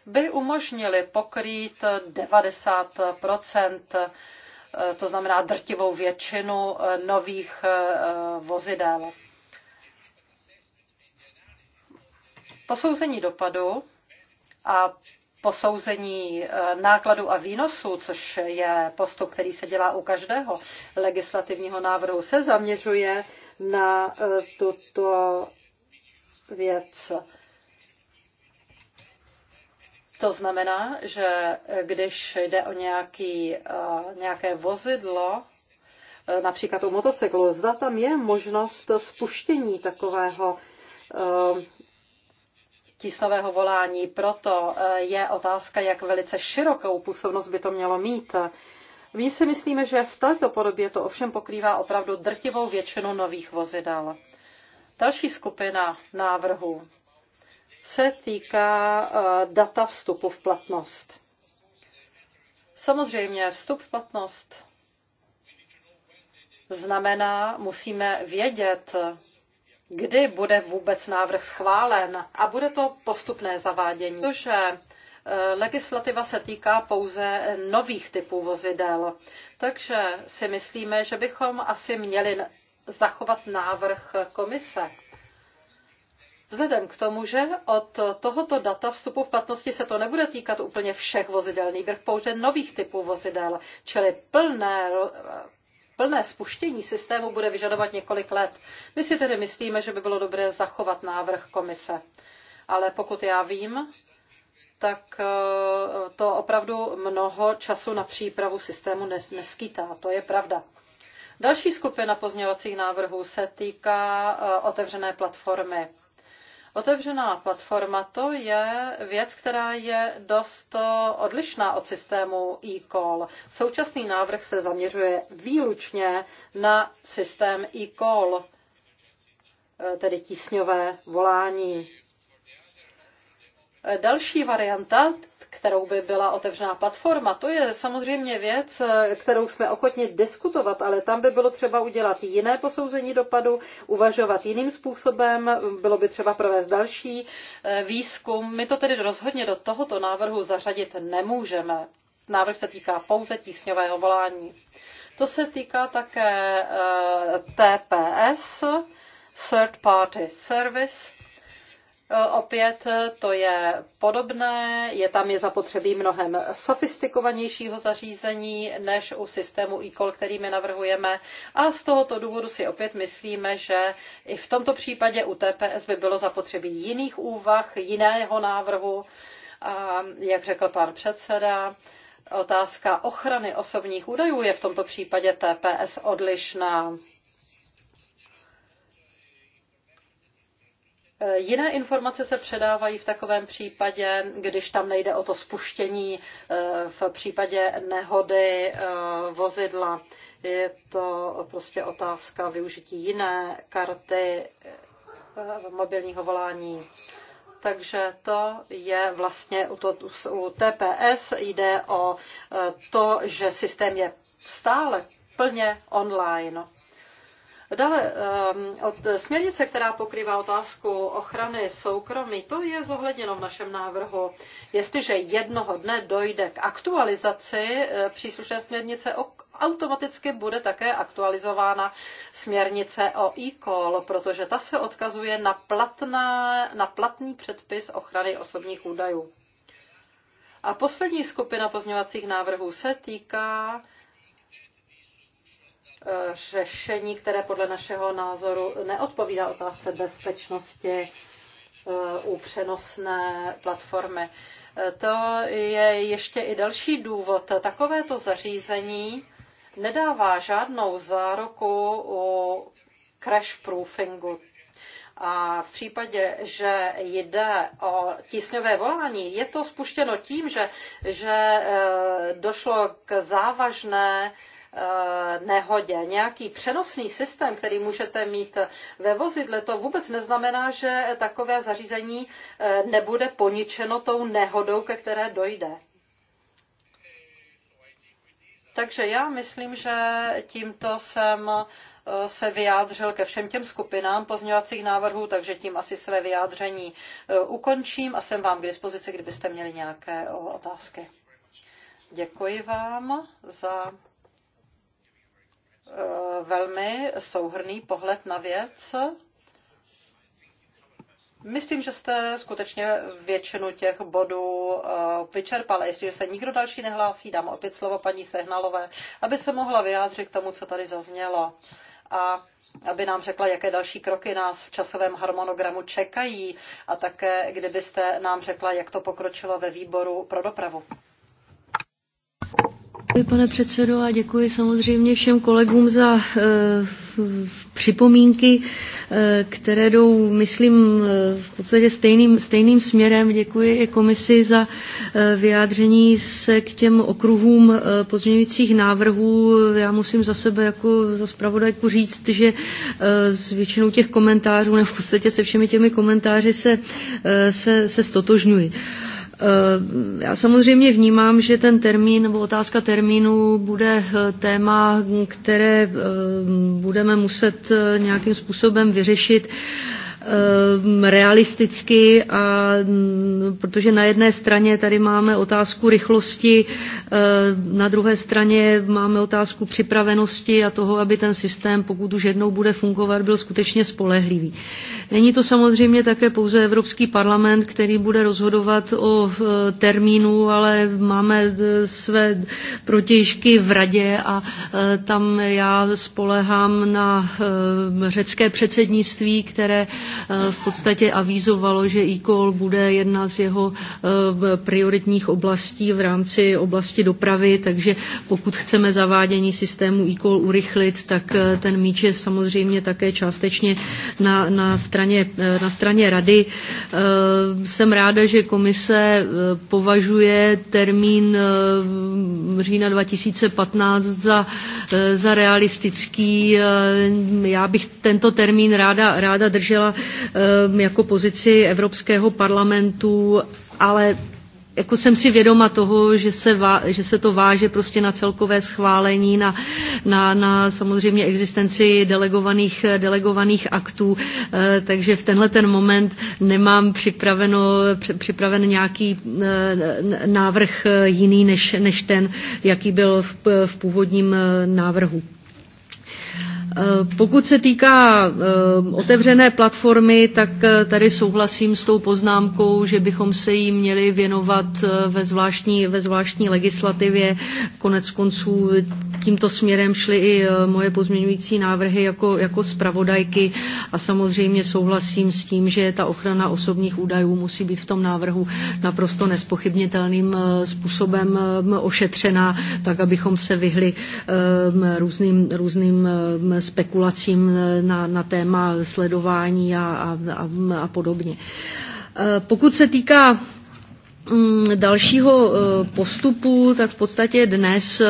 by umožnily pokrýt 90 eh, to znamená drtivou většinu nových vozidel. Posouzení dopadu a posouzení eh, nákladu a výnosu, což je postup, který se dělá u každého legislativního návrhu, se zaměřuje na eh, tuto věc. To znamená, že když jde o nějaký, eh, nějaké vozidlo, například o motocyklu, zda tam je možnost spuštění takového tísnového volání. Proto e, je otázka, jak velice širokou působnost by to mělo mít. My si myslíme, že v této podobě to ovšem pokrývá opravdu drtivou většinu nových vozidel. Další skupina návrhů se týká e, data vstupu v platnost. Samozřejmě vstup v platnost znamená, musíme vědět, kdy bude vůbec návrh schválen a bude to postupné zavádění, protože eh, legislativa se týká pouze nových typů vozidel. Takže si myslíme, že bychom asi měli zachovat návrh komise. Vzhledem k tomu, že od tohoto data vstupu v platnosti se to nebude týkat úplně všech vozidel, nýbrž pouze nových typů vozidel, čili plné plné spuštění systému bude vyžadovat několik let. My si tedy myslíme, že by bylo dobré zachovat návrh komise. Ale pokud já vím, tak e, to opravdu mnoho času na přípravu systému neskýtá. To je pravda. Další skupina pozměňovacích návrhů se týká e, otevřené platformy. Otevřená platforma to je věc, která je dost odlišná od systému e-call. Současný návrh se zaměřuje výlučně na systém e-call, tedy tísňové volání. Eh, další varianta, kterou by byla otevřená platforma, to je samozřejmě věc, eh, kterou jsme ochotni diskutovat, ale tam by bylo třeba udělat jiné posouzení dopadu, uvažovat jiným způsobem, bylo by třeba provést další eh, výzkum. My to tedy rozhodně do tohoto návrhu zařadit nemůžeme. Návrh se týká pouze tísňového volání. To se týká také TPS, Third Party Service, E, opět e, to je podobné, je tam je zapotřebí mnohem sofistikovanějšího zařízení než u systému e-call, který my navrhujeme. A z tohoto důvodu si opět myslíme, že i v tomto případě u TPS by bylo zapotřebí jiných úvah, jiného návrhu. A jak řekl pan předseda, otázka ochrany osobních údajů je v tomto případě TPS odlišná. Eh, jiné informace se předávají v takovém případě, když tam nejde o to spuštění eh, v případě nehody eh, vozidla. Je to prostě otázka využití jiné karty mobilního volání. Takže to je vlastně u, to, u TPS jde o to, že systém je stále plně online. Dále ehm, od směrnice, která pokrývá otázku ochrany soukromí, to je zohledněno v našem návrhu. Jestliže jednoho dne dojde k aktualizaci eh, příslušné směrnice, automaticky bude také aktualizována směrnice o e-call, protože ta se odkazuje na, platná, na platný předpis ochrany osobních údajů. A poslední skupina pozměňovacích návrhů se týká Eh, řešení, které podle našeho názoru neodpovídá otázce bezpečnosti eh, u přenosné platformy. Eh, to je ještě i další důvod. Takovéto zařízení nedává žádnou záruku o crash proofingu. A v případě, že jde o tísňové volání, je to spuštěno tím, že, že došlo k závažné Eh, nehodě. Nějaký přenosný systém, který můžete mít ve vozidle, to vůbec neznamená, že takové zařízení eh, nebude poničeno tou nehodou, ke které dojde. Takže já myslím, že tímto jsem eh, se vyjádřil ke všem těm skupinám pozměňovacích návrhů, takže tím asi své vyjádření ukončím a jsem vám k dispozici, kdybyste měli nějaké otázky. Děkuji vám za Eh, velmi souhrný pohled na věc. Myslím, že jste skutečně většinu těch bodů eh, vyčerpali. Jestliže se nikdo další nehlásí, dám opět slovo paní Sehnalové, aby se mohla vyjádřit k tomu, co tady zaznělo. A aby nám řekla, jaké další kroky nás v časovém harmonogramu čekají a také, kdybyste nám řekla, jak to pokročilo ve výboru pro dopravu. Děkuji, pane předsedo, a děkuji samozřejmě všem kolegům za e, připomínky, e, které jdou, myslím, eh, v podstatě stejným, stejným směrem. Děkuji i komisi za e, vyjádření se k těm okruhům e, pozměňujících návrhů. Já musím za sebe jako za zpravodajku říct, že e, s většinou těch komentářů, nebo v podstatě se všemi těmi komentáři se, e, se, se stotožňuji. E, Eh, já samozřejmě vnímám, že ten termín nebo otázka termínu bude eh, téma, které eh, budeme muset nějakým způsobem vyřešit. Ehm, realisticky, a, mm, protože na jedné straně tady máme otázku rychlosti, ehm, na druhé straně máme otázku připravenosti a toho, aby ten systém, pokud už jednou bude fungovat, byl skutečně spolehlivý. Není to samozřejmě také pouze Evropský parlament, který bude rozhodovat o termínu, ale máme e, své protěžky v radě a e, tam já spolehám na e, řecké předsednictví, které Eh, v podstatě avízovalo, že e-call bude jedna z jeho eh, prioritních oblastí v rámci oblasti dopravy, takže pokud chceme zavádění systému e-call urychlit, tak eh, ten míč je samozřejmě také částečně na, na, straně, na straně rady. Jsem ráda, že komise považuje termín října 2015 za Eh, za realistický. Eh, já bych tento termín ráda, ráda držela eh, jako pozici Evropského parlamentu, ale jako jsem si vědoma toho, že se, vá, že se to váže prostě na celkové schválení, na, na, na samozřejmě existenci delegovaných, delegovaných aktů, e, takže v tenhle ten moment nemám připraveno, připraven nějaký e, návrh eh, jiný než, než ten, jaký byl v, v původním návrhu. Eh, pokud se týká eh, otevřené platformy, tak eh, tady souhlasím s tou poznámkou, že bychom se jí měli věnovat ve zvláštní, ve zvláštní legislativě. Konec konců tímto směrem šly i e, moje pozměňující návrhy jako, jako zpravodajky a samozřejmě souhlasím s tím, že ta ochrana osobních údajů musí být v tom návrhu naprosto nespochybnitelným e, způsobem e, ošetřena, tak abychom se vyhli různým, různým spekulacím na, na téma sledování a, a, a podobně. Pokud se týká Mm, dalšího eh, postupu, tak v podstatě dnes eh,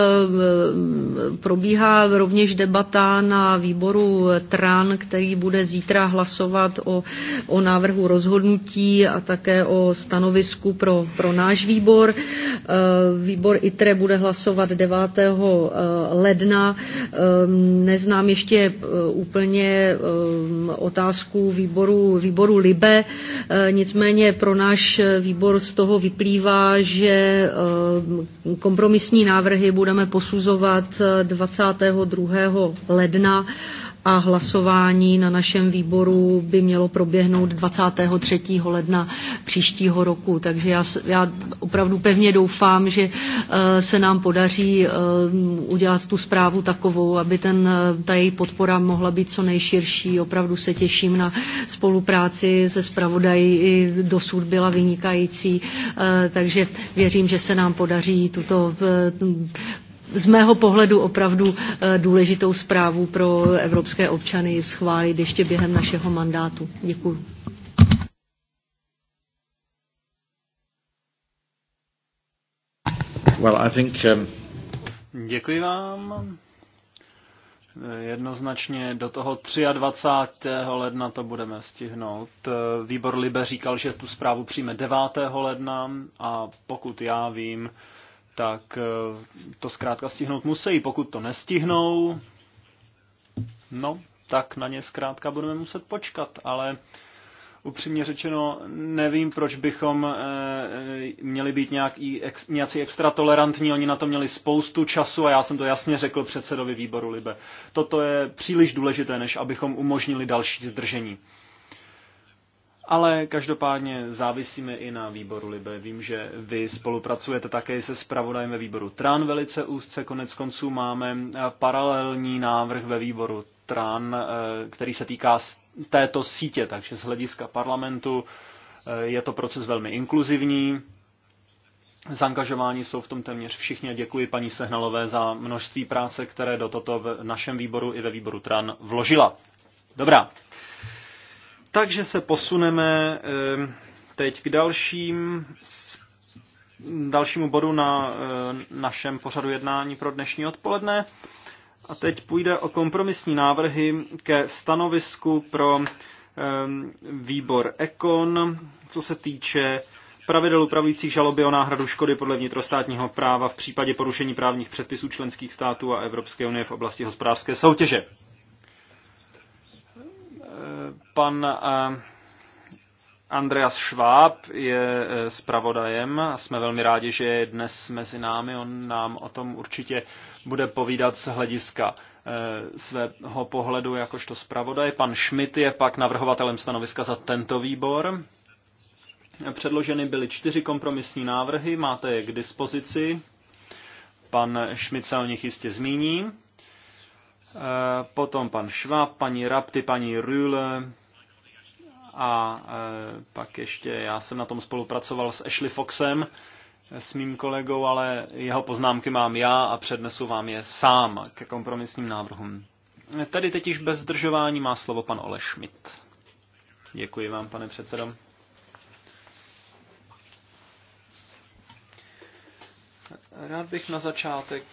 probíhá rovněž debata na výboru TRAN, který bude zítra hlasovat o, o návrhu rozhodnutí a také o stanovisku pro, pro náš výbor. Eh, výbor ITRE bude hlasovat 9. ledna. Ehm, neznám ještě úplně ehm, otázku výboru, výboru LIBE, nicméně pro náš výbor z toho výboru vyplývá, že eh, kompromisní návrhy budeme posuzovat 22. Eh, ledna a hlasování na našem výboru by mělo proběhnout 23. ledna příštího roku. Takže já, já opravdu pevně doufám, že eh, se nám podaří eh, udělat tu zprávu takovou, aby ten, eh, ta její podpora mohla být co nejširší. Opravdu se těším na spolupráci se zpravodají, i dosud byla vynikající, takže věřím, že se nám podaří tuto z mého pohledu opravdu eh, důležitou zprávu pro evropské občany schválit ještě během našeho mandátu. Děkuji. Well, I think, um... Děkuji vám. Jednoznačně do toho 23. ledna to budeme stihnout. Výbor Libe říkal, že tu zprávu přijme 9. ledna a pokud já vím, tak eh, to zkrátka stihnout musí. Pokud to nestihnou, no, tak na ně zkrátka budeme muset počkat, ale upřímně řečeno nevím, proč bychom eh, eh, měli být nějaký, ex, nějací extra tolerantní, oni na to měli spoustu času a já jsem to jasně řekl předsedovi výboru Libe. Toto je příliš důležité, než abychom umožnili další zdržení. Ale každopádně závisíme i na výboru Libe. Vím, že vy spolupracujete také se zpravodajem ve výboru TRAN velice úzce. Konec konců máme paralelní návrh ve výboru TRAN, eh, který se týká této sítě, takže z hlediska parlamentu eh, je to proces velmi inkluzivní. Zangažování jsou v tom téměř všichni a děkuji paní Sehnalové za množství práce, které do toto v našem výboru i ve výboru TRAN vložila. Dobrá, takže se posuneme eh, teď k dalším, dalšímu bodu na eh, našem pořadu jednání pro dnešní odpoledne. A teď půjde o kompromisní návrhy ke stanovisku pro eh, výbor Ekon, co se týče pravidel upravujících žaloby o náhradu škody podle vnitrostátního práva v případě porušení právních předpisů členských států a Evropské unie v oblasti hospodářské soutěže. Pan eh, Andreas Schwab je eh, zpravodajem a jsme velmi rádi, že je dnes mezi námi. On nám o tom určitě bude povídat z hlediska eh, svého pohledu jakožto zpravodaj. Pan Schmidt je pak navrhovatelem stanoviska za tento výbor. Předloženy byly čtyři kompromisní návrhy, máte je k dispozici. Pan Schmidt se o nich jistě zmíní. Eh, potom pan Švab, paní Rapty, paní Rühle a eh, pak ještě já jsem na tom spolupracoval s Ashley Foxem, eh, s mým kolegou, ale jeho poznámky mám já a přednesu vám je sám ke kompromisním návrhům. Tady teď již bez zdržování má slovo pan Ole Schmidt. Děkuji vám, pane předsedo. Rád bych na začátek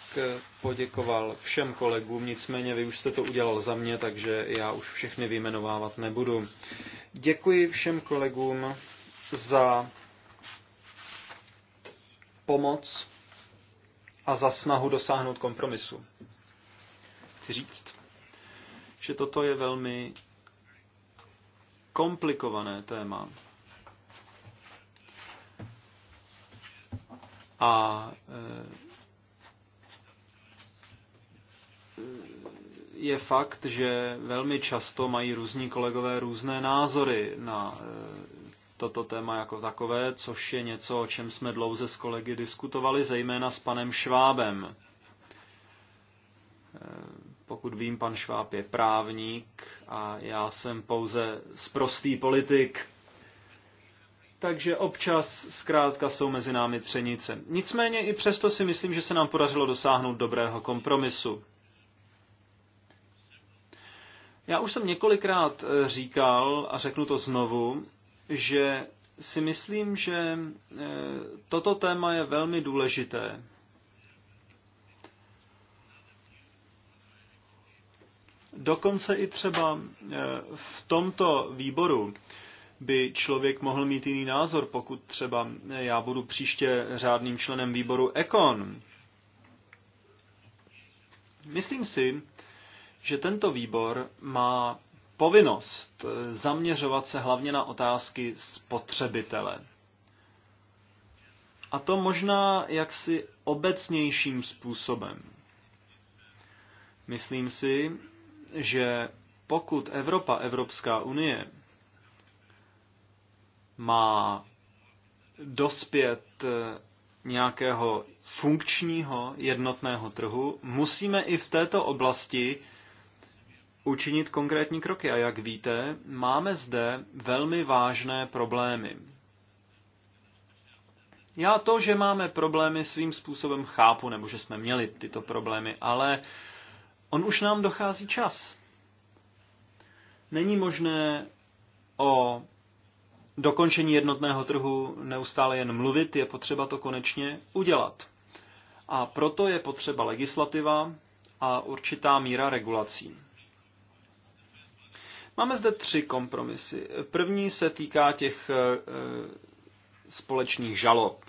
poděkoval všem kolegům, nicméně vy už jste to udělal za mě, takže já už všechny vyjmenovávat nebudu. Děkuji všem kolegům za pomoc a za snahu dosáhnout kompromisu. Chci říct, že toto je velmi komplikované téma A e, je fakt, že velmi často mají různí kolegové různé názory na e, toto téma jako takové, což je něco, o čem jsme dlouze s kolegy diskutovali, zejména s panem Švábem. E, pokud vím, pan Šváb je právník a já jsem pouze sprostý politik takže občas zkrátka jsou mezi námi třenice. Nicméně i přesto si myslím, že se nám podařilo dosáhnout dobrého kompromisu. Já už jsem několikrát eh, říkal, a řeknu to znovu, že si myslím, že eh, toto téma je velmi důležité. Dokonce i třeba eh, v tomto výboru by člověk mohl mít jiný názor, pokud třeba já budu příště řádným členem výboru Ekon. Myslím si, že tento výbor má povinnost zaměřovat se hlavně na otázky spotřebitele. A to možná jaksi obecnějším způsobem. Myslím si, že pokud Evropa, Evropská unie, má dospět eh, nějakého funkčního jednotného trhu, musíme i v této oblasti učinit konkrétní kroky. A jak víte, máme zde velmi vážné problémy. Já to, že máme problémy, svým způsobem chápu, nebo že jsme měli tyto problémy, ale on už nám dochází čas. Není možné o dokončení jednotného trhu neustále jen mluvit, je potřeba to konečně udělat. A proto je potřeba legislativa a určitá míra regulací. Máme zde tři kompromisy. První se týká těch eh, společných žalob.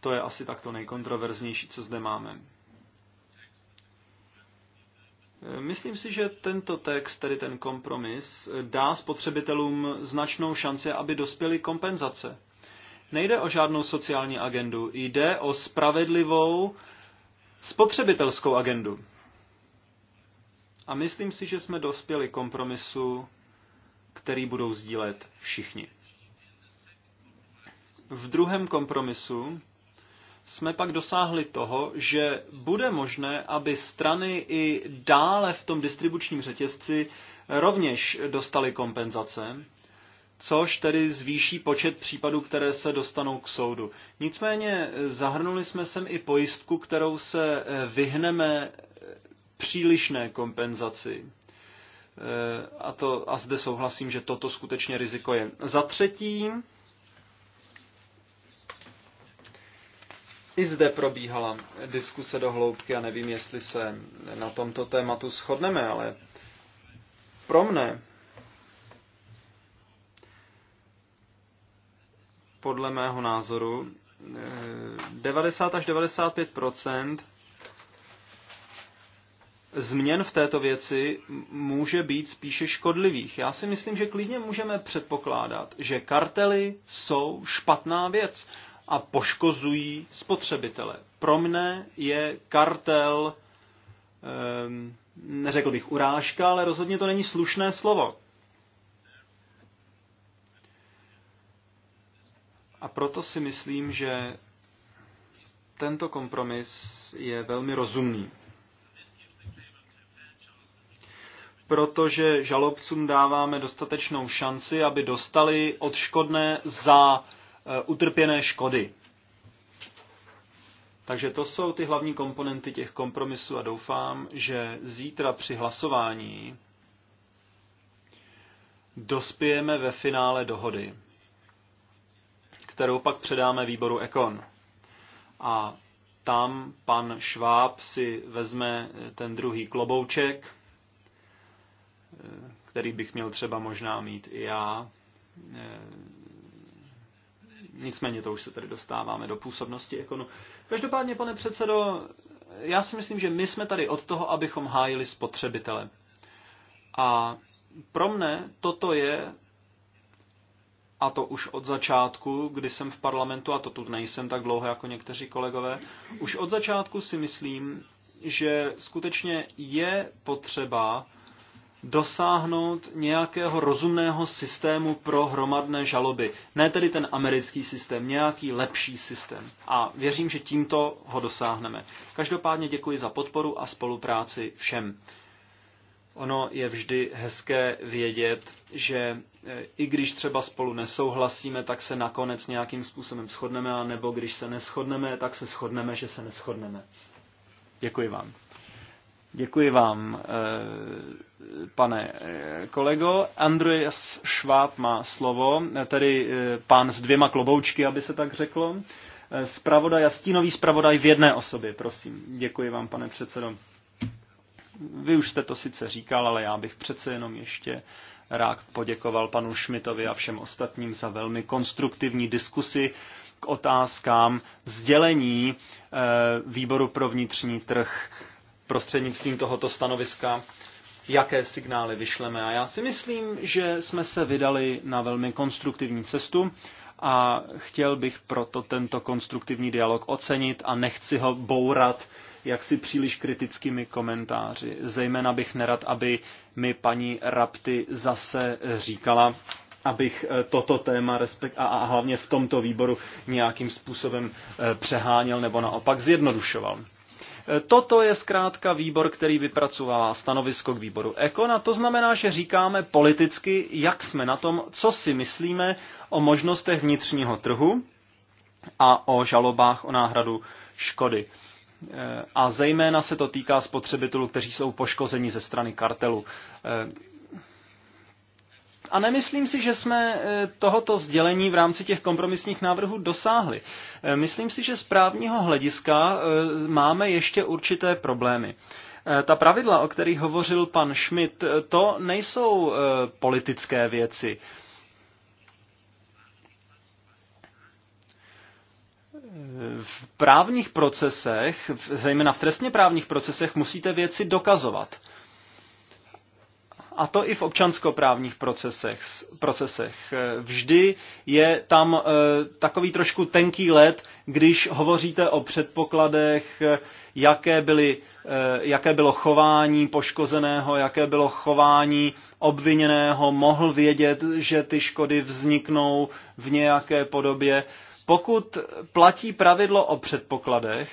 To je asi takto nejkontroverznější, co zde máme. Myslím si, že tento text, tedy ten kompromis, dá spotřebitelům značnou šanci, aby dospěli kompenzace. Nejde o žádnou sociální agendu, jde o spravedlivou spotřebitelskou agendu. A myslím si, že jsme dospěli kompromisu, který budou sdílet všichni. V druhém kompromisu jsme pak dosáhli toho, že bude možné, aby strany i dále v tom distribučním řetězci rovněž dostaly kompenzace, což tedy zvýší počet případů, které se dostanou k soudu. Nicméně zahrnuli jsme sem i pojistku, kterou se eh, vyhneme eh, přílišné kompenzaci. Eh, a, to, a zde souhlasím, že toto skutečně riziko je. Za třetí, I zde probíhala diskuse do hloubky a nevím, jestli se na tomto tématu shodneme, ale pro mne podle mého názoru 90 eh, až 95 změn v této věci může být spíše škodlivých. Já si myslím, že klidně můžeme předpokládat, že kartely jsou špatná věc a poškozují spotřebitele. Pro mne je kartel, ehm, neřekl bych urážka, ale rozhodně to není slušné slovo. A proto si myslím, že tento kompromis je velmi rozumný. Protože žalobcům dáváme dostatečnou šanci, aby dostali odškodné za Eh, utrpěné škody. Takže to jsou ty hlavní komponenty těch kompromisů a doufám, že zítra při hlasování dospějeme ve finále dohody, kterou pak předáme výboru Ekon. A tam pan Šváb si vezme ten druhý klobouček, eh, který bych měl třeba možná mít i já, eh, Nicméně to už se tady dostáváme do působnosti ekonu. Každopádně, pane předsedo, já si myslím, že my jsme tady od toho, abychom hájili spotřebitele. A pro mne toto je, a to už od začátku, kdy jsem v parlamentu, a to tu nejsem tak dlouho jako někteří kolegové, už od začátku si myslím, že skutečně je potřeba dosáhnout nějakého rozumného systému pro hromadné žaloby. Ne tedy ten americký systém, nějaký lepší systém. A věřím, že tímto ho dosáhneme. Každopádně děkuji za podporu a spolupráci všem. Ono je vždy hezké vědět, že e, i když třeba spolu nesouhlasíme, tak se nakonec nějakým způsobem shodneme, a nebo když se neschodneme, tak se shodneme, že se neschodneme. Děkuji vám. Děkuji vám, eh, pane eh, kolego. Andreas Schwab má slovo, eh, tedy pán s dvěma kloboučky, aby se tak řeklo. Spravodaj a stínový spravodaj v jedné osobě, prosím. Děkuji vám, pane předsedo. Vy už jste to sice říkal, ale já bych přece jenom ještě rád poděkoval panu Šmitovi a všem ostatním za velmi konstruktivní diskusi k otázkám sdělení výboru pro vnitřní trh prostřednictvím tohoto stanoviska, jaké signály vyšleme. A já si myslím, že jsme se vydali na velmi konstruktivní cestu a chtěl bych proto tento konstruktivní dialog ocenit a nechci ho bourat jaksi příliš kritickými komentáři. Zejména bych nerad, aby mi paní Rapty zase říkala, abych eh, toto téma respekt a hlavně v tomto výboru nějakým způsobem eh, přeháněl nebo naopak zjednodušoval. Toto je zkrátka výbor, který vypracovává stanovisko k výboru Ekon a to znamená, že říkáme politicky, jak jsme na tom, co si myslíme o možnostech vnitřního trhu a o žalobách o náhradu škody. E, a zejména se to týká spotřebitelů, kteří jsou poškozeni ze strany kartelu. E, a nemyslím si, že jsme e, tohoto sdělení v rámci těch kompromisních návrhů dosáhli. E, myslím si, že z právního hlediska e, máme ještě určité problémy. Ta pravidla, o kterých hovořil pan Schmidt, to nejsou politické věci. v právních procesech, zejména v trestně právních procesech, musíte věci dokazovat. A to i v občanskoprávních procesech. procesech. E, vždy je tam e, takový trošku tenký led, když hovoříte o předpokladech, e, jaké, byly, jaké bylo chování poškozeného, jaké bylo chování obviněného, mohl vědět, že ty škody vzniknou v nějaké podobě. Pokud platí pravidlo o předpokladech,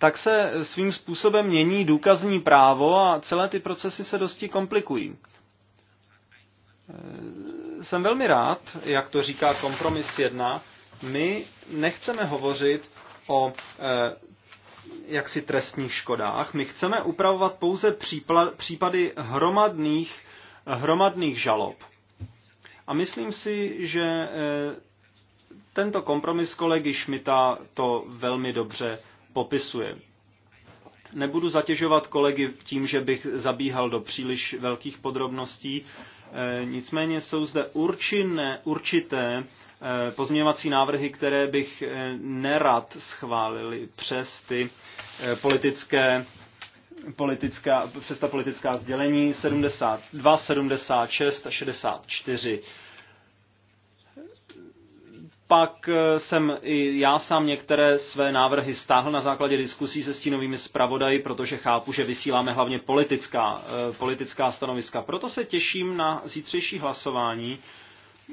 tak se svým způsobem mění důkazní právo a celé ty procesy se dosti komplikují. E, jsem velmi rád, jak to říká kompromis 1, my nechceme hovořit o e, jaksi trestních škodách. My chceme upravovat pouze případy hromadných, hromadných žalob. A myslím si, že e, tento kompromis kolegy Šmita to velmi dobře popisuje. Nebudu zatěžovat kolegy tím, že bych zabíhal do příliš velkých podrobností, e, nicméně jsou zde určité, určité e, pozměňovací návrhy, které bych e, nerad schválil přes ty politické politická, přes ta politická sdělení 72, 76 a 64 pak eh, jsem i já sám některé své návrhy stáhl na základě diskusí se stínovými zpravodaji, protože chápu, že vysíláme hlavně politická, eh, politická stanoviska. Proto se těším na zítřejší hlasování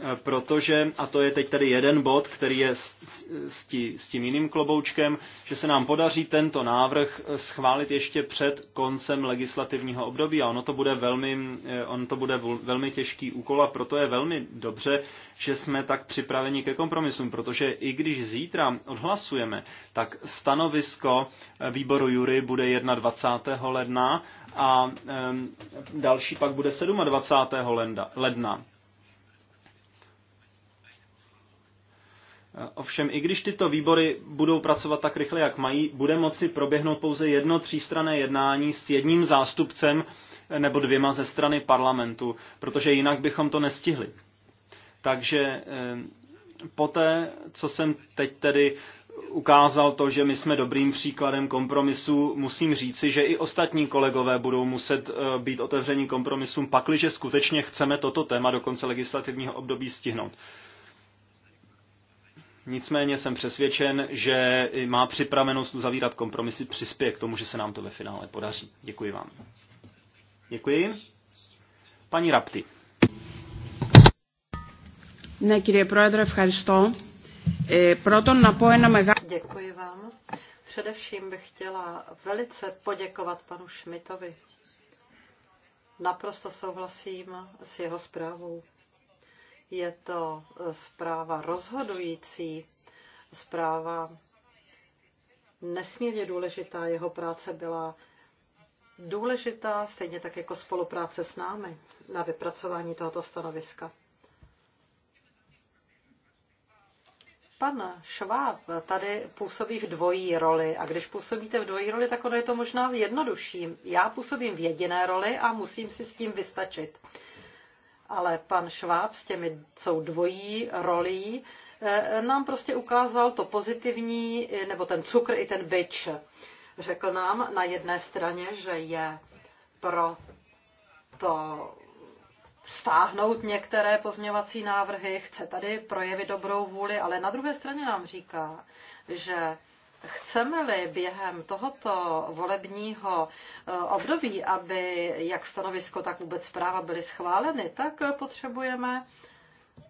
Eh, protože, a to je teď tady jeden bod, který je s, s, s tím jiným kloboučkem, že se nám podaří tento návrh eh, schválit ještě před koncem legislativního období a ono to bude velmi, eh, on to bude velmi těžký úkol a proto je velmi dobře, že jsme tak připraveni ke kompromisům, protože i když zítra odhlasujeme, tak stanovisko výboru Jury bude 21. ledna a další pak bude 27. ledna Ovšem, i když tyto výbory budou pracovat tak rychle, jak mají, bude moci proběhnout pouze jedno třístrané jednání s jedním zástupcem nebo dvěma ze strany parlamentu, protože jinak bychom to nestihli. Takže eh, poté, co jsem teď tedy ukázal to, že my jsme dobrým příkladem kompromisu, musím říci, že i ostatní kolegové budou muset eh, být otevření kompromisům, pakliže skutečně chceme toto téma do konce legislativního období stihnout. Nicméně jsem přesvědčen, že má připravenost uzavírat kompromisy přispěje k tomu, že se nám to ve finále podaří. Děkuji vám. Děkuji. Paní Rapty. Ne, kyrie projedre, vcharisto. Proton na pojena mega... Děkuji vám. Především bych chtěla velice poděkovat panu Šmitovi. Naprosto souhlasím s jeho zprávou. Je to eh, zpráva rozhodující, zpráva nesmírně důležitá. Jeho práce byla důležitá, stejně tak jako spolupráce s námi na vypracování tohoto stanoviska. Pan Šváb tady působí v dvojí roli a když působíte v dvojí roli, tak ono je to možná jednodušší. Já působím v jediné roli a musím si s tím vystačit ale pan Šváb s těmi jsou dvojí rolí eh, nám prostě ukázal to pozitivní, eh, nebo ten cukr i ten byč. Řekl nám na jedné straně, že je pro to stáhnout některé pozměvací návrhy, chce tady projevit dobrou vůli, ale na druhé straně nám říká, že Chceme-li během tohoto volebního eh, období, aby jak stanovisko, tak vůbec zpráva byly schváleny, tak potřebujeme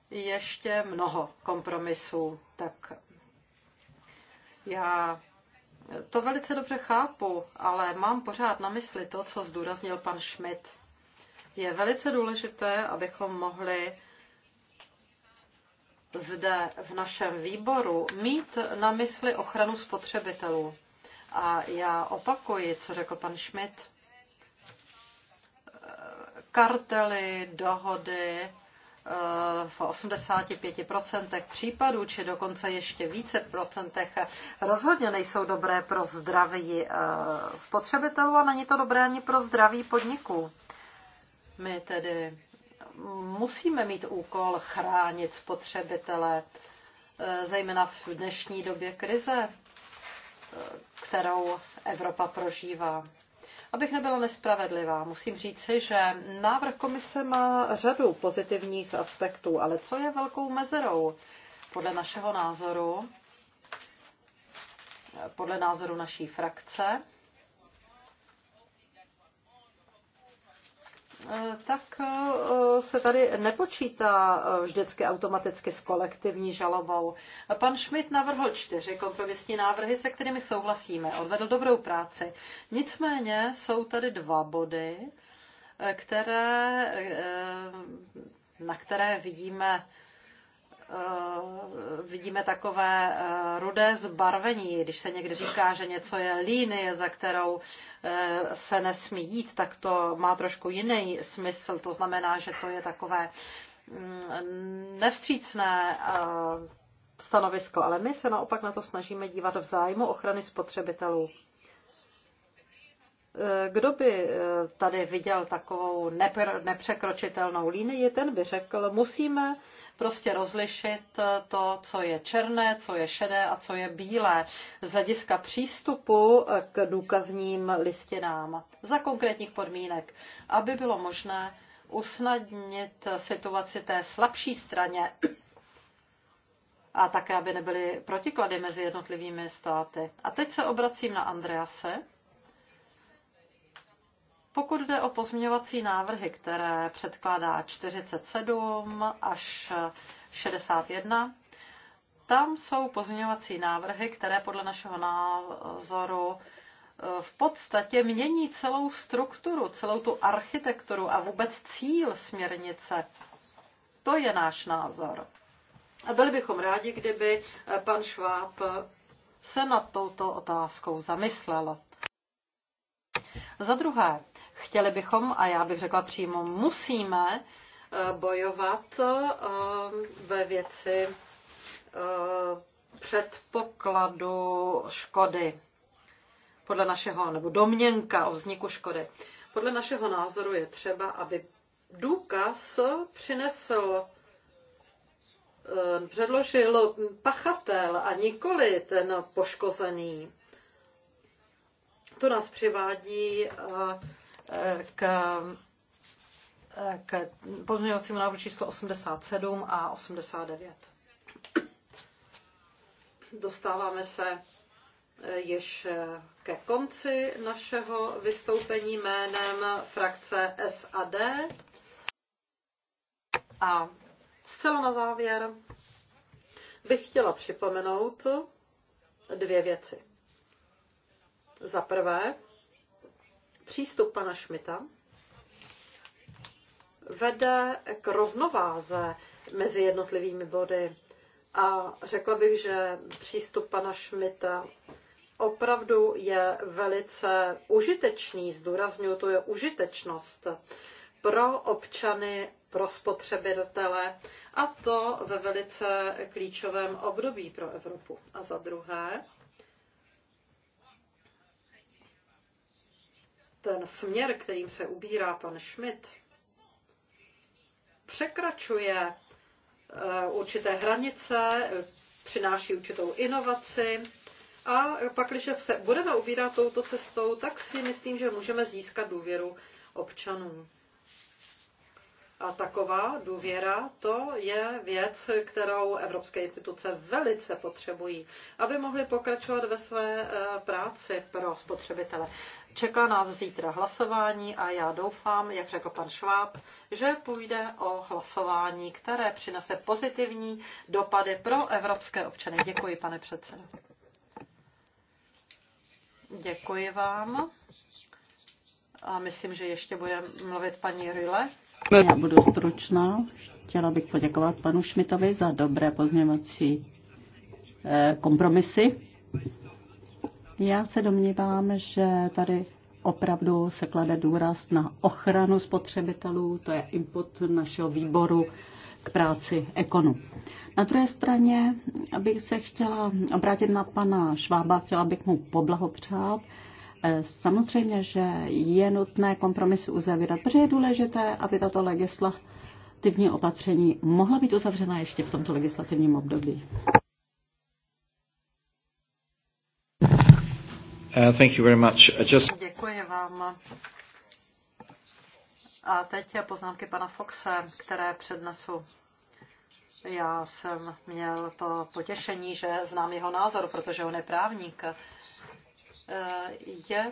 ještě mnoho kompromisů. Tak já to velice dobře chápu, ale mám pořád na mysli to, co zdůraznil pan Schmidt. Je velice důležité, abychom mohli zde v našem výboru mít na mysli ochranu spotřebitelů. A já opakuji, co řekl pan Schmidt. Kartely, dohody eh, v 85% případů, či dokonce ještě více procentech, rozhodně nejsou dobré pro zdraví eh, spotřebitelů a není to dobré ani pro zdraví podniků. My tedy musíme mít úkol chránit spotřebitele, e, zejména v dnešní době krize, e, kterou Evropa prožívá. Abych nebyla nespravedlivá, musím říci, že návrh komise má řadu pozitivních aspektů, ale co je velkou mezerou podle našeho názoru, podle názoru naší frakce, Eh, tak eh, se tady nepočítá eh, vždycky automaticky s kolektivní žalobou. Pan Schmidt navrhl čtyři kompromisní návrhy, se kterými souhlasíme. Odvedl dobrou práci. Nicméně jsou tady dva body, které, na které vidíme Eh, vidíme takové eh, rudé zbarvení, když se někdy říká, že něco je línie, za kterou eh, se nesmí jít, tak to má trošku jiný smysl. To znamená, že to je takové mm, nevstřícné stanovisko, ale my se naopak na to snažíme dívat v zájmu ochrany spotřebitelů. Kdo by tady viděl takovou nepřekročitelnou línii, ten by řekl, musíme prostě rozlišit eh, to, co je černé, co je šedé a co je bílé z hlediska přístupu eh, k důkazním listinám za konkrétních podmínek, aby bylo možné usnadnit eh, situaci té slabší straně a také, aby nebyly protiklady mezi jednotlivými státy. A teď se obracím na Andrease. Pokud jde o pozměňovací návrhy, které předkládá 47 až 61, tam jsou pozměňovací návrhy, které podle našeho názoru eh, v podstatě mění celou strukturu, celou tu architekturu a vůbec cíl směrnice. To je náš názor. A byli bychom rádi, kdyby eh, pan Šváb eh, se nad touto otázkou zamyslel. Za druhé, chtěli bychom, a já bych řekla přímo musíme, eh, bojovat eh, ve věci eh, předpokladu škody. Podle našeho, nebo domněnka o vzniku škody. Podle našeho názoru je třeba, aby důkaz přinesl, předložil pachatel a nikoli ten poškozený. To nás přivádí k, k pozměňovacímu návrhu číslo 87 a 89. Dostáváme se eh, již eh, ke konci našeho vystoupení jménem frakce SAD. A zcela na závěr bych chtěla připomenout dvě věci. Za prvé, přístup pana Šmita vede k rovnováze mezi jednotlivými body. A řekla bych, že přístup pana Šmita opravdu je velice užitečný, zdůraznuju to je užitečnost pro občany, pro spotřebitele a to ve velice klíčovém období pro Evropu. A za druhé, ten směr, kterým se ubírá pan Schmidt, překračuje eh, určité hranice, přináší určitou inovaci. A pak, když se budeme ubírat touto cestou, tak si myslím, že můžeme získat důvěru občanů. A taková důvěra, to je věc, kterou evropské instituce velice potřebují, aby mohly pokračovat ve své eh, práci pro spotřebitele. Čeká nás zítra hlasování a já doufám, jak řekl pan Šváb, že půjde o hlasování, které přinese pozitivní dopady pro evropské občany. Děkuji, pane předsedo. Děkuji vám. A myslím, že ještě bude mluvit paní Ryle. Já budu stručná. Chtěla bych poděkovat panu Šmitovi za dobré pozměňovací eh, kompromisy. Já se domnívám, že tady opravdu se klade důraz na ochranu spotřebitelů, to je input našeho výboru k práci ekonu. Na druhé straně bych se chtěla obrátit na pana Švába, chtěla bych mu poblahopřát Eh, samozřejmě, že je nutné kompromisy uzavírat, protože je důležité, aby tato legislativní opatření mohla být uzavřena ještě v tomto legislativním období. Uh, thank you very much. Just... Děkuji vám. A teď poznámky pana Foxe, které přednesu. Já jsem měl to potěšení, že znám jeho názor, protože on je právník je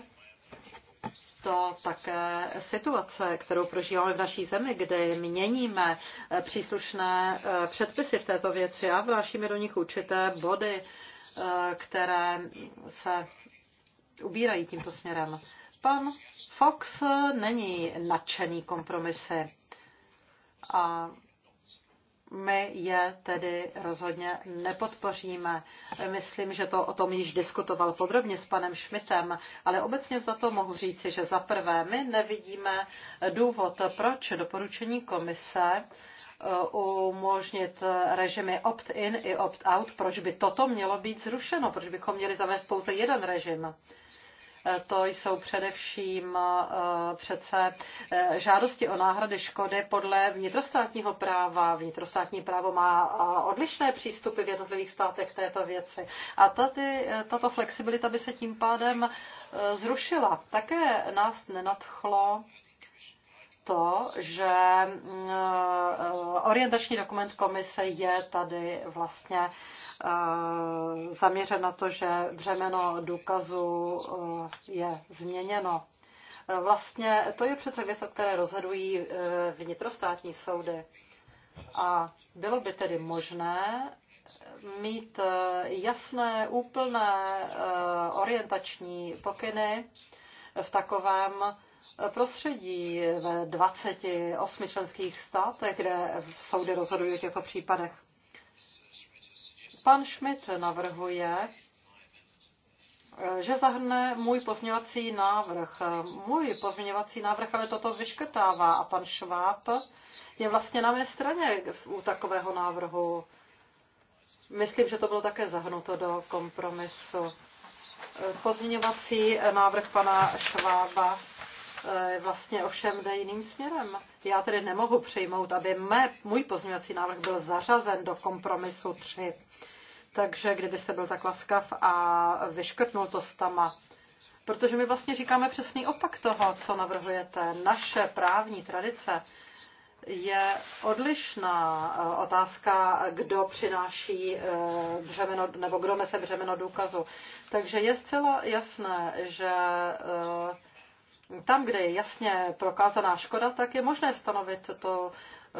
to také situace, kterou prožíváme v naší zemi, kdy měníme příslušné eh, předpisy v této věci a vnášíme do nich určité body, eh, které se ubírají tímto směrem. Pan Fox není nadšený kompromisy a my je tedy rozhodně nepodpoříme. Myslím, že to o tom již diskutoval podrobně s panem Šmitem, ale obecně za to mohu říci, že za prvé my nevidíme důvod, proč doporučení komise eh, umožnit režimy opt-in i opt-out, proč by toto mělo být zrušeno, proč bychom měli zavést pouze jeden režim. To jsou především eh, přece eh, žádosti o náhrady škody podle vnitrostátního práva. Vnitrostátní právo má eh, odlišné přístupy v jednotlivých státech k této věci. A tady tato flexibilita by se tím pádem zrušila. Také nás nenadchlo to, že mm, eh, orientační dokument komise je tady vlastně eh, zaměřen na to, že břemeno důkazu eh, je změněno. Vlastně to je přece věc, o které rozhodují vnitrostátní soudy. A bylo by tedy možné mít jasné, úplné orientační pokyny v takovém prostředí ve 28 členských státech, kde v soudy rozhodují o těchto případech. Pan Schmidt navrhuje, že zahrne můj pozměňovací návrh. Můj pozměňovací návrh ale toto vyškrtává a pan Šváb je vlastně na mé straně u takového návrhu. Myslím, že to bylo také zahrnuto do kompromisu. Pozměňovací návrh pana Švába Eh, vlastně ovšem jde jiným směrem. Já tedy nemohu přijmout, aby mé, můj pozměňovací návrh byl zařazen do kompromisu 3. Takže kdybyste byl tak laskav a vyškrtnul to stama, protože my vlastně říkáme přesný opak toho, co navrhujete. Naše právní tradice je odlišná eh, otázka, kdo přináší eh, břemeno, nebo kdo nese břemeno důkazu. Takže je zcela jasné, že tam, kde je jasně prokázaná škoda, tak je možné stanovit to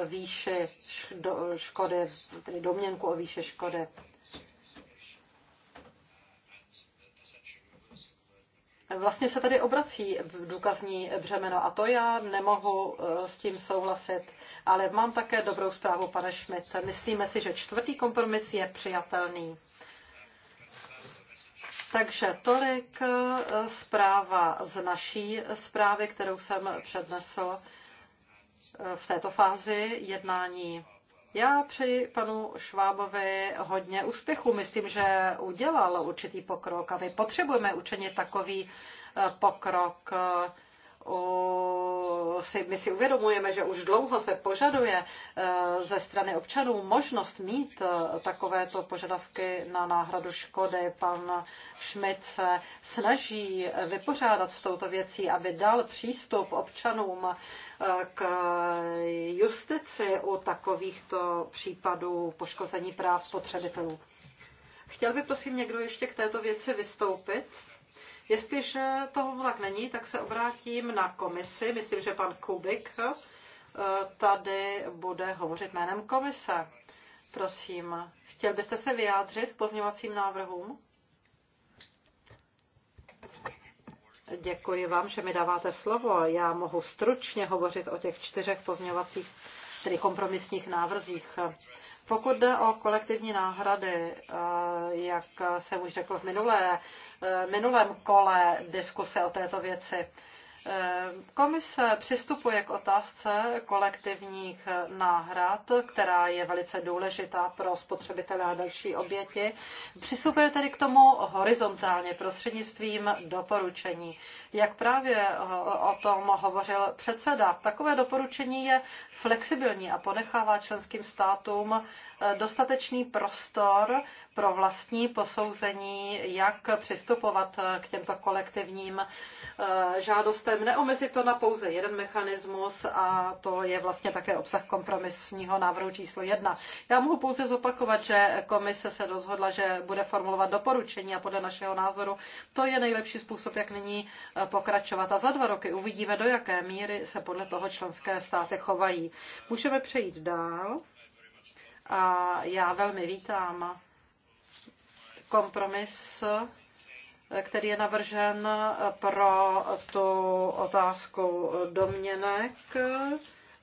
výše škody, tedy domněnku o výše škody. Vlastně se tady obrací důkazní břemeno a to já nemohu eh, s tím souhlasit. Ale mám také dobrou zprávu, pane Schmidt. Myslíme si, že čtvrtý kompromis je přijatelný. Takže tolik eh, zpráva z naší zprávy, kterou jsem přednesl eh, v této fázi jednání. Já přeji panu Švábovi hodně úspěchu. Myslím, že udělal určitý pokrok a my potřebujeme učinit takový eh, pokrok si, my si uvědomujeme, že už dlouho se požaduje eh, ze strany občanů možnost mít eh, takovéto požadavky na náhradu škody. Pan Schmidt se snaží vypořádat s touto věcí, aby dal přístup občanům eh, k justici u takovýchto případů poškození práv spotřebitelů. Chtěl by prosím někdo ještě k této věci vystoupit? Jestliže toho tak není, tak se obrátím na komisi. Myslím, že pan Kubik eh, tady bude hovořit jménem komise. Prosím, chtěl byste se vyjádřit k pozněvacím návrhům? Děkuji vám, že mi dáváte slovo. Já mohu stručně hovořit o těch čtyřech pozněvacích, tedy kompromisních návrzích. Pokud jde o kolektivní náhrady, eh, jak jsem už řekl v minulé, eh, minulém kole diskuse o této věci, Komise přistupuje k otázce kolektivních náhrad, která je velice důležitá pro spotřebitele a další oběti. Přistupuje tedy k tomu horizontálně prostřednictvím doporučení. Jak právě o tom hovořil předseda, takové doporučení je flexibilní a ponechává členským státům dostatečný prostor pro vlastní posouzení, jak přistupovat k těmto kolektivním eh, žádostem problém neomezit to na pouze jeden mechanismus a to je vlastně také obsah kompromisního návrhu číslo jedna. Já mohu pouze zopakovat, že komise se rozhodla, že bude formulovat doporučení a podle našeho názoru to je nejlepší způsob, jak nyní eh, pokračovat. A za dva roky uvidíme, do jaké míry se podle toho členské státy chovají. Můžeme přejít dál. A já velmi vítám kompromis který je navržen pro tu otázku domněnek,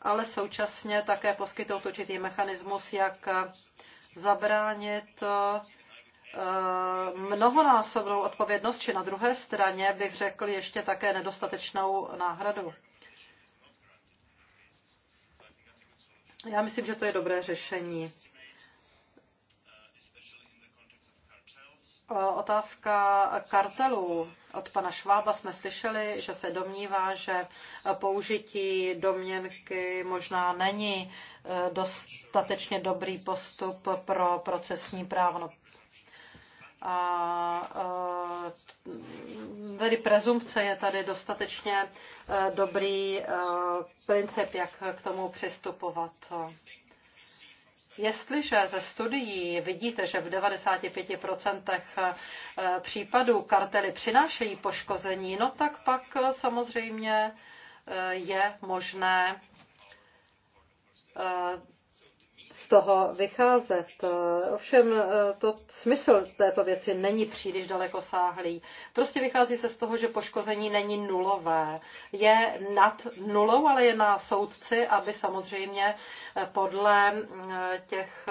ale současně také poskytnout určitý mechanismus, jak zabránit eh, mnohonásobnou odpovědnost, či na druhé straně bych řekl ještě také nedostatečnou náhradu. Já myslím, že to je dobré řešení. Eh, otázka kartelů. Od pana Švába jsme slyšeli, že se domnívá, že eh, použití domněnky možná není eh, dostatečně dobrý postup pro procesní právo. No, a tedy prezumpce je tady dostatečně dobrý princip, jak k tomu přistupovat. Jestliže ze studií vidíte, že v 95% eh, případů kartely přinášejí poškození, no tak pak eh, samozřejmě eh, je možné toho vycházet. Ovšem eh, to smysl této věci není příliš sáhlý. Prostě vychází se z toho, že poškození není nulové. Je nad nulou, ale je na soudci, aby samozřejmě eh, podle mm, eh, těch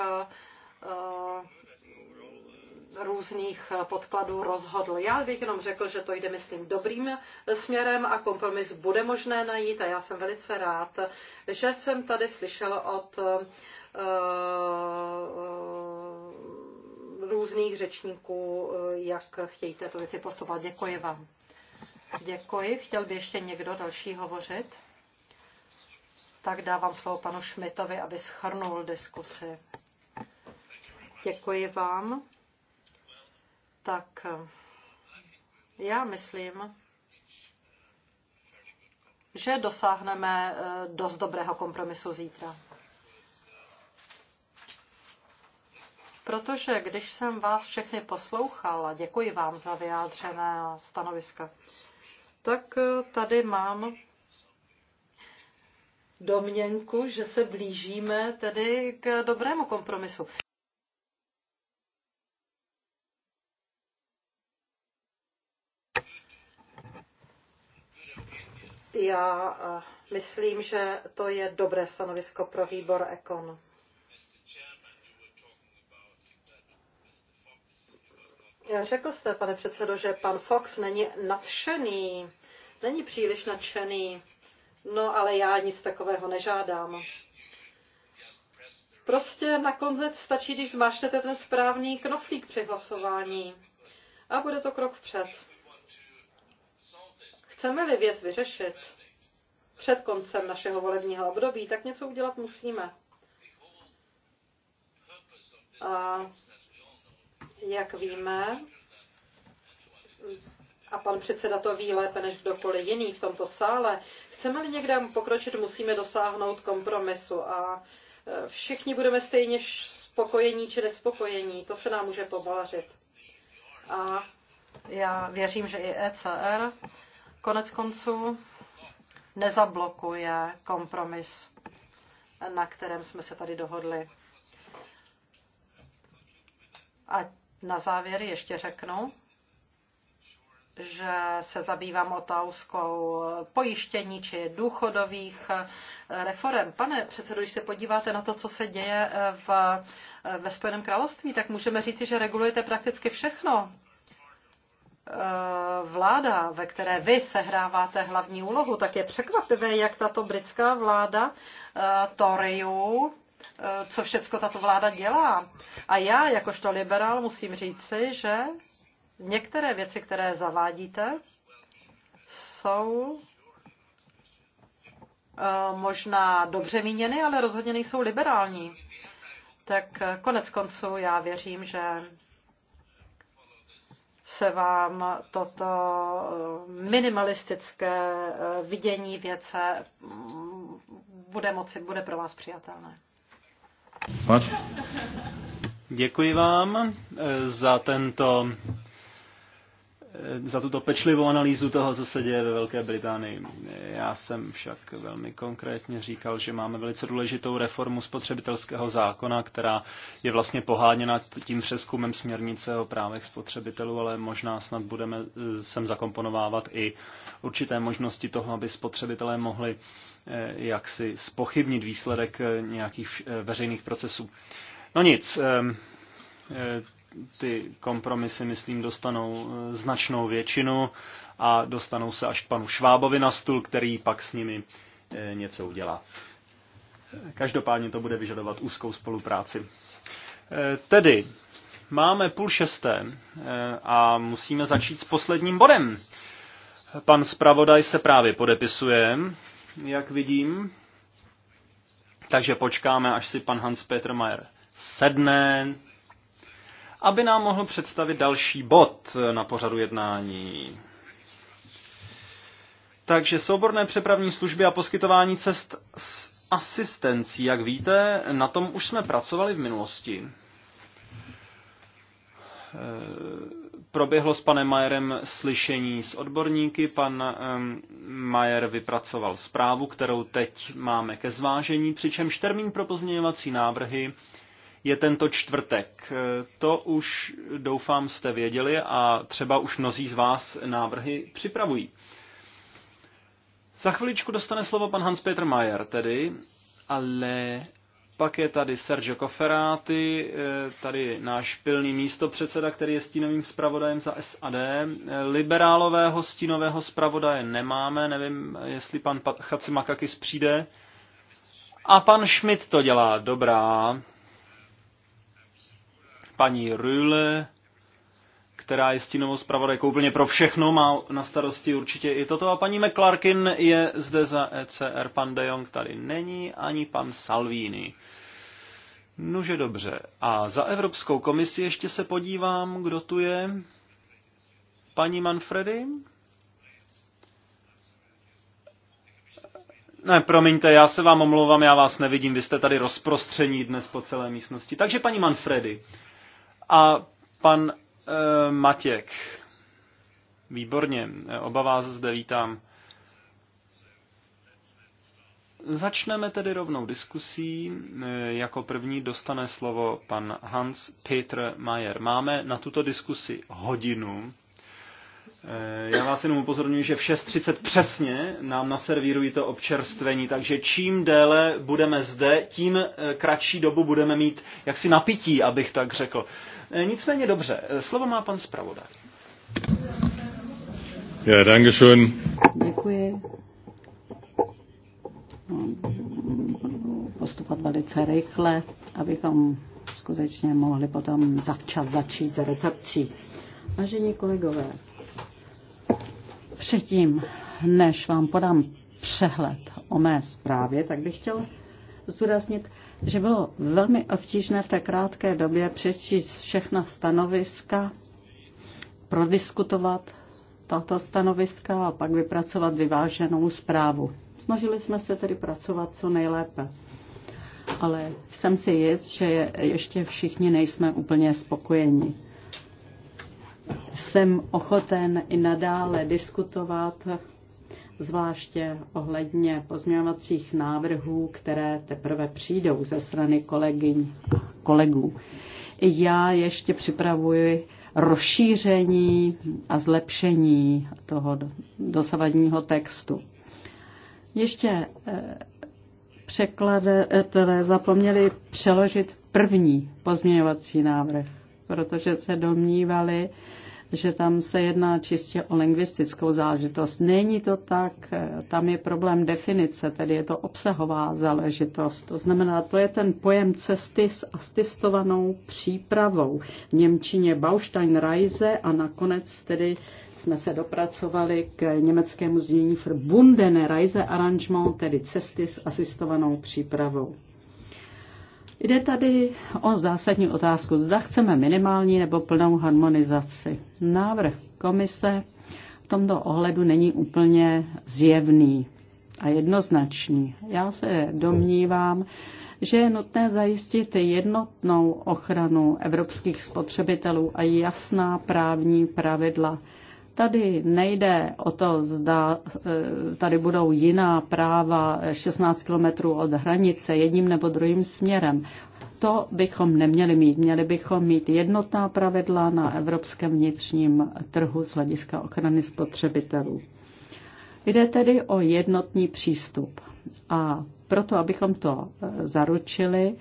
různých eh, podkladů rozhodl. Já bych jenom řekl, že to jde, myslím, dobrým eh, směrem a kompromis bude možné najít a já jsem velice rád, že jsem tady slyšel od uh, různých řečníků, jak chtějí této věci postupovat. Děkuji vám. Děkuji. Chtěl by ještě někdo další hovořit? Tak dávám slovo panu Šmitovi, aby schrnul diskusi. Děkuji vám tak já myslím, že dosáhneme eh, dost dobrého kompromisu zítra. Protože když jsem vás všechny poslouchal, a děkuji vám za vyjádřené stanoviska, tak eh, tady mám domněnku, že se blížíme tedy k dobrému kompromisu. Já eh, myslím, že to je dobré stanovisko pro výbor Ekon. Řekl jste, pane předsedo, že pan Fox není nadšený, není příliš nadšený. No, ale já nic takového nežádám. Prostě na konzec stačí, když zmášnete ten správný knoflík při hlasování. A bude to krok vpřed. Chceme-li věc vyřešit před koncem našeho volebního období, tak něco udělat musíme. A jak víme, a pan předseda to ví lépe než kdokoliv jiný v tomto sále, chceme-li někde pokročit, musíme dosáhnout kompromisu a e, všichni budeme stejně spokojení či nespokojení. To se nám může povařit. A já věřím, že i ECR konec konců nezablokuje kompromis, na kterém jsme se tady dohodli. A na závěr ještě řeknu, že se zabývám otázkou pojištění či důchodových reform. Pane předsedo, když se podíváte na to, co se děje v, ve Spojeném království, tak můžeme říci, že regulujete prakticky všechno. Eh, vláda, ve které vy sehráváte hlavní úlohu, tak je překvapivé, jak tato britská vláda uh, co všecko tato vláda dělá. A já, jakožto liberál, musím říci, že některé věci, které zavádíte, jsou možná dobře míněny, ale rozhodně nejsou liberální. Tak konec konců já věřím, že se vám toto eh, minimalistické eh, vidění věce mm, bude moci, bude pro vás přijatelné. Děkuji vám eh, za tento za tuto pečlivou analýzu toho, co se děje ve Velké Británii. Já jsem však velmi konkrétně říkal, že máme velice důležitou reformu spotřebitelského zákona, která je vlastně poháněna tím přeskumem směrnice o právech spotřebitelů, ale možná snad budeme eh, sem zakomponovávat i určité možnosti toho, aby spotřebitelé mohli eh, jaksi spochybnit výsledek eh, nějakých veřejných procesů. No nic, ty kompromisy, myslím, dostanou eh, značnou většinu a dostanou se až k panu Švábovi na stůl, který pak s nimi eh, něco udělá. Každopádně to bude vyžadovat úzkou spolupráci. Eh, tedy, máme půl šesté a musíme začít s posledním bodem. Pan zpravodaj se právě podepisuje, jak vidím. Takže počkáme, až si pan Hans Peter Mayer sedne, aby nám mohl představit další bod na pořadu jednání. Takže souborné přepravní služby a poskytování cest s asistencí, jak víte, na tom už jsme pracovali v minulosti. Eh, proběhlo s panem Majerem slyšení s odborníky. Pan Majer vypracoval zprávu, kterou teď máme ke zvážení, přičemž termín pro pozměňovací návrhy je tento čtvrtek. To už doufám jste věděli a třeba už mnozí z vás návrhy připravují. Za chviličku dostane slovo pan Hans-Peter Mayer tedy, ale pak je tady Sergio Koferáty, eh, tady náš pilný místopředseda, který je stínovým zpravodajem za SAD. Liberálového stínového zpravodaje nemáme, nevím, jestli pan Chacimakakis přijde. A pan Schmidt to dělá, dobrá paní Rühle, která je stínovou zpravodajkou úplně pro všechno, má na starosti určitě i toto. A paní McClarkin je zde za ECR, pan De Jong tady není, ani pan Salvini. Nože dobře. A za Evropskou komisi ještě se podívám, kdo tu je. Paní Manfredy? Ne, promiňte, já se vám omlouvám, já vás nevidím, vy jste tady rozprostření dnes po celé místnosti. Takže paní Manfredy, a pan e, Matěk. Výborně, oba vás zde vítám. Začneme tedy rovnou diskusí. Eh, jako první dostane slovo pan Hans Peter Mayer. Máme na tuto diskusi hodinu, Eh, já vás jenom upozorňuji, že v 6.30 přesně nám naservírují to občerstvení, takže čím déle budeme zde, tím eh, kratší dobu budeme mít jaksi napití, abych tak řekl. Eh, nicméně dobře, slovo má pan zpravodaj. Ja, danke schön. Děkuji. Postupovat velice rychle, abychom skutečně mohli potom zavčas začít s recepcí. Vážení kolegové, Předtím, než vám podám přehled o mé zprávě, tak bych chtěl zdůraznit, že bylo velmi obtížné v té krátké době přečíst všechna stanoviska, prodiskutovat tato stanoviska a pak vypracovat vyváženou zprávu. Snažili jsme se tedy pracovat co nejlépe. Ale jsem si jist, že ještě všichni nejsme úplně spokojeni jsem ochoten i nadále diskutovat, zvláště ohledně pozměňovacích návrhů, které teprve přijdou ze strany kolegyň a kolegů. Já ještě připravuji rozšíření a zlepšení toho dosavadního textu. Ještě eh, překladatelé zapomněli přeložit první pozměňovací návrh, protože se domnívali, že tam se jedná čistě o lingvistickou záležitost. Není to tak, tam je problém definice, tedy je to obsahová záležitost. To znamená, to je ten pojem cesty s asistovanou přípravou. V Němčině Baustein-Reise a nakonec tedy jsme se dopracovali k německému znění Verbundene Reise Arrangement, tedy cesty s asistovanou přípravou. Jde tady o zásadní otázku, zda chceme minimální nebo plnou harmonizaci. Návrh komise v tomto ohledu není úplně zjevný a jednoznačný. Já se domnívám, že je nutné zajistit jednotnou ochranu evropských spotřebitelů a jasná právní pravidla Tady nejde o to, zda e, tady budou jiná práva 16 kilometrů od hranice jedním nebo druhým směrem. To bychom neměli mít. Měli bychom mít jednotná pravidla na evropském vnitřním trhu z hlediska ochrany spotřebitelů. Jde tedy o jednotný přístup. A proto, abychom to e, zaručili,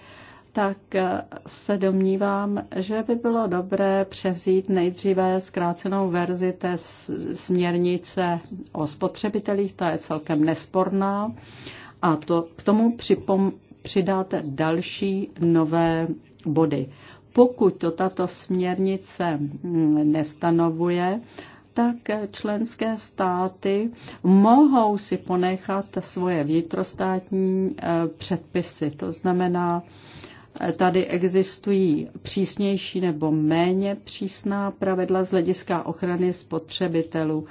tak eh, se domnívám, že by bylo dobré převzít nejdříve zkrácenou verzi té směrnice o spotřebitelích, ta je celkem nesporná, a to k tomu připom, přidáte další nové body. Pokud to tato směrnice hm, nestanovuje, tak členské státy mohou si ponechat svoje vnitrostátní eh, předpisy. To znamená, Tady existují přísnější nebo méně přísná pravidla z hlediska ochrany spotřebitelů.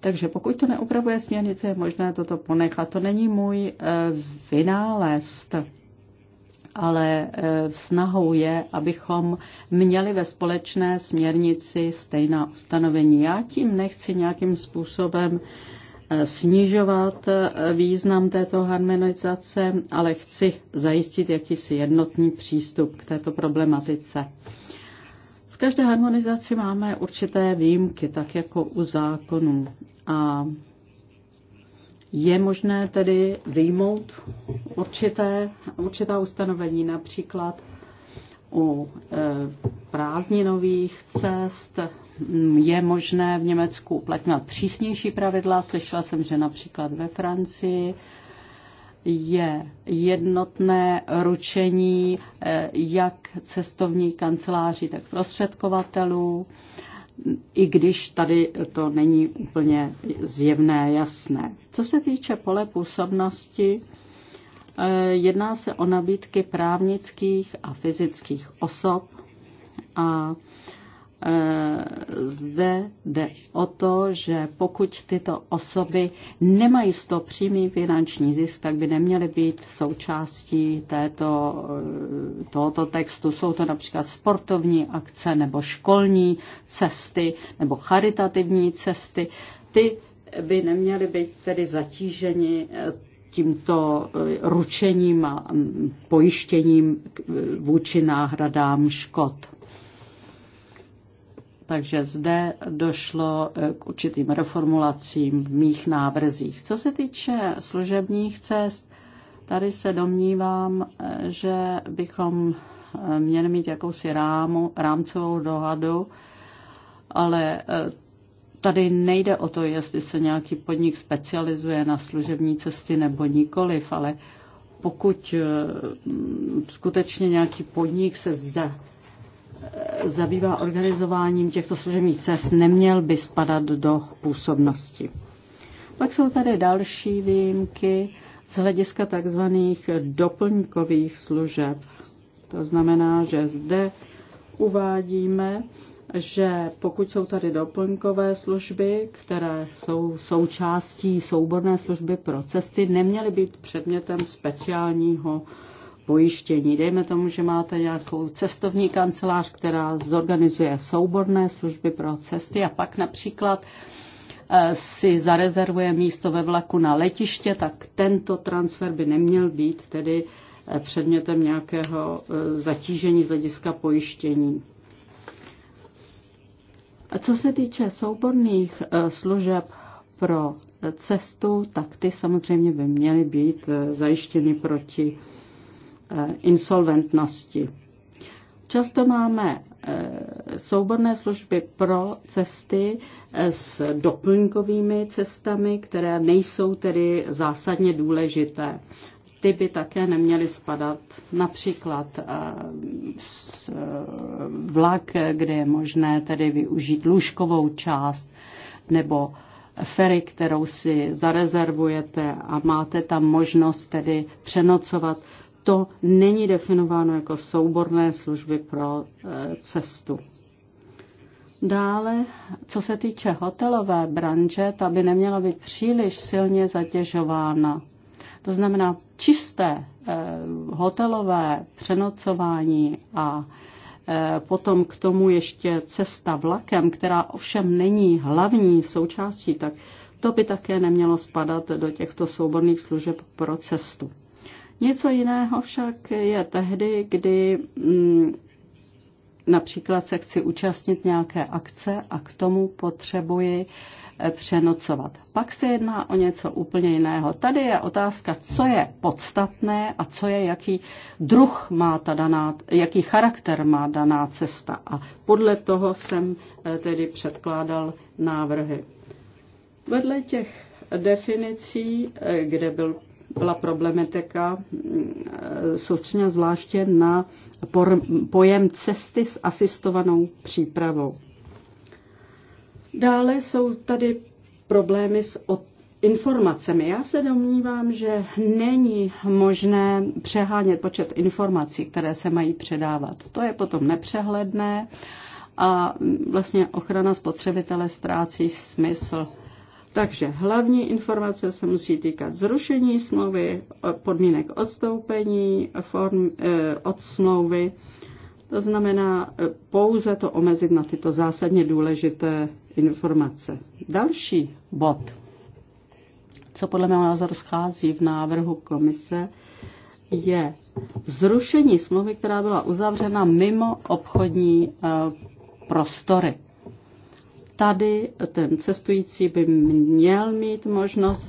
Takže pokud to neupravuje směrnice, je možné toto ponechat. To není můj eh, vynález, ale eh, snahou je, abychom měli ve společné směrnici stejná ustanovení. Já tím nechci nějakým způsobem snižovat význam této harmonizace, ale chci zajistit jakýsi jednotný přístup k této problematice. V každé harmonizaci máme určité výjimky, tak jako u zákonů. A je možné tedy vyjmout určité, určitá ustanovení, například u e, prázdninových cest Mm, je možné v Německu uplatňovat přísnější pravidla. Slyšela jsem, že například ve Francii je jednotné ručení eh, jak cestovní kanceláři, tak prostředkovatelů, i když tady to není úplně zjevné, jasné. Co se týče pole působnosti, eh, jedná se o nabídky právnických a fyzických osob a Eh, zde jde o to, že pokud tyto osoby nemají z toho přímý finanční zisk, tak by neměly být součástí této, eh, tohoto textu. Jsou to například sportovní akce nebo školní cesty nebo charitativní cesty. Ty by neměly být tedy zatíženi eh, tímto ručením a mm, pojištěním vůči náhradám škod. Takže zde došlo eh, k určitým reformulacím v mých návrzích. Co se týče služebních cest, tady se domnívám, eh, že bychom eh, měli mít jakousi rámu, rámcovou dohadu, ale tady nejde o to, jestli se nějaký podnik specializuje na služební cesty nebo nikoliv, ale pokud skutečně nějaký podnik se za, zabývá organizováním těchto služebních cest, neměl by spadat do působnosti. Pak jsou tady další výjimky z hlediska takzvaných doplňkových služeb. To znamená, že zde uvádíme, že pokud jsou tady doplňkové služby, které jsou součástí souborné služby pro cesty, neměly být předmětem speciálního pojištění. Dejme tomu, že máte nějakou cestovní kancelář, která zorganizuje souborné služby pro cesty a pak například eh, si zarezervuje místo ve vlaku na letiště, tak tento transfer by neměl být tedy eh, předmětem nějakého eh, zatížení z hlediska pojištění. A co se týče souborných služeb pro cestu, tak ty samozřejmě by měly být zajištěny proti Eh, insolventnosti. Často máme eh, souborné služby pro cesty eh, s doplňkovými cestami, které nejsou tedy zásadně důležité. Ty by také neměly spadat například vlak, kde je možné tedy využít lůžkovou část nebo ferry, kterou si zarezervujete a máte tam možnost tedy přenocovat to není definováno jako souborné služby pro eh, cestu. Dále, co se týče hotelové branže, ta by neměla být příliš silně zatěžována. To znamená, čisté eh, hotelové přenocování a eh, potom k tomu ještě cesta vlakem, která ovšem není hlavní součástí, tak to by také nemělo spadat do těchto souborných služeb pro cestu. Něco jiného však je tehdy, kdy mm, například se chci účastnit nějaké akce a k tomu potřebuji eh, přenocovat. Pak se jedná o něco úplně jiného. Tady je otázka, co je podstatné a co je, jaký druh má ta daná, jaký charakter má daná cesta. A podle toho jsem eh, tedy předkládal návrhy. Vedle těch definicí, eh, kde byl byla problematika mm, soustředěna zvláště na pojem cesty s asistovanou přípravou. Dále jsou tady problémy s informacemi. Já se domnívám, že není možné přehánět počet informací, které se mají předávat. To je potom nepřehledné a mm, vlastně ochrana spotřebitele ztrácí smysl. Takže hlavní informace se musí týkat zrušení smlouvy, podmínek odstoupení form, eh, od smlouvy. To znamená eh, pouze to omezit na tyto zásadně důležité informace. Další bod, co podle mého názoru schází v návrhu komise, je zrušení smlouvy, která byla uzavřena mimo obchodní eh, prostory tady ten cestující by měl mít možnost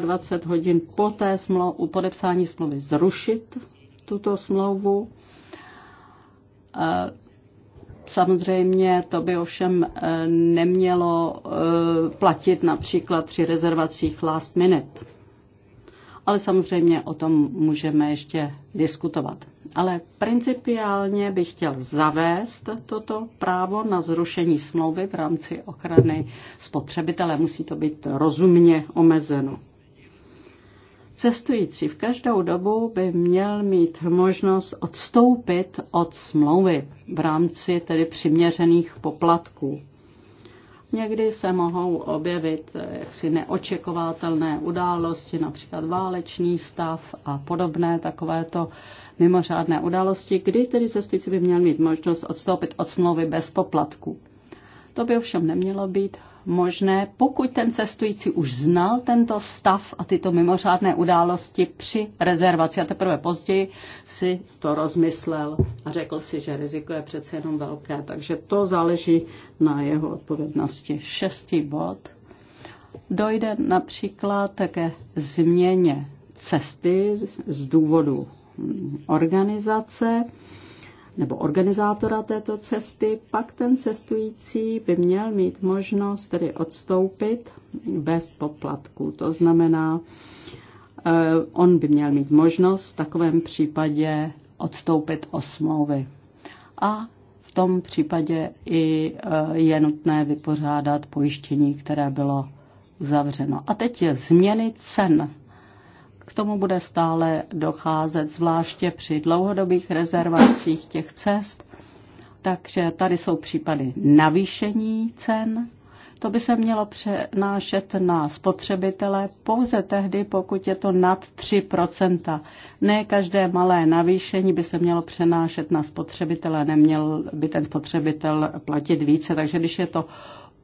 24 hodin po té smlou, u podepsání smlouvy zrušit tuto smlouvu. Eh, samozřejmě to by ovšem eh, nemělo eh, platit například při rezervacích last minute ale samozřejmě o tom můžeme ještě diskutovat. Ale principiálně bych chtěl zavést toto právo na zrušení smlouvy v rámci ochrany spotřebitele. Musí to být rozumně omezeno. Cestující v každou dobu by měl mít možnost odstoupit od smlouvy v rámci tedy přiměřených poplatků. Někdy se mohou objevit eh, jaksi neočekovatelné události, například válečný stav a podobné takovéto mimořádné události, kdy tedy cestující by měl mít možnost odstoupit od smlouvy bez poplatku. To by ovšem nemělo být možné, pokud ten cestující už znal tento stav a tyto mimořádné události při rezervaci a teprve později si to rozmyslel a řekl si, že riziko je přece jenom velké. Takže to záleží na jeho odpovědnosti. Šestý bod. Dojde například také změně cesty z důvodu organizace nebo organizátora této cesty, pak ten cestující by měl mít možnost tedy odstoupit bez poplatku. To znamená, eh, on by měl mít možnost v takovém případě odstoupit o smlouvy. A v tom případě i eh, je nutné vypořádat pojištění, které bylo uzavřeno. A teď je změny cen k tomu bude stále docházet, zvláště při dlouhodobých rezervacích těch cest. Takže tady jsou případy navýšení cen. To by se mělo přenášet na spotřebitele pouze tehdy, pokud je to nad 3 Ne každé malé navýšení by se mělo přenášet na spotřebitele, neměl by ten spotřebitel platit více. Takže když je to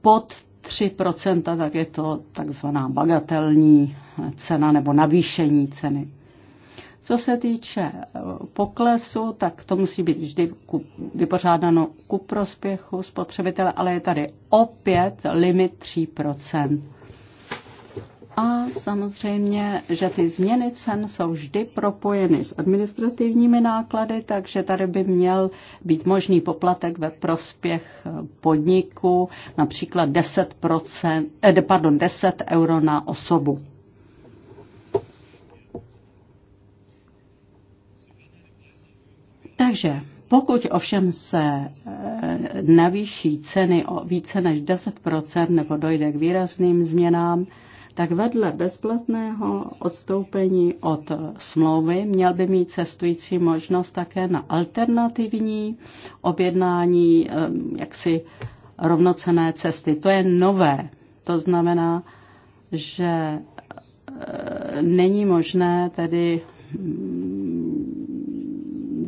pod 3%, tak je to takzvaná bagatelní cena nebo navýšení ceny. Co se týče eh, poklesu, tak to musí být vždy vypořádáno ku prospěchu spotřebitele, ale je tady opět limit 3%. A samozřejmě, že ty změny cen jsou vždy propojeny s administrativními náklady, takže tady by měl být možný poplatek ve prospěch podniku, například 10, eh, pardon, 10 euro na osobu. Takže pokud ovšem se eh, navýší ceny o více než 10 nebo dojde k výrazným změnám, tak vedle bezplatného odstoupení od smlouvy měl by mít cestující možnost také na alternativní objednání jaksi rovnocené cesty. To je nové. To znamená, že e, není možné tedy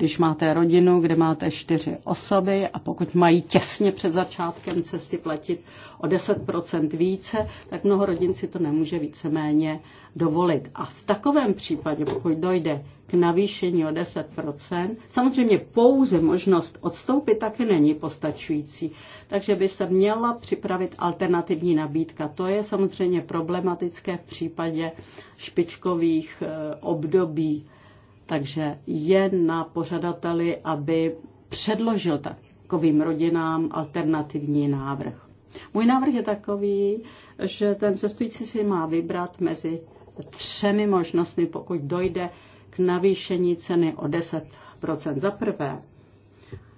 když máte rodinu, kde máte čtyři osoby a pokud mají těsně před začátkem cesty platit o 10% více, tak mnoho rodin si to nemůže víceméně dovolit. A v takovém případě, pokud dojde k navýšení o 10%, samozřejmě pouze možnost odstoupit taky není postačující, takže by se měla připravit alternativní nabídka. To je samozřejmě problematické v případě špičkových eh, období takže je na pořadateli, aby předložil takovým rodinám alternativní návrh. Můj návrh je takový, že ten cestující si má vybrat mezi třemi možnostmi, pokud dojde k navýšení ceny o 10 Za prvé,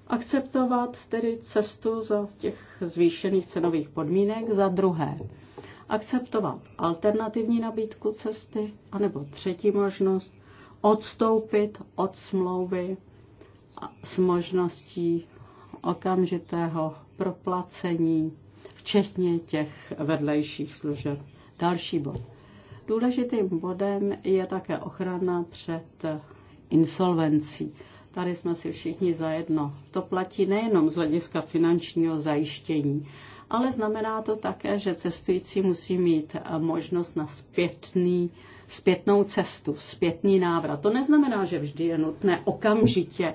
akceptovat tedy cestu za těch zvýšených cenových podmínek. Za druhé, akceptovat alternativní nabídku cesty. A nebo třetí možnost, odstoupit od smlouvy s možností okamžitého proplacení, včetně těch vedlejších služeb. Další bod. Důležitým bodem je také ochrana před insolvencí. Tady jsme si všichni zajedno. To platí nejenom z hlediska finančního zajištění, ale znamená to také, že cestující musí mít eh, možnost na zpětný, zpětnou cestu, zpětný návrat. To neznamená, že vždy je nutné okamžitě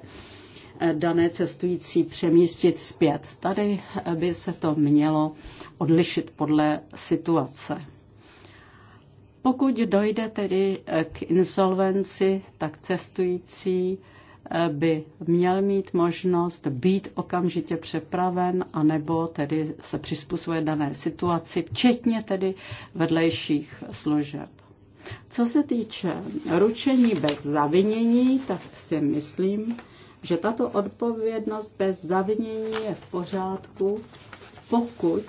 eh, dané cestující přemístit zpět. Tady eh, by se to mělo odlišit podle situace. Pokud dojde tedy k insolvenci, tak cestující by měl mít možnost být okamžitě přepraven, anebo tedy se přizpůsobuje dané situaci, včetně tedy vedlejších služeb. Co se týče ručení bez zavinění, tak si myslím, že tato odpovědnost bez zavinění je v pořádku, pokud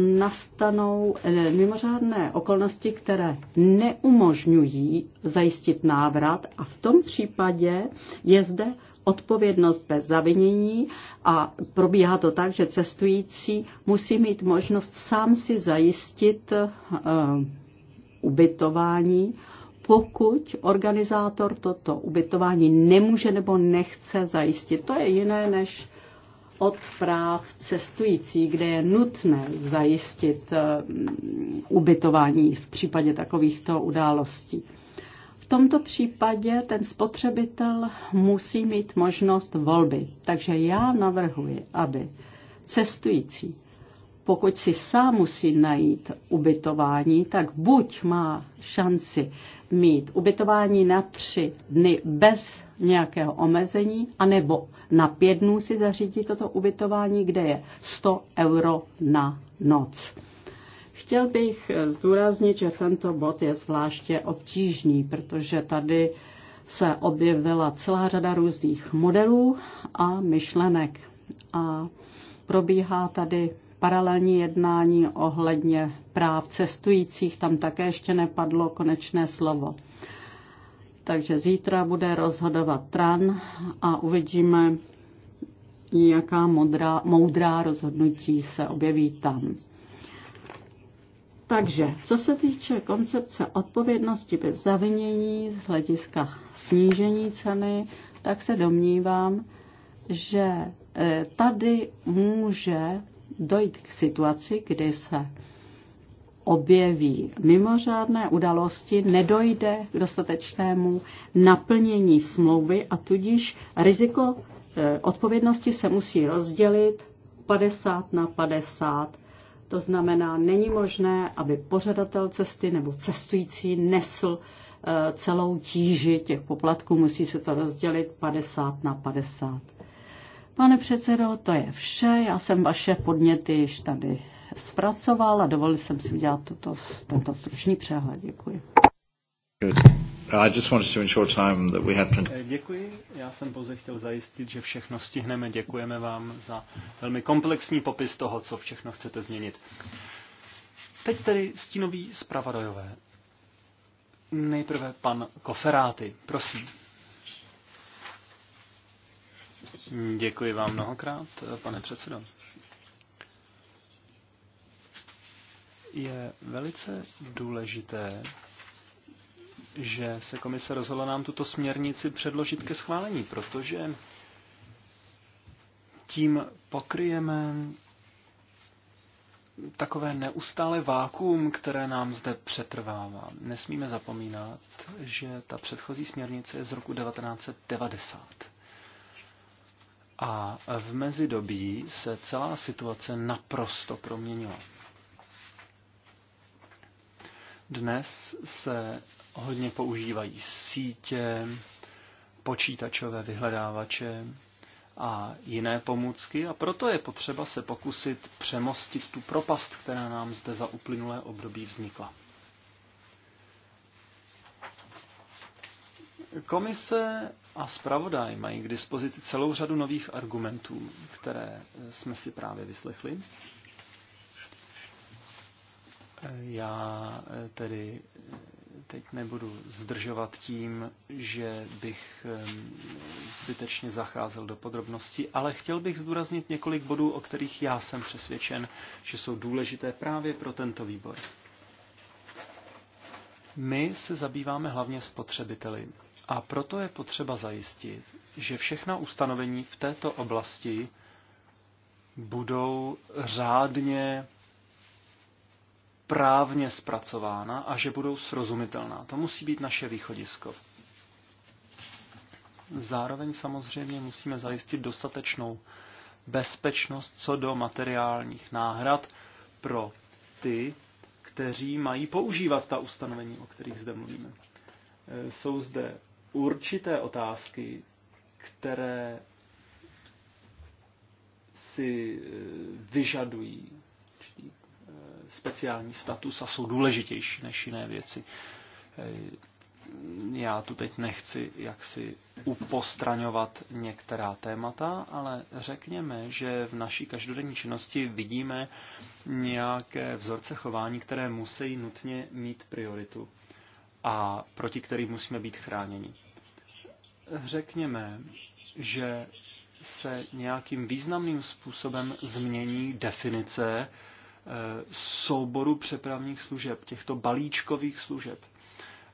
nastanou eh, mimořádné okolnosti, které neumožňují zajistit návrat a v tom případě je zde odpovědnost bez zavinění a probíhá to tak, že cestující musí mít možnost sám si zajistit uh, ubytování, pokud organizátor toto ubytování nemůže nebo nechce zajistit. To je jiné než od práv cestující, kde je nutné zajistit eh, mm, ubytování v případě takovýchto událostí. V tomto případě ten spotřebitel musí mít možnost volby. Takže já navrhuji, aby cestující pokud si sám musí najít ubytování, tak buď má šanci mít ubytování na tři dny bez nějakého omezení, anebo na pět dnů si zařídí toto ubytování, kde je 100 euro na noc. Chtěl bych zdůraznit, že tento bod je zvláště obtížný, protože tady se objevila celá řada různých modelů a myšlenek. A probíhá tady paralelní jednání ohledně práv cestujících. Tam také ještě nepadlo konečné slovo. Takže zítra bude rozhodovat TRAN a uvidíme, jaká modrá, moudrá rozhodnutí se objeví tam. Takže, co se týče koncepce odpovědnosti bez zavinění z hlediska snížení ceny, tak se domnívám, že eh, tady může dojít k situaci, kdy se objeví mimořádné události, nedojde k dostatečnému naplnění smlouvy a tudíž riziko eh, odpovědnosti se musí rozdělit 50 na 50. To znamená, není možné, aby pořadatel cesty nebo cestující nesl eh, celou tíži těch poplatků, musí se to rozdělit 50 na 50. Pane předsedo, to je vše. Já jsem vaše podněty již tady zpracoval a dovolil jsem si udělat tuto, tento stručný přehled. Děkuji. Eh, děkuji. Já jsem pouze chtěl zajistit, že všechno stihneme. Děkujeme vám za velmi komplexní popis toho, co všechno chcete změnit. Teď tedy stínový zpravodajové. Nejprve pan Koferáty. Prosím. Děkuji vám mnohokrát, pane předsedo. Je velice důležité, že se komise rozhodla nám tuto směrnici předložit ke schválení, protože tím pokryjeme takové neustále vákuum, které nám zde přetrvává. Nesmíme zapomínat, že ta předchozí směrnice je z roku 1990. A v mezidobí se celá situace naprosto proměnila. Dnes se hodně používají sítě, počítačové vyhledávače a jiné pomůcky a proto je potřeba se pokusit přemostit tu propast, která nám zde za uplynulé období vznikla. Komise a zpravodaj mají k dispozici celou řadu nových argumentů, které eh, jsme si právě vyslechli. Eh, já eh, tedy teď nebudu zdržovat tím, že bych ehm, zbytečně zacházel do podrobností, ale chtěl bych zdůraznit několik bodů, o kterých já jsem přesvědčen, že jsou důležité právě pro tento výbor. My se zabýváme hlavně spotřebiteli a proto je potřeba zajistit, že všechna ustanovení v této oblasti budou řádně právně zpracována a že budou srozumitelná. To musí být naše východisko. Zároveň samozřejmě musíme zajistit dostatečnou bezpečnost co do materiálních náhrad pro ty, kteří mají používat ta ustanovení, o kterých zde mluvíme. Jsou zde určité otázky, které si e, vyžadují e, speciální status a jsou důležitější než jiné věci. E, já tu teď nechci jaksi upostraňovat některá témata, ale řekněme, že v naší každodenní činnosti vidíme nějaké vzorce chování, které musí nutně mít prioritu a proti kterým musíme být chráněni. Řekněme, že se nějakým významným způsobem změní definice eh, souboru přepravních služeb, těchto balíčkových služeb.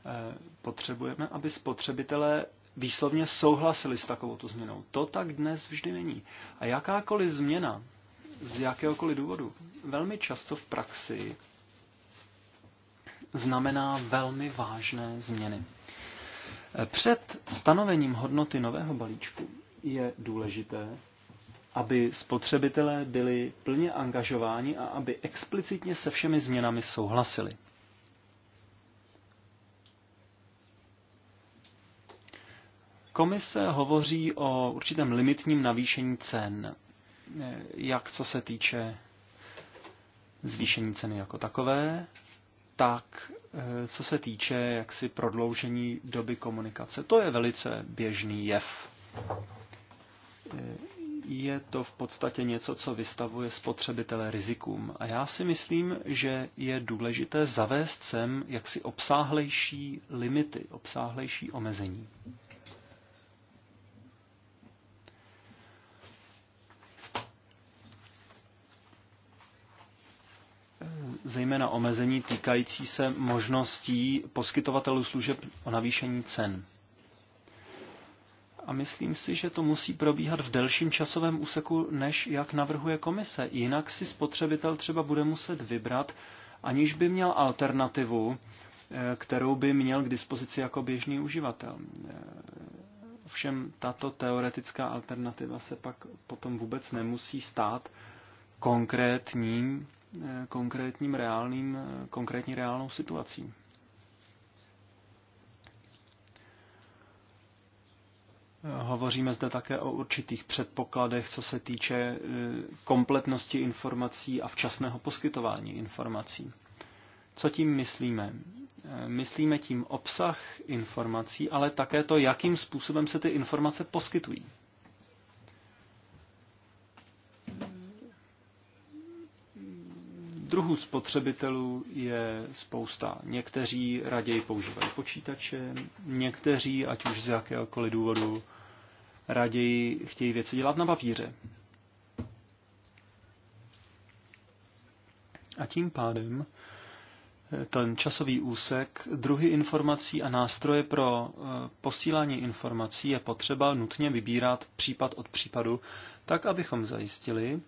Eh, potřebujeme, aby spotřebitelé výslovně souhlasili s takovouto změnou. To tak dnes vždy není. A jakákoliv změna z jakéhokoliv důvodu velmi často v praxi znamená velmi vážné změny. Před stanovením hodnoty nového balíčku je důležité, aby spotřebitelé byli plně angažováni a aby explicitně se všemi změnami souhlasili. Komise hovoří o určitém limitním navýšení cen, jak co se týče zvýšení ceny jako takové, tak eh, co se týče jaksi prodloužení doby komunikace. To je velice běžný jev. Eh, je to v podstatě něco, co vystavuje spotřebitele rizikům. A já si myslím, že je důležité zavést sem jaksi obsáhlejší limity, obsáhlejší omezení. zejména omezení týkající se možností poskytovatelů služeb o navýšení cen. A myslím si, že to musí probíhat v delším časovém úseku, než jak navrhuje komise. Jinak si spotřebitel třeba bude muset vybrat, aniž by měl alternativu, eh, kterou by měl k dispozici jako běžný uživatel. Eh, ovšem tato teoretická alternativa se pak potom vůbec nemusí stát konkrétním Eh, konkrétním reálným, eh, konkrétní reálnou situací. Hovoříme zde také o určitých předpokladech, co se týče eh, kompletnosti informací a včasného poskytování informací. Co tím myslíme? Myslíme tím obsah informací, ale také to, jakým způsobem se ty informace poskytují. druhů spotřebitelů je spousta. Někteří raději používají počítače, někteří, ať už z jakéhokoliv důvodu, raději chtějí věci dělat na papíře. A tím pádem eh, ten časový úsek, druhy informací a nástroje pro eh, posílání informací je potřeba nutně vybírat případ od případu, tak abychom zajistili,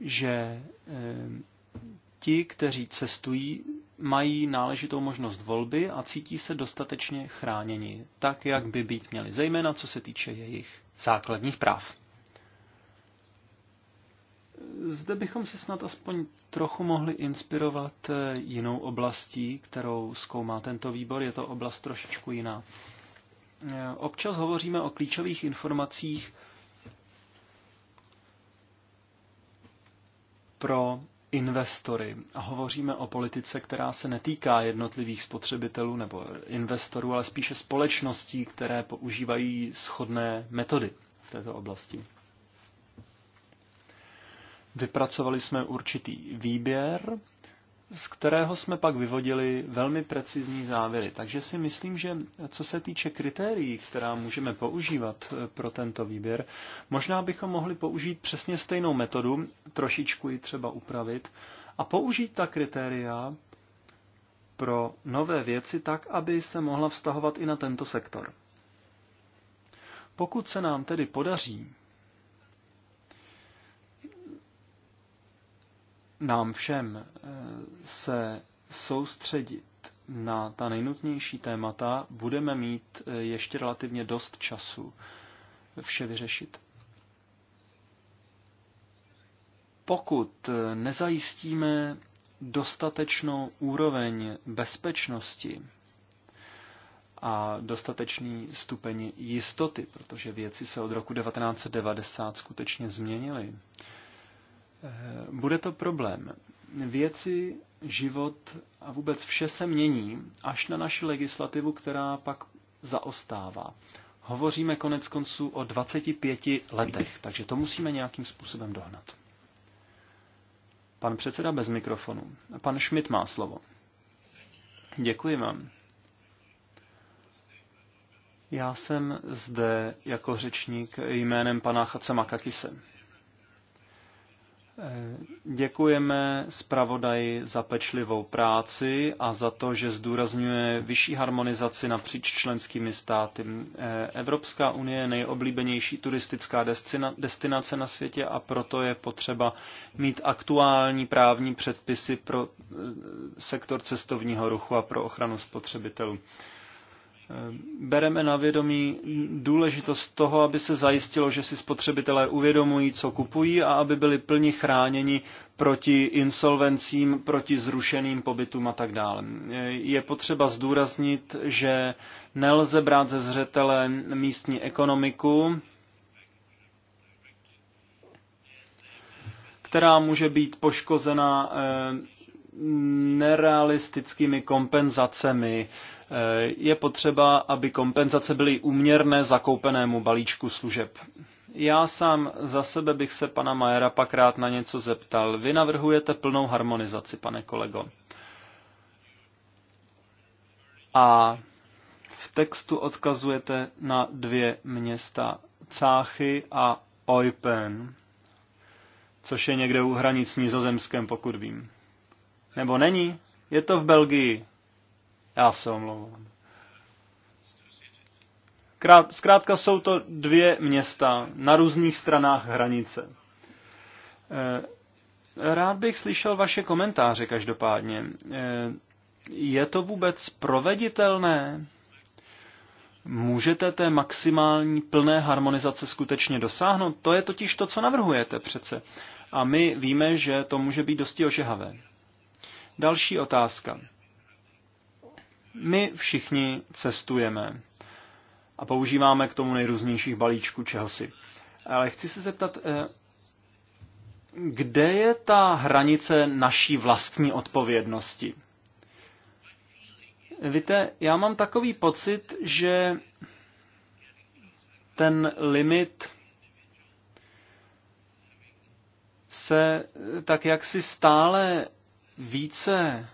že eh, ti, kteří cestují, mají náležitou možnost volby a cítí se dostatečně chráněni, tak jak by být měli, zejména co se týče jejich základních práv. Zde bychom se snad aspoň trochu mohli inspirovat eh, jinou oblastí, kterou zkoumá tento výbor. Je to oblast trošičku jiná. Eh, občas hovoříme o klíčových informacích pro investory. a Hovoříme o politice, která se netýká jednotlivých spotřebitelů nebo investorů, ale spíše společností, které používají shodné metody v této oblasti. Vypracovali jsme určitý výběr z kterého jsme pak vyvodili velmi precizní závěry. Takže si myslím, že co se týče kritérií, která můžeme používat eh, pro tento výběr, možná bychom mohli použít přesně stejnou metodu, trošičku ji třeba upravit, a použít ta kritéria pro nové věci tak, aby se mohla vztahovat i na tento sektor. Pokud se nám tedy podaří nám všem eh, se soustředit na ta nejnutnější témata, budeme mít eh, ještě relativně dost času vše vyřešit. Pokud eh, nezajistíme dostatečnou úroveň bezpečnosti a dostatečný stupeň jistoty, protože věci se od roku 1990 skutečně změnily, Eh, bude to problém. Věci, život a vůbec vše se mění až na naši legislativu, která pak zaostává. Hovoříme konec konců o 25 letech, takže to musíme nějakým způsobem dohnat. Pan předseda bez mikrofonu. Pan Schmidt má slovo. Děkuji vám. Já jsem zde jako řečník jménem pana Chacema Kakise. Děkujeme zpravodaji za pečlivou práci a za to, že zdůrazňuje vyšší harmonizaci napříč členskými státy. Evropská unie je nejoblíbenější turistická destinace na světě a proto je potřeba mít aktuální právní předpisy pro eh, sektor cestovního ruchu a pro ochranu spotřebitelů. Eh, bereme na vědomí důležitost toho, aby se zajistilo, že si spotřebitelé uvědomují, co kupují a aby byli plně chráněni proti insolvencím, proti zrušeným pobytům a tak dále. Eh, je potřeba zdůraznit, že nelze brát ze zřetele místní ekonomiku, která může být poškozena eh, nerealistickými kompenzacemi Eh, je potřeba, aby kompenzace byly úměrné zakoupenému balíčku služeb. Já sám za sebe bych se pana Majera pak rád na něco zeptal. Vy navrhujete plnou harmonizaci, pane kolego. A v textu odkazujete na dvě města, Cáchy a Eupen, což je někde u hranic nizozemském, pokud vím. Nebo není? Je to v Belgii. Já se omlouvám. Krát, zkrátka jsou to dvě města na různých stranách hranice. Eh, rád bych slyšel vaše komentáře každopádně. Eh, je to vůbec proveditelné? Můžete té maximální plné harmonizace skutečně dosáhnout? To je totiž to, co navrhujete přece. A my víme, že to může být dosti ožehavé. Další otázka. My všichni cestujeme a používáme k tomu nejrůznějších balíčků čehosi. Ale chci se zeptat, eh, kde je ta hranice naší vlastní odpovědnosti? Víte, já mám takový pocit, že ten limit se tak jaksi stále více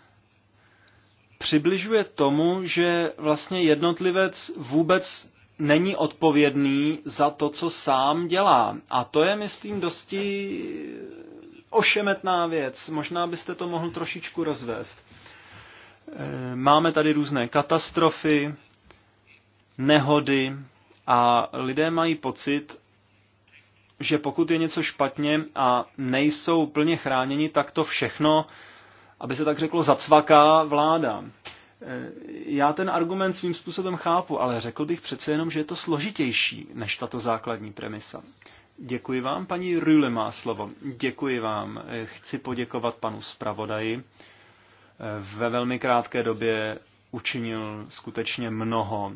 přibližuje tomu, že vlastně jednotlivec vůbec není odpovědný za to, co sám dělá. A to je, myslím, dosti ošemetná věc. Možná byste to mohl trošičku rozvést. Eh, máme tady různé katastrofy, nehody a lidé mají pocit, že pokud je něco špatně a nejsou plně chráněni, tak to všechno aby se tak řeklo, zacvaká vláda. E, já ten argument svým způsobem chápu, ale řekl bych přece jenom, že je to složitější než tato základní premisa. Děkuji vám, paní Rüle má slovo. Děkuji vám. E, chci poděkovat panu zpravodaji. E, ve velmi krátké době učinil skutečně mnoho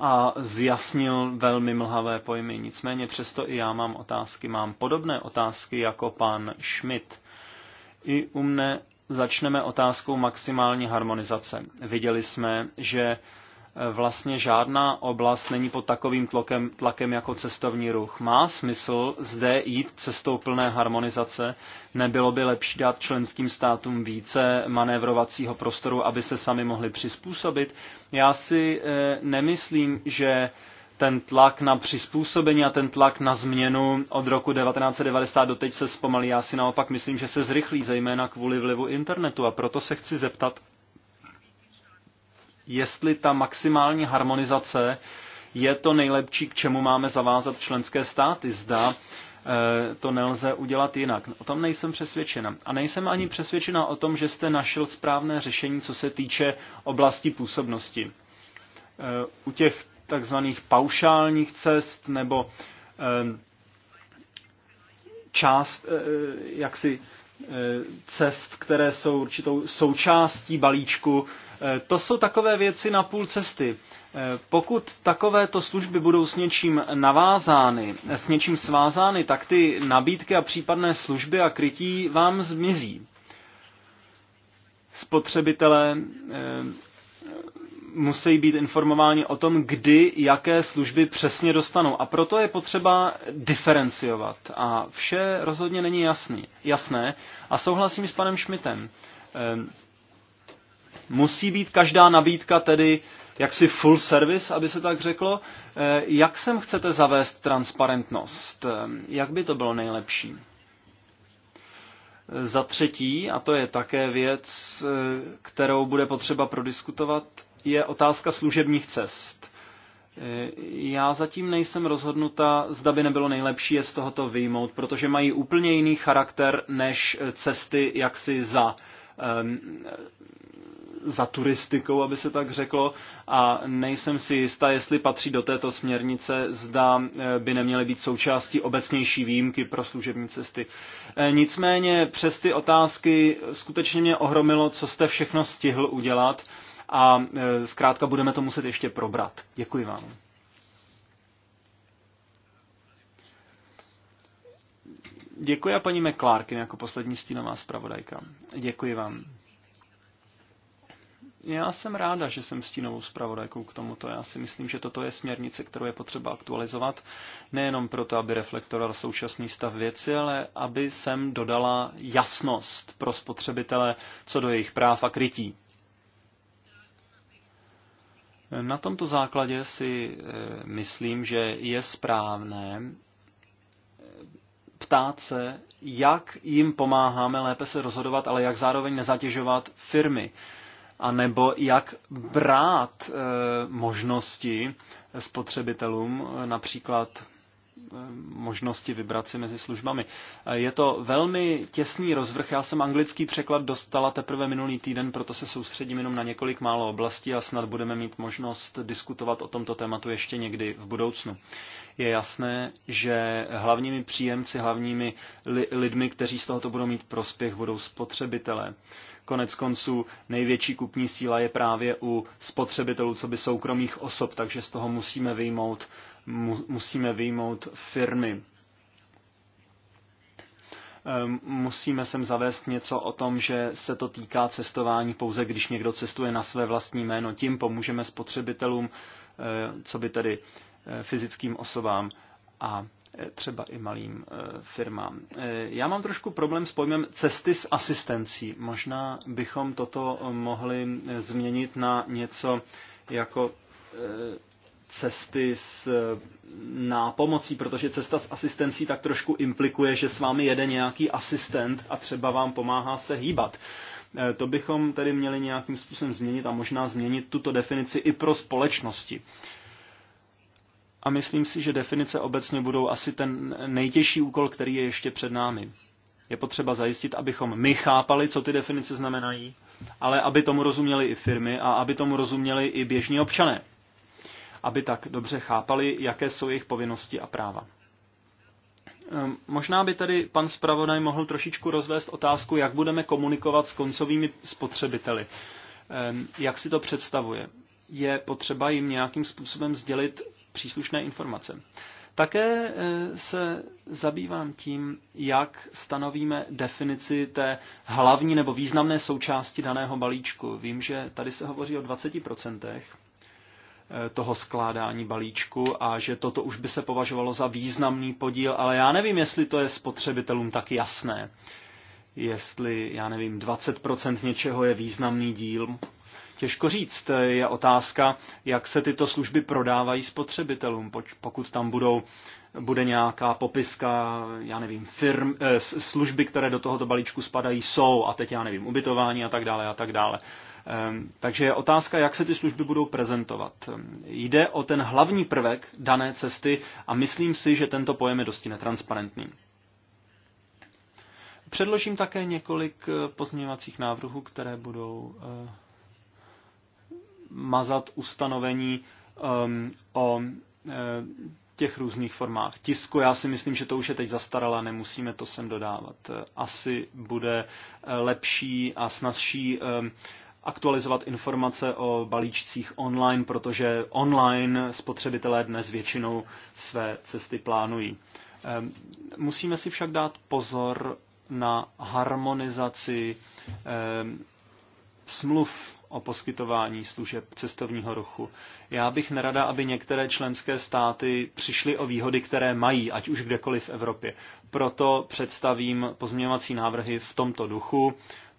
a zjasnil velmi mlhavé pojmy. Nicméně přesto i já mám otázky. Mám podobné otázky jako pan Schmidt. I u mne začneme otázkou maximální harmonizace. Viděli jsme, že e, vlastně žádná oblast není pod takovým tlakem, tlakem jako cestovní ruch. Má smysl zde jít cestou plné harmonizace? Nebylo by lepší dát členským státům více manévrovacího prostoru, aby se sami mohli přizpůsobit? Já si e, nemyslím, že ten tlak na přizpůsobení a ten tlak na změnu od roku 1990 do teď se zpomalí. Já si naopak myslím, že se zrychlí, zejména kvůli vlivu internetu. A proto se chci zeptat, jestli ta maximální harmonizace je to nejlepší, k čemu máme zavázat členské státy. Zda eh, to nelze udělat jinak. O tom nejsem přesvědčena. A nejsem ani přesvědčena o tom, že jste našel správné řešení, co se týče oblasti působnosti. Eh, u těch takzvaných paušálních cest nebo eh, část, eh, jaksi eh, cest, které jsou určitou součástí balíčku. To jsou takové věci na půl cesty. Pokud takovéto služby budou s něčím navázány, s něčím svázány, tak ty nabídky a případné služby a krytí vám zmizí. Spotřebitelé musí být informováni o tom, kdy jaké služby přesně dostanou. A proto je potřeba diferenciovat. A vše rozhodně není jasný, jasné. A souhlasím s panem Šmitem. Ehm, musí být každá nabídka tedy jaksi full service, aby se tak řeklo. Ehm, jak sem chcete zavést transparentnost? Ehm, jak by to bylo nejlepší? Za třetí, a to je také věc, ehm, kterou bude potřeba prodiskutovat, je otázka služebních cest. Já zatím nejsem rozhodnuta, zda by nebylo nejlepší je z tohoto vyjmout, protože mají úplně jiný charakter než cesty jaksi za, um, za turistikou, aby se tak řeklo, a nejsem si jistá, jestli patří do této směrnice, zda eh, by neměly být součástí obecnější výjimky pro služební cesty. Eh, nicméně přes ty otázky skutečně mě ohromilo, co jste všechno stihl udělat a e, zkrátka budeme to muset ještě probrat. Děkuji vám. Děkuji a paní McClarkin jako poslední stínová zpravodajka. Děkuji vám. Já jsem ráda, že jsem stínovou zpravodajkou k tomuto. Já si myslím, že toto je směrnice, kterou je potřeba aktualizovat, nejenom proto, aby reflektoval současný stav věci, ale aby sem dodala jasnost pro spotřebitele co do jejich práv a krytí. Na tomto základě si eh, myslím, že je správné eh, ptát se, jak jim pomáháme lépe se rozhodovat, ale jak zároveň nezatěžovat firmy. A nebo jak brát eh, možnosti spotřebitelům, například možnosti vybrat si mezi službami. Je to velmi těsný rozvrh. Já jsem anglický překlad dostala teprve minulý týden, proto se soustředím jenom na několik málo oblastí a snad budeme mít možnost diskutovat o tomto tématu ještě někdy v budoucnu. Je jasné, že hlavními příjemci, hlavními li- lidmi, kteří z tohoto budou mít prospěch, budou spotřebitelé. Konec konců největší kupní síla je právě u spotřebitelů, co by soukromých osob, takže z toho musíme vyjmout musíme vyjmout firmy. Ehm, musíme sem zavést něco o tom, že se to týká cestování pouze, když někdo cestuje na své vlastní jméno. Tím pomůžeme spotřebitelům, eh, co by tedy eh, fyzickým osobám a eh, třeba i malým firmám. Já mám trošku problém s pojmem cesty s asistencí. Možná bychom toto mohli změnit na něco jako cesty s eh, nápomocí, protože cesta s asistencí tak trošku implikuje, že s vámi jede nějaký asistent a třeba vám pomáhá se hýbat. Eh, to bychom tedy měli nějakým způsobem změnit a možná změnit tuto definici i pro společnosti. A myslím si, že definice obecně budou asi ten nejtěžší úkol, který je ještě před námi. Je potřeba zajistit, abychom my chápali, co ty definice znamenají, ale aby tomu rozuměli i firmy a aby tomu rozuměli i běžní občané aby tak dobře chápali, jaké jsou jejich povinnosti a práva. Ehm, možná by tady pan zpravodaj mohl trošičku rozvést otázku, jak budeme komunikovat s koncovými spotřebiteli. Ehm, jak si to představuje? Je potřeba jim nějakým způsobem sdělit příslušné informace. Také eh, se zabývám tím, jak stanovíme definici té hlavní nebo významné součásti daného balíčku. Vím, že tady se hovoří o 20%, Eh, toho skládání balíčku a že toto už by se považovalo za významný podíl, ale já nevím, jestli to je spotřebitelům tak jasné. Jestli, já nevím, 20% něčeho je významný díl. Těžko říct, eh, je otázka, jak se tyto služby prodávají spotřebitelům, pokud tam budou bude nějaká popiska, já nevím, firm, eh, služby, které do tohoto balíčku spadají, jsou, a teď já nevím, ubytování a tak dále a tak dále. Ehm, takže je otázka, jak se ty služby budou prezentovat. Ehm, jde o ten hlavní prvek dané cesty a myslím si, že tento pojem je dosti netransparentní. Předložím také několik eh, pozměňovacích návrhů, které budou eh, mazat ustanovení ehm, o eh, těch různých formách tisku. Já si myslím, že to už je teď zastarala, nemusíme to sem dodávat. Asi bude lepší a snazší aktualizovat informace o balíčcích online, protože online spotřebitelé dnes většinou své cesty plánují. Ehm, musíme si však dát pozor na harmonizaci ehm, smluv o poskytování služeb cestovního ruchu. Já bych nerada, aby některé členské státy přišly o výhody, které mají, ať už kdekoliv v Evropě. Proto představím pozměňovací návrhy v tomto duchu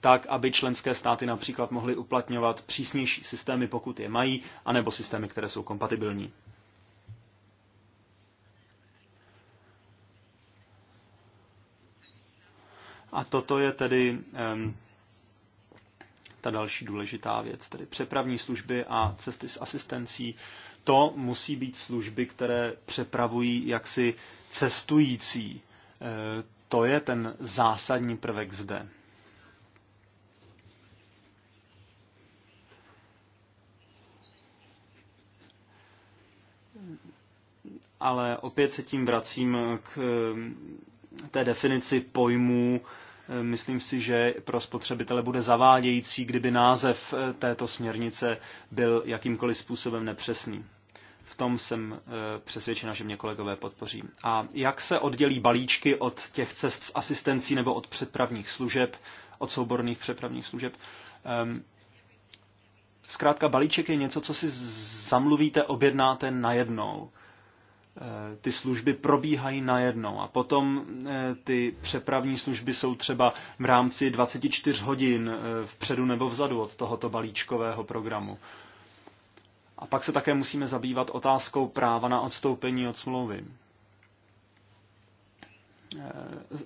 tak aby členské státy například mohly uplatňovat přísnější systémy, pokud je mají, anebo systémy, které jsou kompatibilní. A toto je tedy um, ta další důležitá věc, tedy přepravní služby a cesty s asistencí. To musí být služby, které přepravují jaksi cestující. E, to je ten zásadní prvek zde. ale opět se tím vracím k eh, té definici pojmů. Eh, myslím si, že pro spotřebitele bude zavádějící, kdyby název eh, této směrnice byl jakýmkoliv způsobem nepřesný. V tom jsem přesvědčena, že mě kolegové podpoří. A jak se oddělí balíčky od těch cest s asistencí nebo od přepravních služeb, od souborných přepravních služeb? Ehm, zkrátka balíček je něco, co si zamluvíte, objednáte najednou. jednou Eh, ty služby probíhají najednou a potom eh, ty přepravní služby jsou třeba v rámci 24 hodin eh, vpředu nebo vzadu od tohoto balíčkového programu. A pak se také musíme zabývat otázkou práva na odstoupení od smlouvy.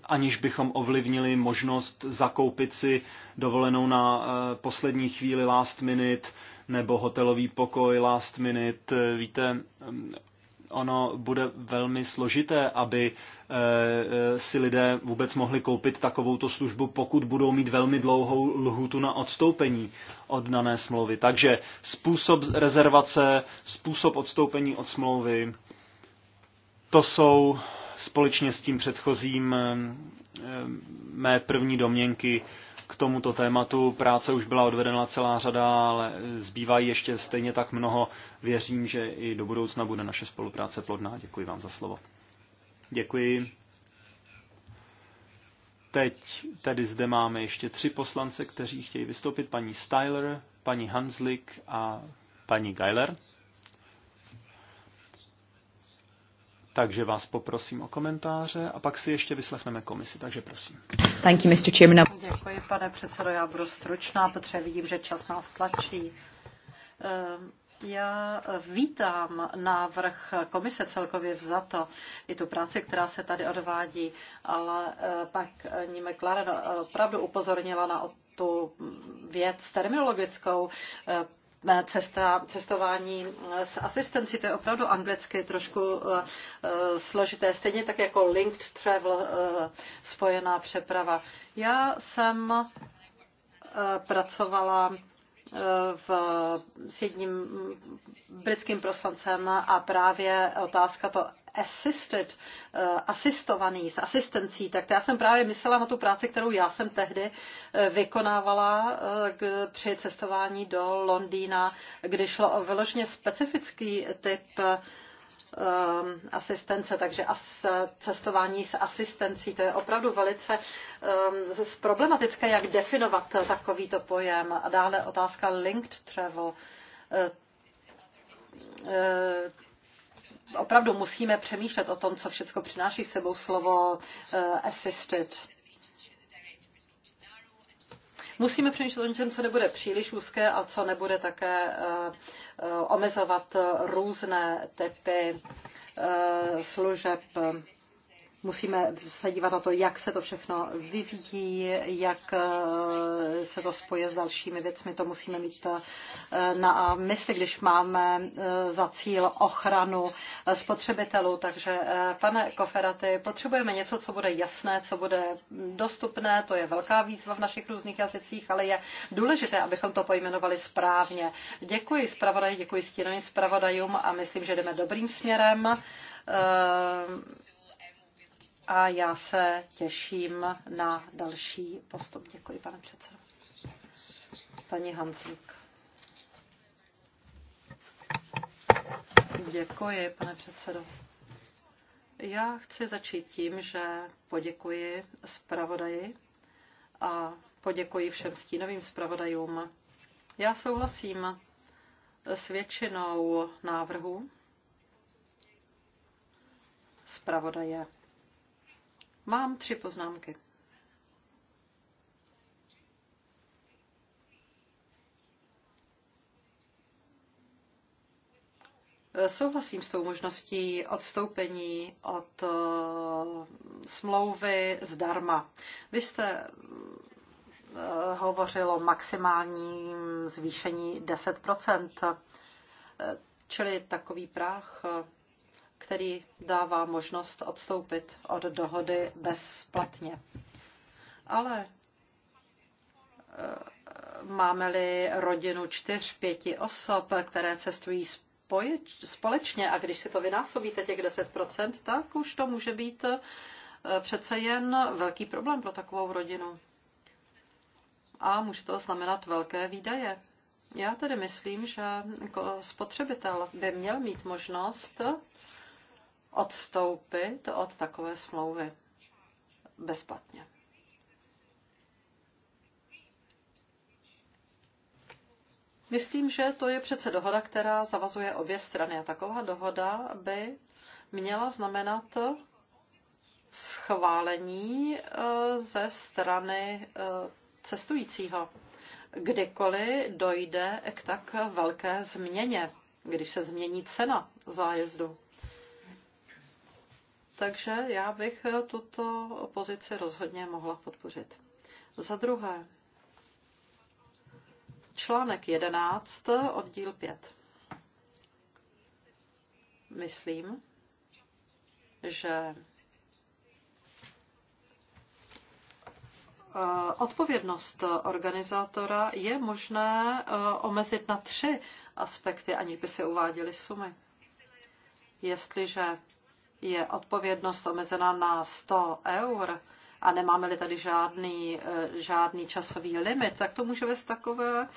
Aniž bychom ovlivnili možnost zakoupit si dovolenou na poslední chvíli last minute nebo hotelový pokoj last minute. Víte, ono bude velmi složité, aby eh, eh, si lidé vůbec mohli koupit takovouto službu, pokud budou mít velmi dlouhou lhutu na odstoupení od dané smlouvy. Takže způsob rezervace, způsob odstoupení od smlouvy, to jsou společně s tím předchozím eh, mé první domněnky, k tomuto tématu práce už byla odvedena celá řada, ale zbývá ještě stejně tak mnoho. Věřím, že i do budoucna bude naše spolupráce plodná. Děkuji vám za slovo. Děkuji. Teď tedy zde máme ještě tři poslance, kteří chtějí vystoupit. Paní Styler, paní Hanslik a paní Geiler. Takže vás poprosím o komentáře a pak si ještě vyslechneme komisi, takže prosím. Thank you, Mr. Chairman. Děkuji, pane předsedo, já budu stručná, protože vidím, že čas nás tlačí. Ehm, já vítám návrh komise celkově vzato, i tu práci, která se tady odvádí, ale eh, pak eh, Níme Klaren eh, opravdu upozornila na tu mm, věc terminologickou, cesta, cestování eh, s asistenci. To je opravdu anglicky trošku eh, eh, složité. Stejně tak jako linked travel, spojená přeprava. Já jsem pracovala v, s jedním britským proslancem a právě otázka to assisted, eh, asistovaný, s asistencí, tak to já jsem právě myslela na tu práci, kterou já jsem tehdy eh, vykonávala eh, k, při cestování do Londýna, kdy šlo o vyloženě specifický typ asistence, takže as, cestování s asistencí, to je opravdu velice um, problematické, jak definovat takovýto pojem. A dále otázka linked travel. Uh, uh, opravdu musíme přemýšlet o tom, co všechno přináší sebou slovo eh, assisted. Musíme přemýšlet o něčem, co nebude příliš úzké a co nebude také eh, eh, omezovat různé typy služeb. Musíme se dívat na to, jak se to všechno vyvíjí, jak eh, se to spoje s dalšími věcmi. To musíme mít eh, na mysli, když máme eh, za cíl ochranu spotřebitelů. Takže, pane Koferaty, potřebujeme něco, co bude jasné, co bude dostupné. To je velká výzva v našich různých jazycích, ale je důležité, abychom to pojmenovali správně. Děkuji zpravodaji, děkuji stínovým zpravodajům a myslím, že jdeme dobrým směrem. Uh a já se těším na další postup. Děkuji, pane předsedo. Paní Hanslík. Děkuji, pane předsedo. Já chci začít tím, že poděkuji zpravodaji a poděkuji všem stínovým zpravodajům. Já souhlasím s většinou návrhů zpravodaje. Mám tři poznámky. Souhlasím s tou možností odstoupení od eh, smlouvy zdarma. Vy jste eh, hovořilo o maximálním zvýšení 10 eh, čili takový práh který dává možnost odstoupit od dohody bezplatně. Ale eh, máme-li rodinu čtyř, pěti osob, které cestují společně a když si to vynásobíte těch 10%, tak už to může být eh, přece jen velký problém pro takovou rodinu. A může to znamenat velké výdaje. Já tedy myslím, že spotřebitel by měl mít možnost odstoupit od takové smlouvy bezplatně. Myslím, že to je přece dohoda, která zavazuje obě strany a taková dohoda by měla znamenat schválení e, ze strany e, cestujícího, kdykoliv dojde k tak velké změně, když se změní cena zájezdu. Takže já bych tuto pozici rozhodně mohla podpořit. Za druhé, článek 11, oddíl 5. Myslím, že eh, odpovědnost organizátora je možné eh, omezit na tři aspekty, aniž by se uváděly sumy. Jestliže je odpovědnost omezena na 100 eur a nemáme-li tady žádný, eh, žádný časový limit, tak to může vést takové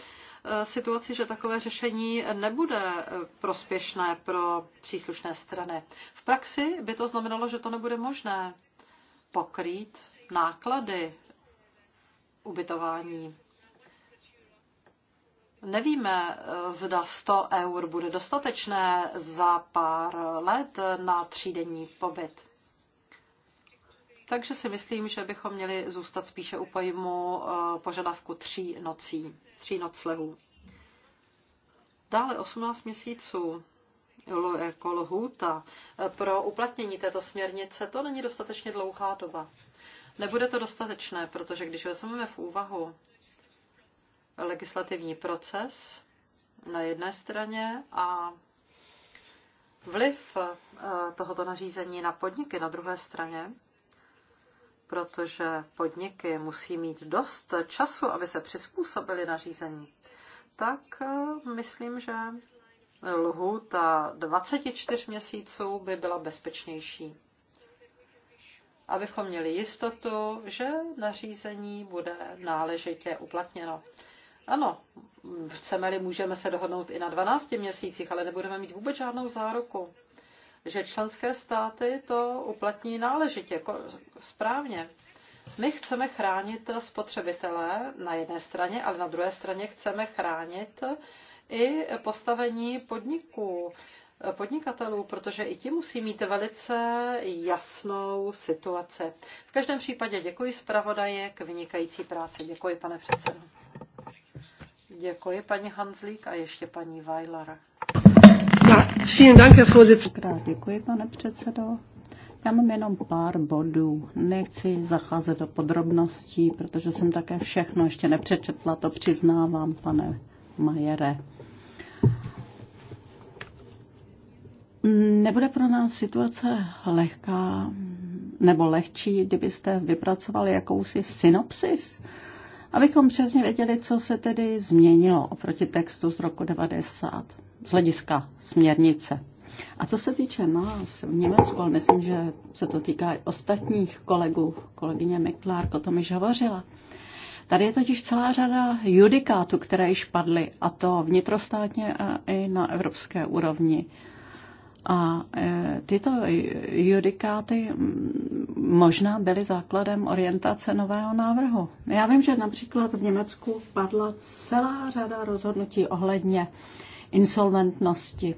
eh, situaci, že takové řešení nebude eh, prospěšné pro příslušné strany. V praxi by to znamenalo, že to nebude možné pokrýt náklady ubytování Nevíme, eh, zda 100 eur bude dostatečné za pár let na třídenní pobyt. Takže si myslím, že bychom měli zůstat spíše u pojmu eh, požadavku tří nocí, tří noclehů. Dále 18 měsíců jako lhůta eh, pro uplatnění této směrnice, to není dostatečně dlouhá doba. Nebude to dostatečné, protože když vezmeme v úvahu, legislativní proces na jedné straně a vliv eh, tohoto nařízení na podniky na druhé straně, protože podniky musí mít dost času, aby se přizpůsobili nařízení, tak eh, myslím, že lhůta 24 měsíců by byla bezpečnější. Abychom měli jistotu, že nařízení bude náležitě uplatněno. Ano, chceme-li, můžeme se dohodnout i na 12 měsících, ale nebudeme mít vůbec žádnou záruku, že členské státy to uplatní náležitě, správně. My chceme chránit spotřebitele na jedné straně, ale na druhé straně chceme chránit i postavení podniků, podnikatelů, protože i ti musí mít velice jasnou situaci. V každém případě děkuji zpravodaje k vynikající práci. Děkuji, pane předsedo. Děkuji, paní Hanzlík a ještě paní Weiler. vielen Dank, Herr Vorsitzender. Děkuji, pane předsedo. Já mám jenom pár bodů. Nechci zacházet do podrobností, protože jsem také všechno ještě nepřečetla, to přiznávám, pane Majere. Nebude pro nás situace lehká nebo lehčí, kdybyste vypracovali jakousi synopsis abychom přesně věděli, co se tedy změnilo oproti textu z roku 90 z hlediska směrnice. A co se týče nás v Německu, ale myslím, že se to týká i ostatních kolegů, kolegyně Miklárko o tom již hovořila, Tady je totiž celá řada judikátů, které již padly, a to vnitrostátně a eh, i na evropské úrovni. A e, tyto judikáty možná byly základem orientace nového návrhu. Já vím, že například v Německu padla celá řada rozhodnutí ohledně insolventnosti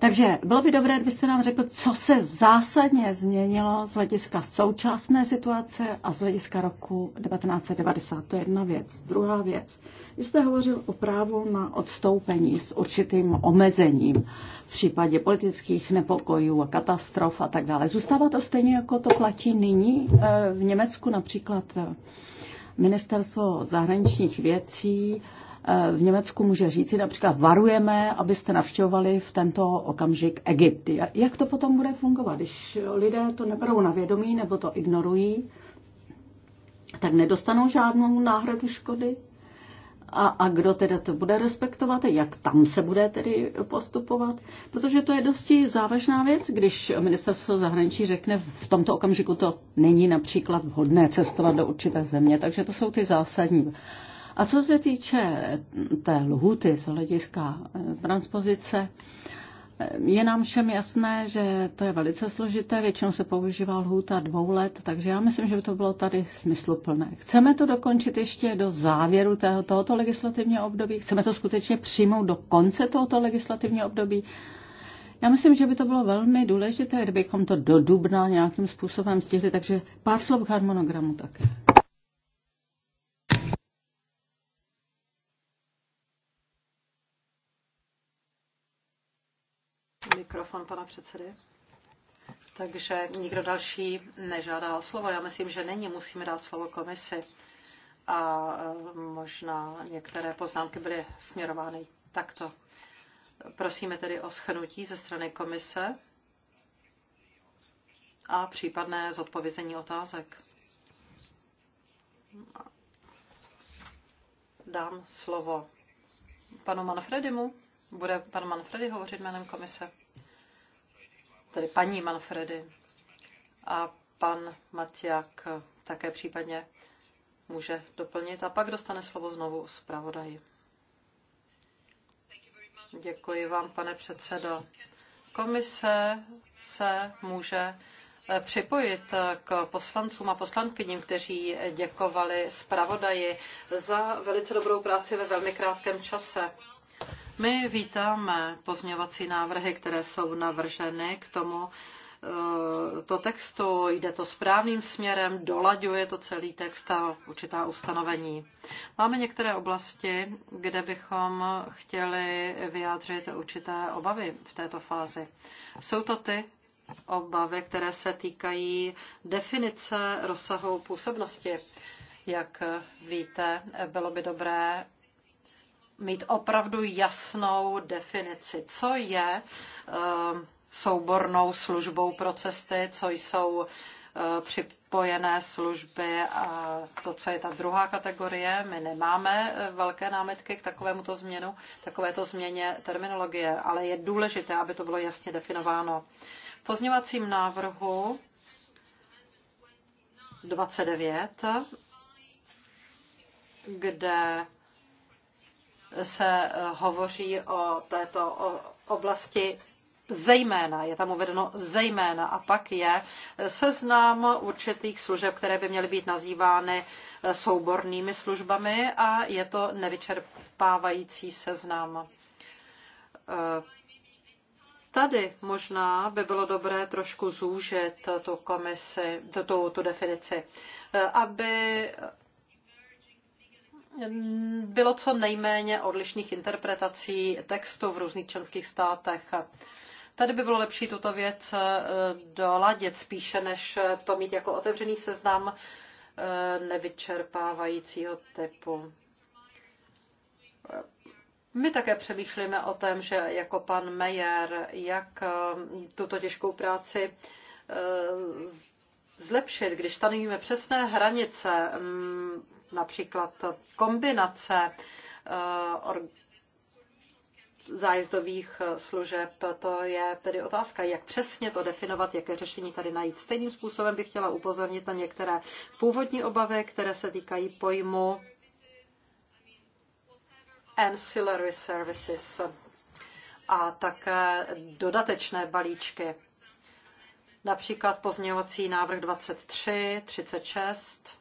takže bylo by dobré, kdybyste nám řekl, co se zásadně změnilo z hlediska současné situace a z hlediska roku 1990. To je jedna věc. Druhá věc. Vy jste hovořil o právu na odstoupení s určitým omezením v případě politických nepokojů a katastrof a tak dále. Zůstává to stejně, jako to platí nyní eh, v Německu například eh, ministerstvo zahraničních věcí Eh, v Německu může říci například varujeme, abyste navštěvovali v tento okamžik Egypt. Jak to potom bude fungovat, když lidé to neberou na vědomí nebo to ignorují, tak nedostanou žádnou náhradu škody? A, a kdo teda to bude respektovat, jak tam se bude tedy postupovat, protože to je dosti závažná věc, když ministerstvo zahraničí řekne, v tomto okamžiku to není například vhodné cestovat do určité země, takže to jsou ty zásadní a co se týče mm, té lhuty z hlediska eh, transpozice, eh, je nám všem jasné, že to je velice složité, většinou se používá lhůta dvou let, takže já myslím, že by to bylo tady smysluplné. Chceme to dokončit ještě do závěru tého, tohoto legislativního období, chceme to skutečně přijmout do konce tohoto legislativního období. Já myslím, že by to bylo velmi důležité, kdybychom to do dubna nějakým způsobem stihli, takže pár slov k harmonogramu také. mikrofon pana předsedy. Takže nikdo další nežádá o slovo. Já myslím, že není. Musíme dát slovo komisi. A e, možná některé poznámky byly směrovány takto. Prosíme tedy o schnutí ze strany komise a případné zodpovězení otázek. Dám slovo panu Manfredimu. Bude pan Manfredi hovořit jménem komise? tedy paní Manfredy a pan Matiak také případně může doplnit a pak dostane slovo znovu zpravodaji. Děkuji vám, pane předsedo. Komise se může eh, připojit k poslancům a poslankyním, kteří děkovali zpravodaji za velice dobrou práci ve velmi krátkém čase. My vítáme pozměňovací návrhy, které jsou navrženy k tomu, eh, to textu, jde to správným směrem, dolaďuje to celý text a určitá ustanovení. Máme některé oblasti, kde bychom chtěli vyjádřit určité obavy v této fázi. Jsou to ty obavy, které se týkají definice rozsahu působnosti. Jak víte, bylo by dobré mít opravdu jasnou definici, co je eh, soubornou službou pro cesty, co jsou eh, připojené služby a to, co je ta druhá kategorie. My nemáme eh, velké námitky k takovému to změnu, takovéto změně terminologie, ale je důležité, aby to bylo jasně definováno. V pozněvacím návrhu 29, kde se eh, hovoří o této oblasti zejména, je tam uvedeno zejména a pak je seznam určitých služeb, které by měly být nazývány eh, soubornými službami a je to nevyčerpávající seznam. Eh, tady možná by bylo dobré trošku zúžit tu komisi, tu, tu definici, aby bylo co nejméně odlišných interpretací textu v různých členských státech. Tady by bylo lepší tuto věc eh, doladit spíše, než to mít jako otevřený seznam eh, nevyčerpávajícího typu. My také přemýšlíme o tom, že jako pan Meyer, jak eh, tuto těžkou práci zlepšit, když stanovíme přesné hranice, mm, například kombinace eh, zájezdových služeb, to je tedy otázka, jak přesně to definovat, jaké řešení tady najít. Stejným způsobem bych chtěla upozornit na některé původní obavy, které se týkají pojmu ancillary services a také dodatečné balíčky. Například pozměňovací návrh 23, 36,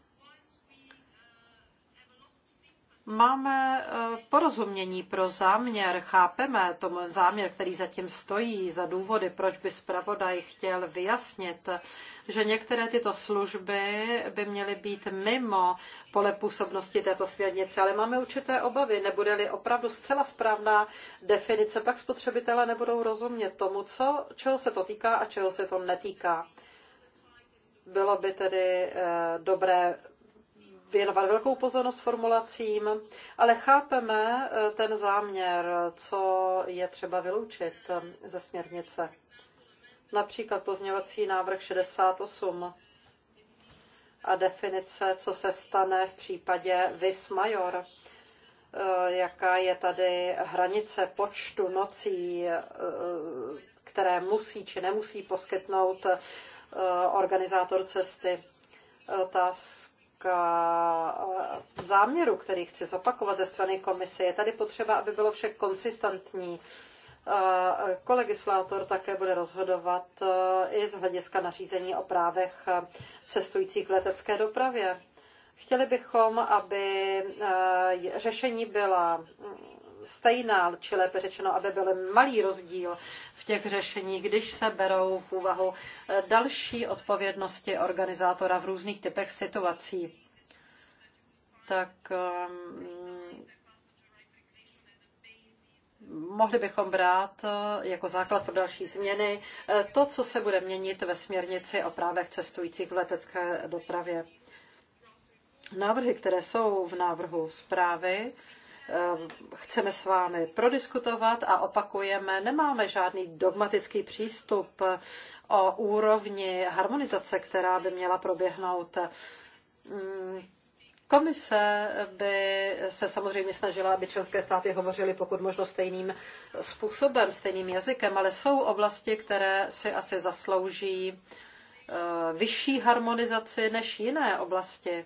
máme eh, porozumění pro záměr, chápeme tomu záměr, který zatím stojí, za důvody, proč by zpravodaj chtěl vyjasnit, že některé tyto služby by měly být mimo pole působnosti této směrnice, ale máme určité obavy. Nebude-li opravdu zcela správná definice, pak spotřebitelé nebudou rozumět tomu, co, čeho se to týká a čeho se to netýká. Bylo by tedy eh, dobré věnovat velkou pozornost formulacím, ale chápeme eh, ten záměr, co je třeba vyloučit eh, ze směrnice. Například pozněvací návrh 68 a definice, co se stane v případě vis major, eh, jaká je tady hranice počtu nocí, které musí či nemusí poskytnout organizátor cesty. Ta Eh, záměru, který chci zopakovat ze strany komise. Je tady potřeba, aby bylo vše konsistentní. Eh, kolegislátor také bude rozhodovat eh, i z hlediska nařízení o právech cestujících v letecké dopravě. Chtěli bychom, aby řešení byla mm, stejná, či lépe řečeno, aby byl malý rozdíl těch prostě řešení, když se berou v úvahu eh, další odpovědnosti organizátora v různých typech situací. Tak ehm, mohli bychom brát eh, jako základ pro další změny eh, to, co se bude měnit ve směrnici o právech cestujících v letecké dopravě. Návrhy, které jsou v návrhu zprávy, Ehm, chceme s vámi prodiskutovat a opakujeme, nemáme žádný dogmatický přístup eh, o úrovni harmonizace, která by měla proběhnout. Ehm, komise by se samozřejmě snažila, aby členské státy hovořily pokud možno stejným způsobem, stejným jazykem, ale jsou oblasti, které si asi zaslouží eh, vyšší harmonizaci než jiné oblasti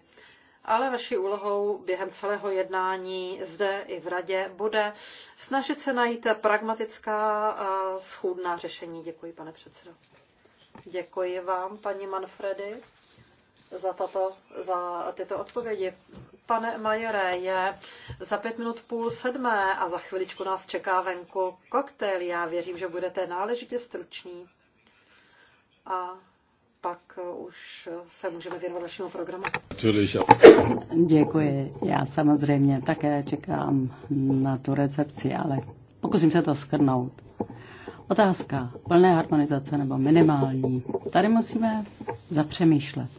ale vaší úlohou během celého jednání zde i v radě bude snažit se najít pragmatická a eh, schůdná řešení. Děkuji, pane předsedo. Děkuji vám, paní Manfredy, za, tato, za tyto odpovědi. Pane Majore, je za pět minut půl sedmé a za chviličku nás čeká venku koktejl. Já věřím, že budete náležitě struční. A pak eh, už se můžeme věnovat dalšímu programu. Děkuji. Já samozřejmě také čekám na tu recepci, ale pokusím se to skrnout. Otázka plné harmonizace nebo minimální. Tady musíme zapřemýšlet.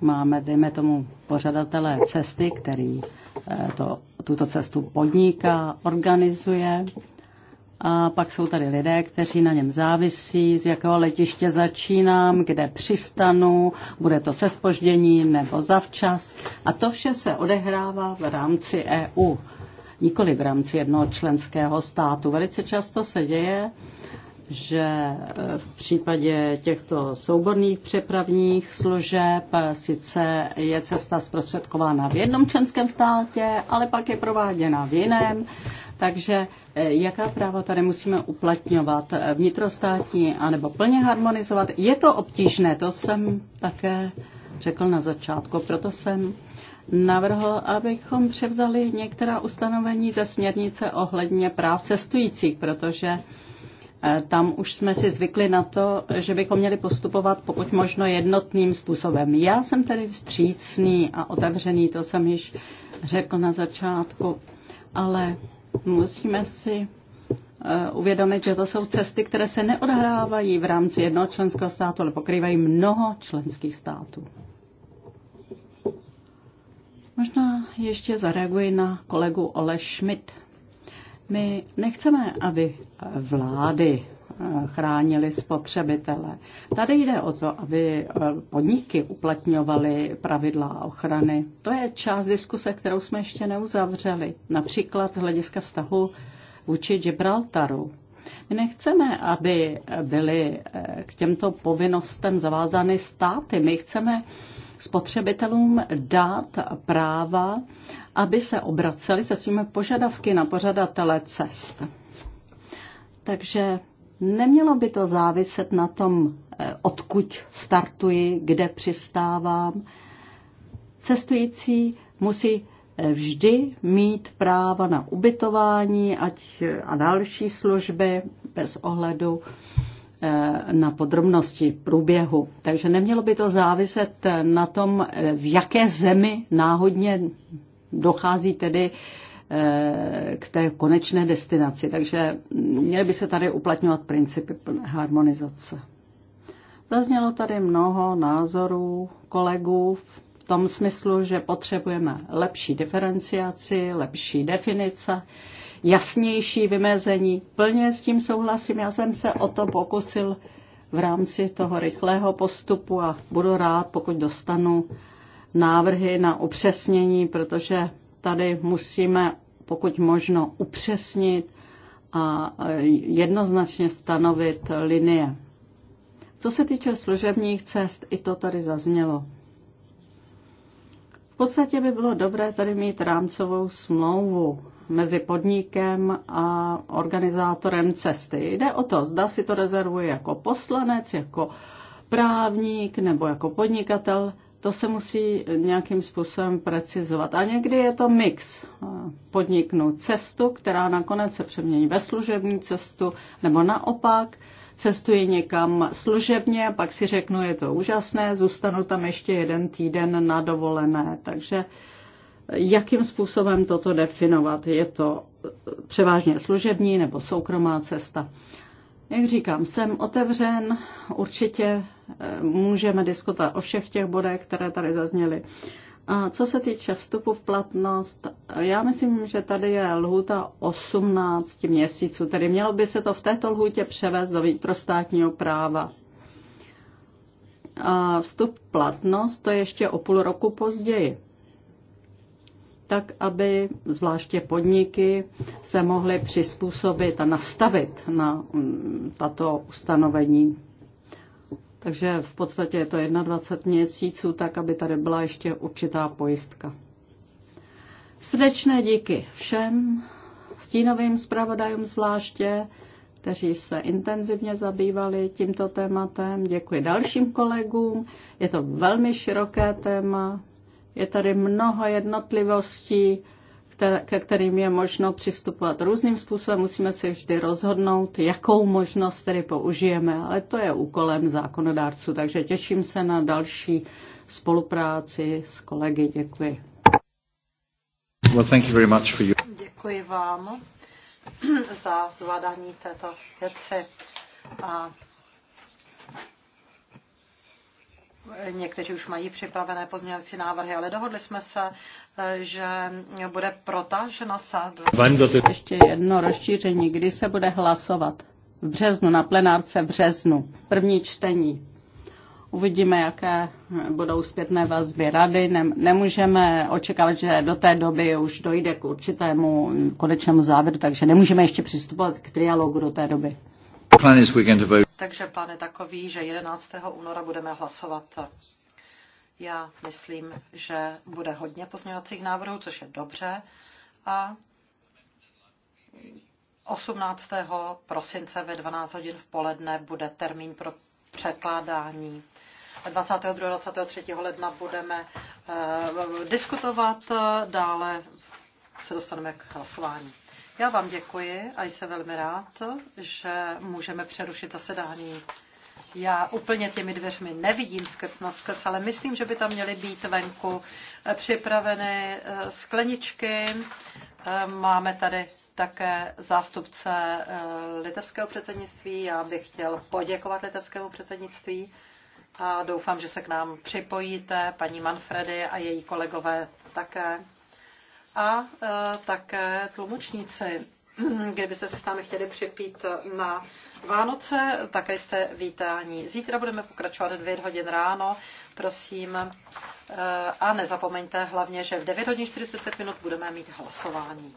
Máme, dejme tomu, pořadatele cesty, který eh, to, tuto cestu podniká, organizuje a pak jsou tady lidé, kteří na něm závisí, z jakého letiště začínám, kde přistanu, bude to se spoždění nebo zavčas. A to vše se odehrává v rámci EU, nikoli v rámci jednoho členského státu. Velice často se děje, že e, v případě těchto souborných přepravních služeb e, sice je cesta zprostředkována v jednom členském státě, ale pak je prováděna v jiném. Takže e, jaká práva tady musíme uplatňovat vnitrostátní anebo plně harmonizovat? Je to obtížné, to jsem také řekl na začátku, proto jsem navrhl, abychom převzali některá ustanovení ze směrnice ohledně práv cestujících, protože Eh, tam už jsme si zvykli na to, že bychom měli postupovat pokud možno jednotným způsobem. Já jsem tedy vstřícný a otevřený, to jsem již řekl na začátku, ale musíme si eh, uvědomit, že to jsou cesty, které se neodhrávají v rámci jednoho členského státu, ale pokrývají mnoho členských států. Možná ještě zareaguji na kolegu Ole Schmidt. My nechceme, aby vlády eh, chránili spotřebitele. Tady jde o to, aby eh, podniky uplatňovaly pravidla ochrany. To je část diskuse, kterou jsme ještě neuzavřeli. Například z hlediska vztahu vůči Gibraltaru. My nechceme, aby eh, byly k těmto povinnostem zavázány státy. My chceme spotřebitelům dát práva aby se obraceli se svými požadavky na pořadatele cest. Takže nemělo by to záviset na tom, eh, odkud startuji, kde přistávám. Cestující musí eh, vždy mít práva na ubytování ať eh, a další služby bez ohledu na podrobnosti průběhu. Takže nemělo by to záviset na tom, v jaké zemi náhodně dochází tedy eh, k té konečné destinaci. Takže měly by se tady uplatňovat principy harmonizace. Zaznělo tady mnoho názorů kolegů v tom smyslu, že potřebujeme lepší diferenciaci, lepší definice, jasnější vymezení. Plně s tím souhlasím, já jsem se o to pokusil v rámci toho rychlého postupu a budu rád, pokud dostanu návrhy na upřesnění, protože tady musíme pokud možno upřesnit a e, jednoznačně stanovit linie. Co se týče služebních cest, i to tady zaznělo. V podstatě by bylo dobré tady mít rámcovou smlouvu mezi podnikem a organizátorem cesty. Jde o to, zda si to rezervuje jako poslanec, jako právník nebo jako podnikatel. To se musí nějakým způsobem precizovat. A někdy je to mix. Eh, Podniknout cestu, která nakonec se přemění ve služební cestu, nebo naopak cestuji někam služebně, pak si řeknu, je to úžasné, zůstanu tam ještě jeden týden na dovolené. Takže eh, jakým způsobem toto definovat? Je to eh, převážně služební nebo soukromá cesta? Jak říkám, jsem otevřen, určitě můžeme diskutovat o všech těch bodech, které tady zazněly. A co se týče vstupu v platnost, já myslím, že tady je lhůta 18 měsíců, tedy mělo by se to v této lhůtě převést do vnitrostátního práva. A vstup v platnost to je ještě o půl roku později tak, aby zvláště podniky se mohly přizpůsobit a nastavit na mm, tato ustanovení takže v podstatě je to 21 měsíců, tak aby tady byla ještě určitá pojistka. Srdečné díky všem, stínovým zpravodajům zvláště, kteří se intenzivně zabývali tímto tématem. Děkuji dalším kolegům. Je to velmi široké téma. Je tady mnoho jednotlivostí které, ke kterým je možno přistupovat různým způsobem. Musíme si vždy rozhodnout, jakou možnost tedy použijeme, ale to je úkolem zákonodárců. Takže těším se na další spolupráci s kolegy. Děkuji. Well, thank you very much for you. Děkuji vám za zvládání této věci. A Někteří už mají připravené pozměňovací návrhy, ale dohodli jsme se, že bude protažena se. Ještě jedno rozšíření. Kdy se bude hlasovat? V březnu, na plenárce v březnu. První čtení. Uvidíme, jaké budou zpětné vazby rady. Nemůžeme očekávat, že do té doby už dojde k určitému konečnému závěru, takže nemůžeme ještě přistupovat k trialogu do té doby. Takže plán je takový, že 11. února budeme hlasovat. Já myslím, že bude hodně pozměňovacích návrhů, což je dobře. A 18. prosince ve 12 hodin v poledne bude termín pro překládání. 22. 23. ledna budeme eh, diskutovat, eh, dále se dostaneme k hlasování. Já vám děkuji a jsem velmi rád, že můžeme přerušit zasedání. Já úplně těmi dveřmi nevidím skrz na skrz, ale myslím, že by tam měly být venku eh, připraveny eh, skleničky. Eh, máme tady také zástupce litevského předsednictví. Já bych chtěl poděkovat litevskému předsednictví a doufám, že se k nám připojíte, paní Manfredy a její kolegové také a e, také tlumočníci. Kdybyste se s námi chtěli připít na Vánoce, také jste vítání. Zítra budeme pokračovat 9 hodin ráno, prosím. E, a nezapomeňte hlavně, že v 9 hodin 45 minut budeme mít hlasování.